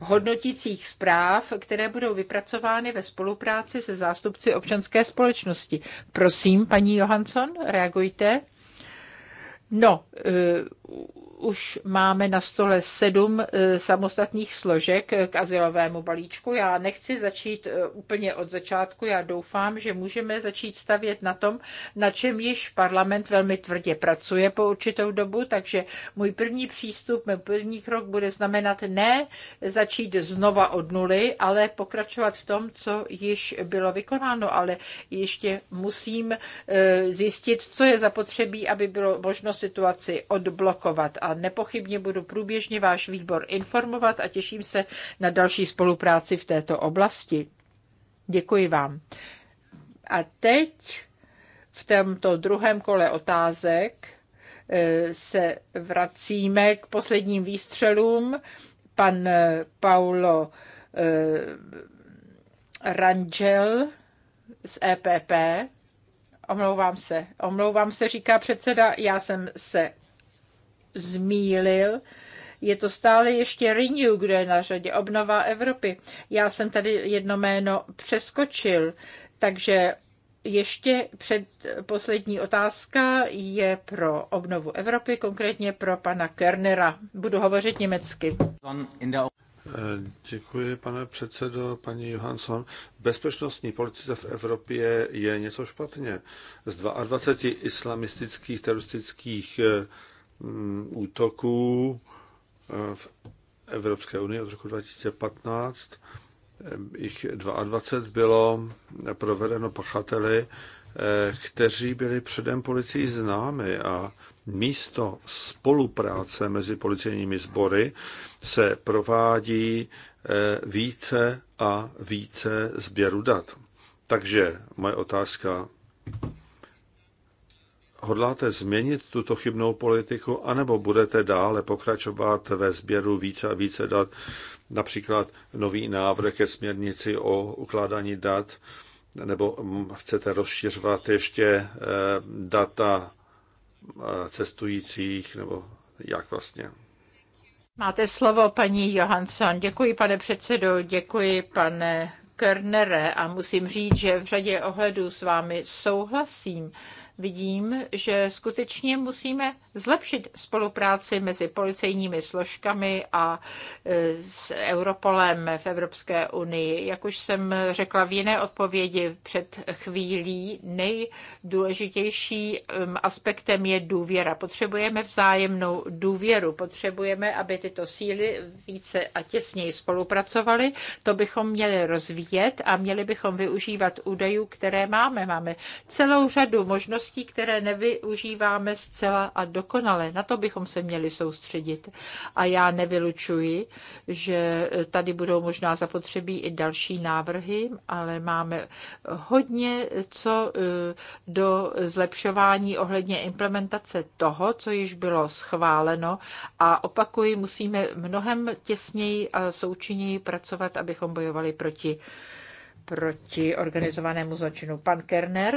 hodnotících zpráv, které budou vypracovány ve spolupráci se zástupci občanské společnosti. Prosím, paní Johansson, reagujte. No, eh, už máme na stole sedm eh, samostatných složek k asilovému balíčku. Já nechci začít eh, úplně od začátku, já doufám, že můžeme začít stavět na tom, na čem již parlament velmi tvrdě pracuje po určitou dobu, takže můj první přístup, můj první krok bude znamenat ne začít znova od nuly, ale pokračovat v tom, co již bylo vykonáno, ale ještě musím eh, zjistit, co je zapotřebí, aby bylo možno situaci odblokovat a nepochybně budu průběžně váš výbor informovat a těším se na další spolupráci v této oblasti. Děkuji vám. A teď v tomto druhém kole otázek eh, se vracíme k posledním výstřelům. Pan eh, Paulo eh, Rangel z EPP. Omlouvám se, omlouvám se, říká předseda, já jsem se zmílil, je to stále ještě Renew, kdo je na řadě, obnova Evropy. Já jsem tady jedno jméno přeskočil, takže ještě před poslední otázka je pro obnovu Evropy, konkrétně pro pana Kernera. Budu hovořit německy. Děkuji, pane předsedo, paní Johansson. Bezpečnostní politice v Evropě je něco špatně. Z 22 islamistických teroristických eh, Mm, útoků eh, v Evropské unii od roku 2015. Eh, jich 22 bylo provedeno pachateli, eh, kteří byli předem policii známi a místo spolupráce mezi policejními sbory se provádí více a více sběru dat. Takže moje otázka hodláte změnit tuto chybnou politiku, anebo budete dále pokračovat ve sběru více a více dat, například nový návrh ke směrnici o ukládání dat, nebo chcete rozšiřovat ještě eh, data eh, cestujících, nebo jak vlastně? Máte slovo, paní Johansson. Děkuji, pane předsedo, děkuji, pane Körnere. A musím říct, že v řadě ohledů s vámi souhlasím vidím, že skutečně musíme zlepšit spolupráci mezi policejními složkami a e, s Europolem v Evropské unii. Jak už jsem řekla v jiné odpovědi před chvílí, nejdůležitějším um, aspektem je důvěra. Potřebujeme vzájemnou důvěru, potřebujeme, aby tyto síly více a těsněji spolupracovaly. To bychom měli rozvíjet a měli bychom využívat údajů, které máme. Máme celou řadu možností, příležitostí, které nevyužíváme zcela a dokonale. Na to bychom se měli soustředit. A já nevylučuji, že tady budou možná zapotřebí i další návrhy, ale máme hodně co eh, do zlepšování ohledně implementace toho, co již bylo schváleno. A opakuji, musíme mnohem těsněji a součinněji pracovat, abychom bojovali proti proti organizovanému zločinu. Pan Kerner.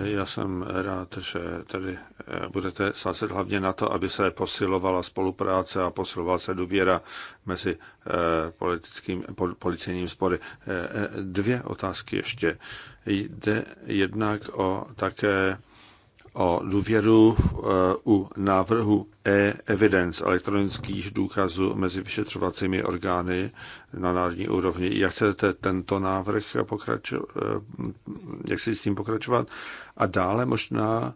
Já jsem rád, že tady eh, budete sázet hlavně na to, aby se posilovala spolupráce a posilovala se důvěra mezi eh, politickým, policejním spory. Eh, dvě otázky ještě. Jde jednak o také o důvěru eh, u návrhu e-evidence elektronických důkazů mezi vyšetřovacími orgány na národní úrovni. Jak chcete tento návrh pokračovat, eh, jak si s tím pokračovat? A dále možná,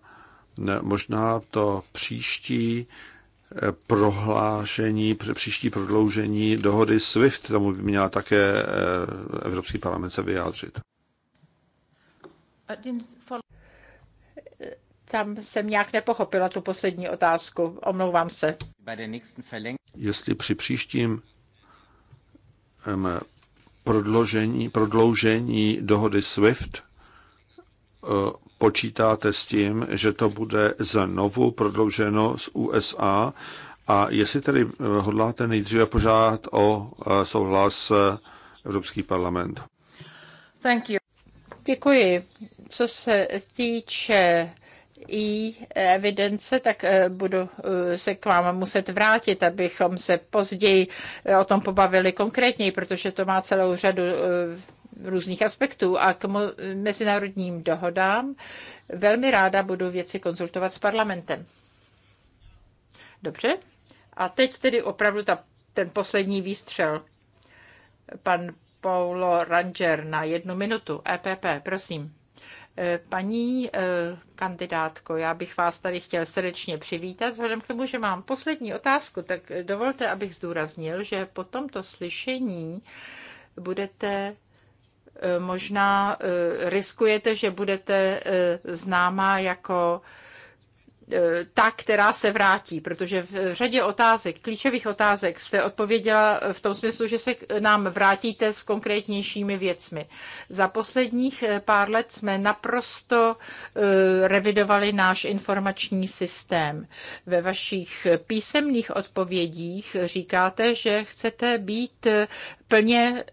možná to příští eh, prohlášení, příští prodloužení dohody SWIFT, tomu by měla také Evropský parlament se vyjádřit. Tam jsem nějak nepochopila tu poslední otázku. Omlouvám se. Jestli při příštím prodloužení, prodloužení dohody SWIFT e, počítáte s tím, že to bude znovu prodlouženo z USA a jestli tedy e, hodláte nejdříve požádat o e, souhlas Evropský parlament. Thank you. Děkuji. Co se týče i evidence, tak eh, budu eh, se k vám muset vrátit, abychom se později eh, o tom pobavili konkrétněji, protože to má celou řadu různých aspektů a k mezinárodním dohodám velmi ráda budu věci konzultovat s parlamentem. Dobře? A teď tedy opravdu ta, ten poslední výstřel. Pan Paulo Ranger na jednu minutu. EPP, prosím. Paní eh, kandidátko, já bych vás tady chtěl srdečně přivítat. Vzhledem k tomu, že mám poslední otázku, tak dovolte, abych zdůraznil, že po tomto slyšení budete eh, možná eh, riskujete, že budete známá jako E, ta, která se vrátí, protože v řadě otázek, klíčových otázek jste odpověděla v tom smyslu, že se k nám vrátíte s konkrétnějšími věcmi. Za posledních e, pár let jsme naprosto e, revidovali náš informační systém. Ve vašich písemných odpovědích říkáte, že chcete být plně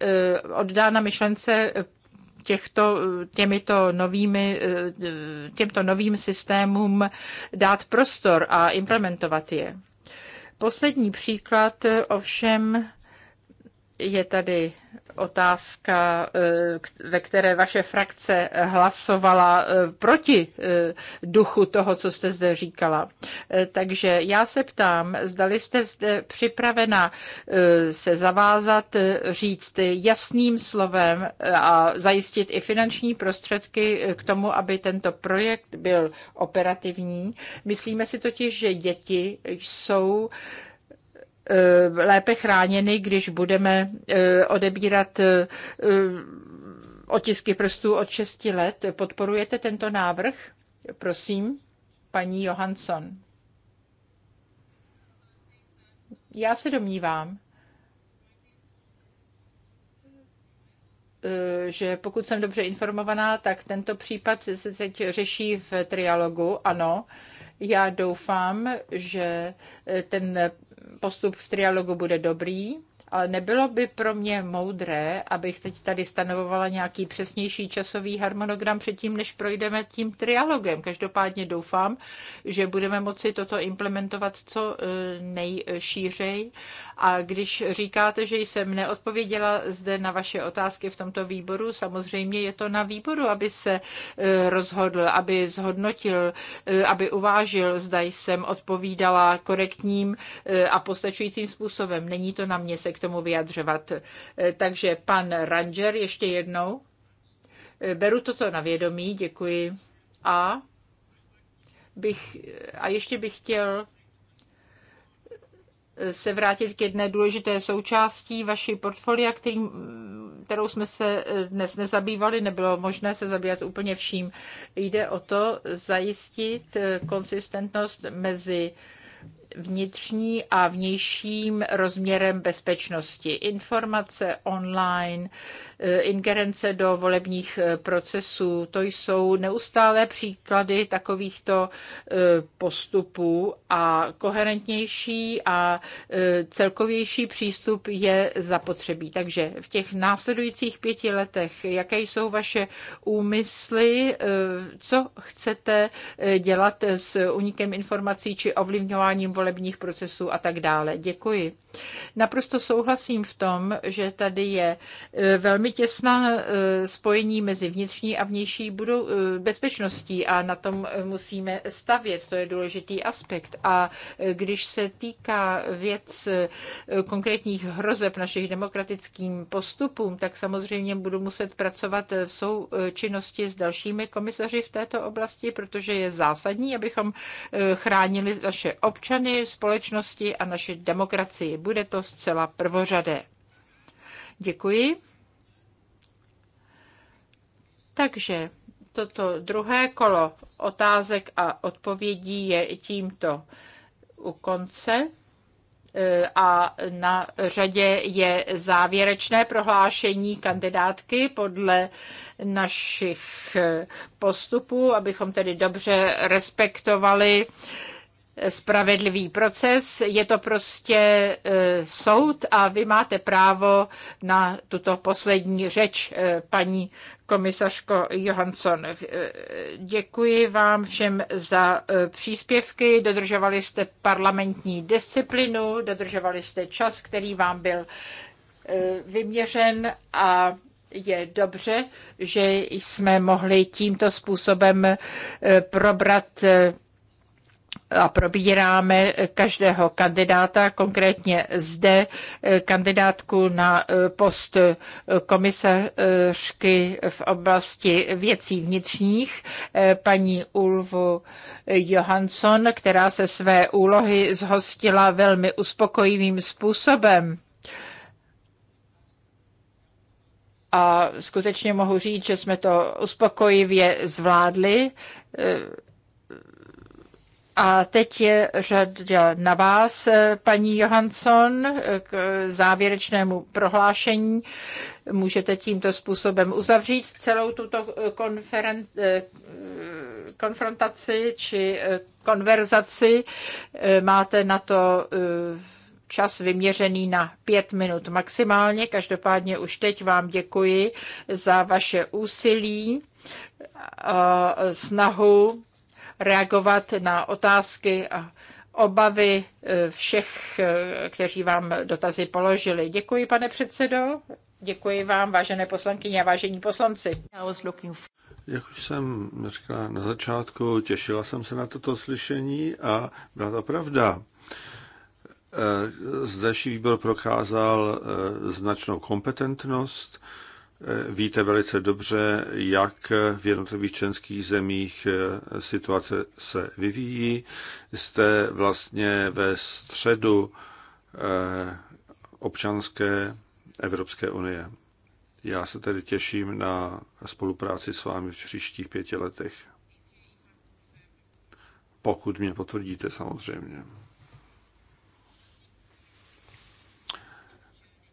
oddána myšlence těchto, těmito novými, těmto novým systémům dát prostor a implementovat je. Poslední příklad ovšem je tady otázka, eh, ve které vaše frakce hlasovala eh, proti eh, duchu toho, co jste zde říkala. Takže já se ptám, zdali jste zde připravena se zavázat, říct jasným slovem a zajistit i finanční prostředky k tomu, aby tento projekt byl operativní. Myslíme si totiž, že děti jsou Eh, lépe chráněny, když budeme eh, odebírat eh, otisky prstů od 6 let. Podporujete tento návrh? Prosím, paní Johansson. Já se domnívám, že pokud jsem dobře informovaná, tak tento případ se teď řeší v trialogu, ano. Já doufám, že ten postup v trialogu bude dobrý ale nebylo by pro mě moudré, abych teď tady stanovovala nějaký přesnější časový harmonogram předtím, než projdeme tím trialogem. Každopádně doufám, že budeme moci toto implementovat co e, nejšířej. A když říkáte, že jsem neodpověděla zde na vaše otázky v tomto výboru, samozřejmě je to na výboru, aby se e, rozhodl, aby zhodnotil, e, aby uvážil, zda jsem odpovídala korektním a postačujícím způsobem. Není to na mě sektor tomu vyjadřovat. E, takže pan Ranger ještě jednou. E, beru toto na vědomí, děkuji. A, bych, a ještě bych chtěl se vrátit k jedné důležité součástí vaší portfolia, který, kterou jsme se dnes nezabývali, nebylo možné se zabývat úplně vším. Jde o to zajistit konsistentnost mezi vnitřní a vnějším rozměrem bezpečnosti. Informace online, eh, ingerence do volebních eh, procesů, to jsou neustálé příklady takovýchto eh, postupů a koherentnější a celkovější přístup je zapotřebí. Takže v těch následujících pěti letech, jaké jsou vaše úmysly, co chcete dělat s unikem informací či ovlivňováním volebních volebních procesů a tak dále. Děkuji. Naprosto souhlasím v tom, že tady je e, velmi těsná e, spojení mezi vnitřní a vnější budou e, bezpečností a na tom musíme stavět. To je důležitý aspekt. A když se týká věc konkrétních hrozeb našich demokratickým postupům, tak samozřejmě budu muset pracovat v součinnosti s dalšími komisaři v této oblasti, protože je zásadní, abychom chránili naše občany, společnosti a naše demokracii. Bude to zcela prvořadé. Děkuji. Takže toto druhé kolo otázek a odpovědí je tímto u konce e, a na řadě je závěrečné prohlášení kandidátky podle našich postupů, abychom tedy dobře respektovali spravedlivý proces. Je to prostě e, soud a vy máte právo na tuto poslední řeč, e, paní komisařko Johansson. E, děkuji vám všem za příspěvky. Dodržovali jste parlamentní disciplinu, dodržovali jste čas, který vám byl vyměřen a je dobře, že jsme mohli tímto způsobem probrat a probíráme každého kandidáta, konkrétně zde eh, kandidátku na eh, post eh, komisařky v oblasti věcí vnitřních, paní Ulvu Johansson, která se své úlohy zhostila velmi uspokojivým způsobem. A skutečně mohu říct, že jsme to uspokojivě zvládli a teď je řada na vás, eh, paní Johansson, eh, k závěrečnému prohlášení. Můžete tímto způsobem uzavřít celou tuto eh, konferen- konfrontaci či konverzaci. Máte na to čas vyměřený na pět minut maximálně. Každopádně už teď vám děkuji za vaše úsilí, snahu reagovat na otázky a obavy eh, všech, eh, kteří vám dotazy položili. Děkuji, pane předsedo. Děkuji vám, vážené poslankyně a vážení poslanci. Jak už jsem řekla na začátku, těšila jsem se na toto slyšení a byla to pravda. Eh, zdejší výbor prokázal značnou kompetentnost Eh, víte velice dobře, jak v jednotlivých členských zemích eh, situace se vyvíjí. Jste vlastně ve středu eh, občanské Evropské unie. Já se tedy těším na spolupráci s vámi v příštích pěti letech. Pokud mě potvrdíte, samozřejmě.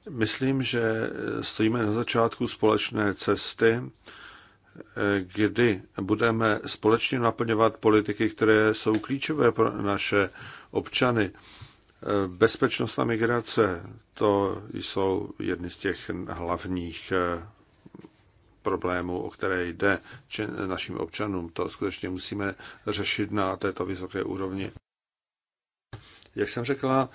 Myslím, že eh, stojíme na začátku společné cesty, eh, kdy budeme společně naplňovat politiky, které jsou klíčové pro naše občany. Eh, bezpečnost a migrace, to jsou jedny z těch hlavních problémů, o které jde našim občanům. To skutečně musíme řešit na této vysoké úrovni. Jak jsem řekla,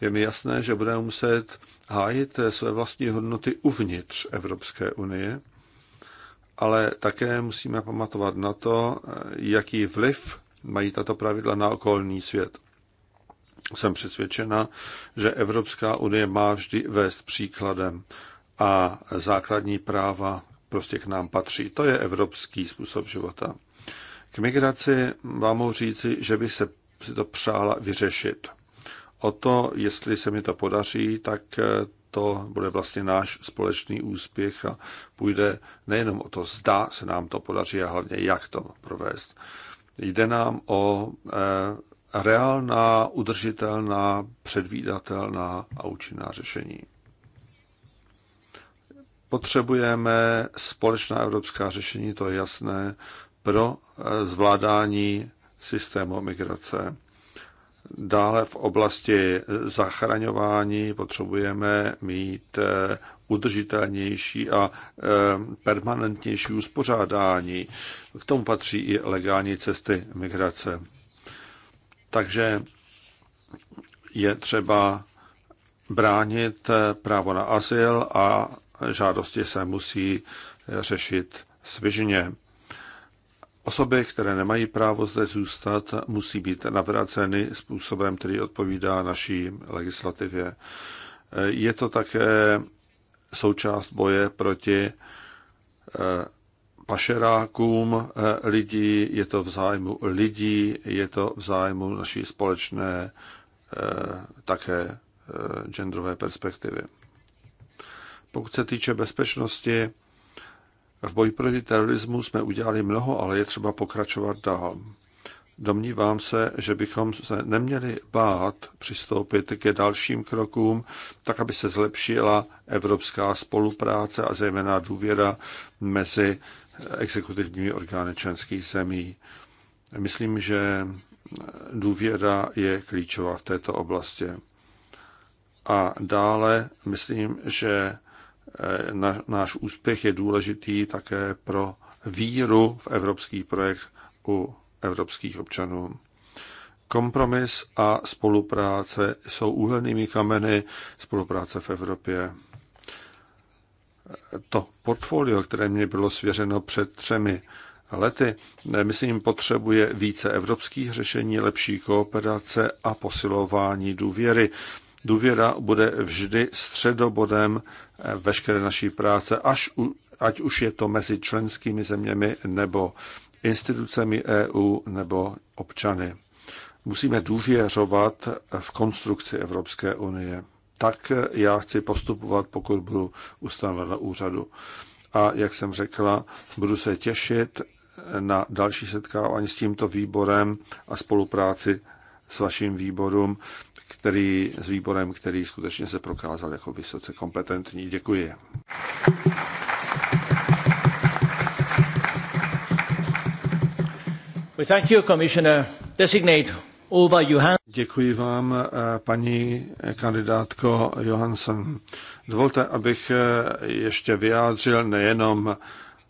je mi jasné, že budeme muset hájit své vlastní hodnoty uvnitř Evropské unie, ale také musíme pamatovat na to, jaký vliv mají tato pravidla na okolní svět. Jsem přesvědčena, že Evropská unie má vždy vést příkladem a základní práva prostě k nám patří. To je evropský způsob života. K migraci vám mohu říci, že bych se si to přála vyřešit. O to, jestli se mi to podaří, tak eh, to bude vlastně náš společný úspěch a půjde nejenom o to, zda se nám to podaří a hlavně jak to provést. Jde nám o eh, reálná, udržitelná, předvídatelná a účinná řešení. Potřebujeme společná evropská řešení, to je jasné, pro eh, zvládání systému migrace. Dále v oblasti zachraňování potřebujeme mít eh, udržitelnější a eh, permanentnější uspořádání. K tomu patří i legální cesty migrace. Takže je třeba bránit eh, právo na azyl a žádosti se musí řešit svižně. Osoby, které nemají právo zde zůstat, musí být navraceny způsobem, který odpovídá naší legislativě. Je to také součást boje proti eh, pašerákům eh, lidí, je to v zájmu lidí, je to v zájmu naší společné eh, také genderové perspektivy. Pokud se týče bezpečnosti, v boji proti terorismu jsme udělali mnoho, ale je třeba pokračovat dál. Domnívám se, že bychom se neměli bát přistoupit ke dalším krokům, tak aby se zlepšila evropská spolupráce a zejména důvěra mezi exekutivními orgány členských zemí. Myslím, že důvěra je klíčová v této oblasti. A dále myslím, že Eh, na, náš úspěch je důležitý také pro víru v evropský projekt u evropských občanů. Kompromis a spolupráce jsou úhelnými kameny spolupráce v Evropě. Eh, to portfolio, které mě bylo svěřeno před třemi lety, eh, myslím, potřebuje více evropských řešení, lepší kooperace a posilování důvěry. Důvěra bude vždy středobodem eh, veškeré naší práce, až u, ať už je to mezi členskými zeměmi nebo institucemi EU nebo občany. Musíme důvěřovat v konstrukci Evropské unie. Tak eh, já chci postupovat, pokud budu ustanoven na úřadu. A jak jsem řekla, budu se těšit eh, na další setkávání s tímto výborem a spolupráci s vaším výborem který, s výborem, který skutečně se prokázal jako vysoce kompetentní. Děkuji. We thank you, Commissioner Designate Děkuji vám, eh, paní kandidátko Johansson. Dovolte, abych eh, ještě vyjádřil nejenom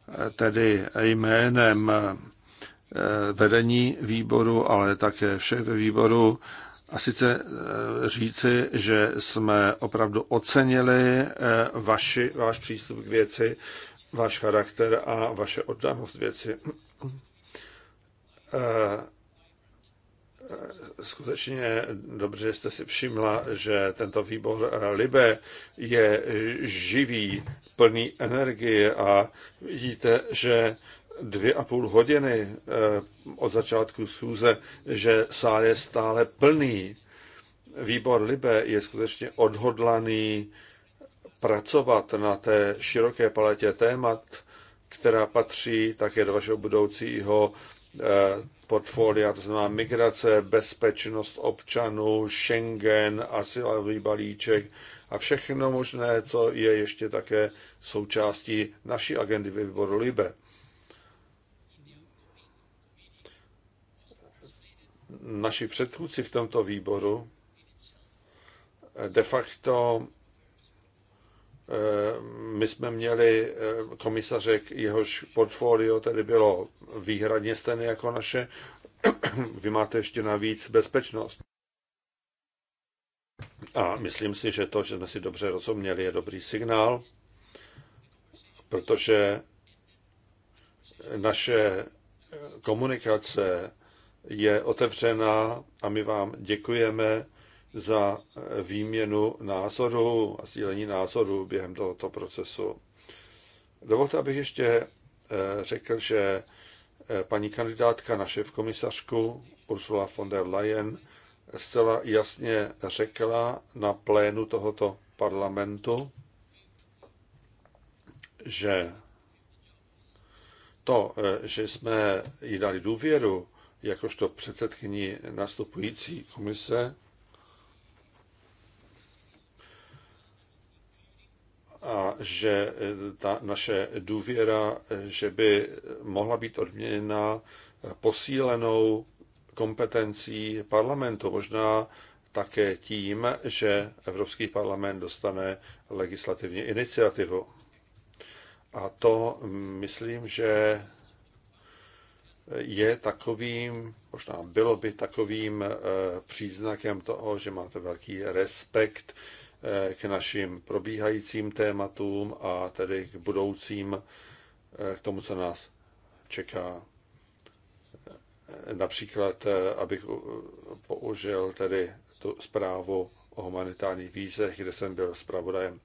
eh, tedy jménem vedení výboru, ale také všech ve výboru a sice eh, říci, že jsme opravdu ocenili eh, vaši, váš přístup k věci, váš charakter a vaše oddanost věci. Eh, skutečně dobře jste si všimla, že tento výbor Libe je živý, plný energie a vidíte, že dvě a půl hodiny eh, od začátku schůze, že sál je stále plný. Výbor Libe je skutečně odhodlaný pracovat na té široké paletě témat, která patří také do vašeho budoucího eh, portfolia, to znamená migrace, bezpečnost občanů, Schengen, asilový balíček a všechno možné, co je ještě také součástí naší agendy ve výboru Libe. naši předchůdci v tomto výboru eh, de facto eh, my jsme měli eh, komisařek, jehož portfolio tedy bylo výhradně stejné jako naše. Vy máte ještě navíc bezpečnost. A myslím si, že to, že jsme si dobře rozuměli, je dobrý signál, protože naše komunikace je otevřená a my vám děkujeme za výměnu názorů a sdílení názorů během tohoto procesu. Dovolte, abych ještě eh, řekl, že eh, paní kandidátka na šéf komisařku Ursula von der Leyen zcela jasně řekla na plénu tohoto parlamentu, že to, eh, že jsme jí dali důvěru, jakožto předsedkyni nastupující komise a že ta naše důvěra, že by mohla být odměněna posílenou kompetencí parlamentu, možná také tím, že Evropský parlament dostane legislativní iniciativu. A to mm, myslím, že je takovým, možná bylo by takovým eh, příznakem toho, že máte velký respekt eh, k našim probíhajícím tématům a tedy k budoucím, eh, k tomu, co nás čeká. Například, abych použil tedy tu zprávu o humanitárních vízech, kde jsem byl zpravodajem.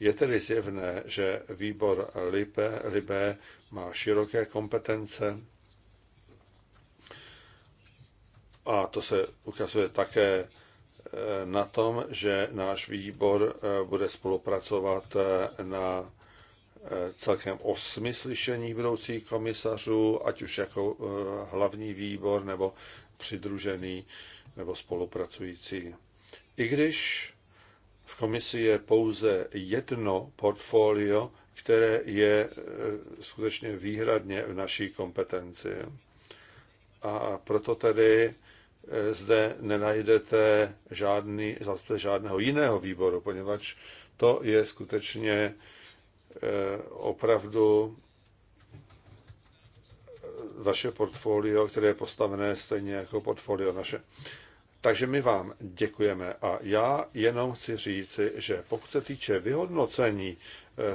Je tedy zjevné, že výbor Libe, Libe má široké kompetence, a to se ukazuje také eh, na tom, že náš výbor eh, bude spolupracovat eh, na celkem osmi slyšení budoucích komisařů, ať už jako hlavní výbor nebo přidružený nebo spolupracující. I když v komisi je pouze jedno portfolio, které je skutečně výhradně v naší kompetenci. A proto tedy Eh, zde nenajdete žádný zástupce žádného jiného výboru, poněvadž to je skutečně eh, opravdu eh, vaše portfolio, které je postavené stejně jako portfolio naše. Takže my vám děkujeme a já jenom chci říci, že pokud se týče vyhodnocení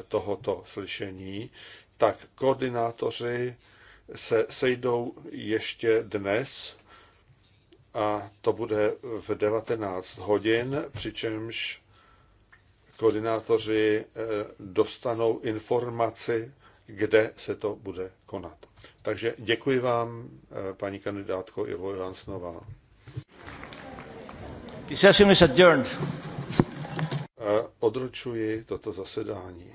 tohoto slyšení, tak koordinátoři se sejdou ještě dnes a to bude v 19 hodin, přičemž koordinátoři eh, dostanou informaci, kde se to bude konat. Takže děkuji vám, eh, paní kandidátko Ivo Johansnová. adjourned. Eh, odročuji toto zasedání.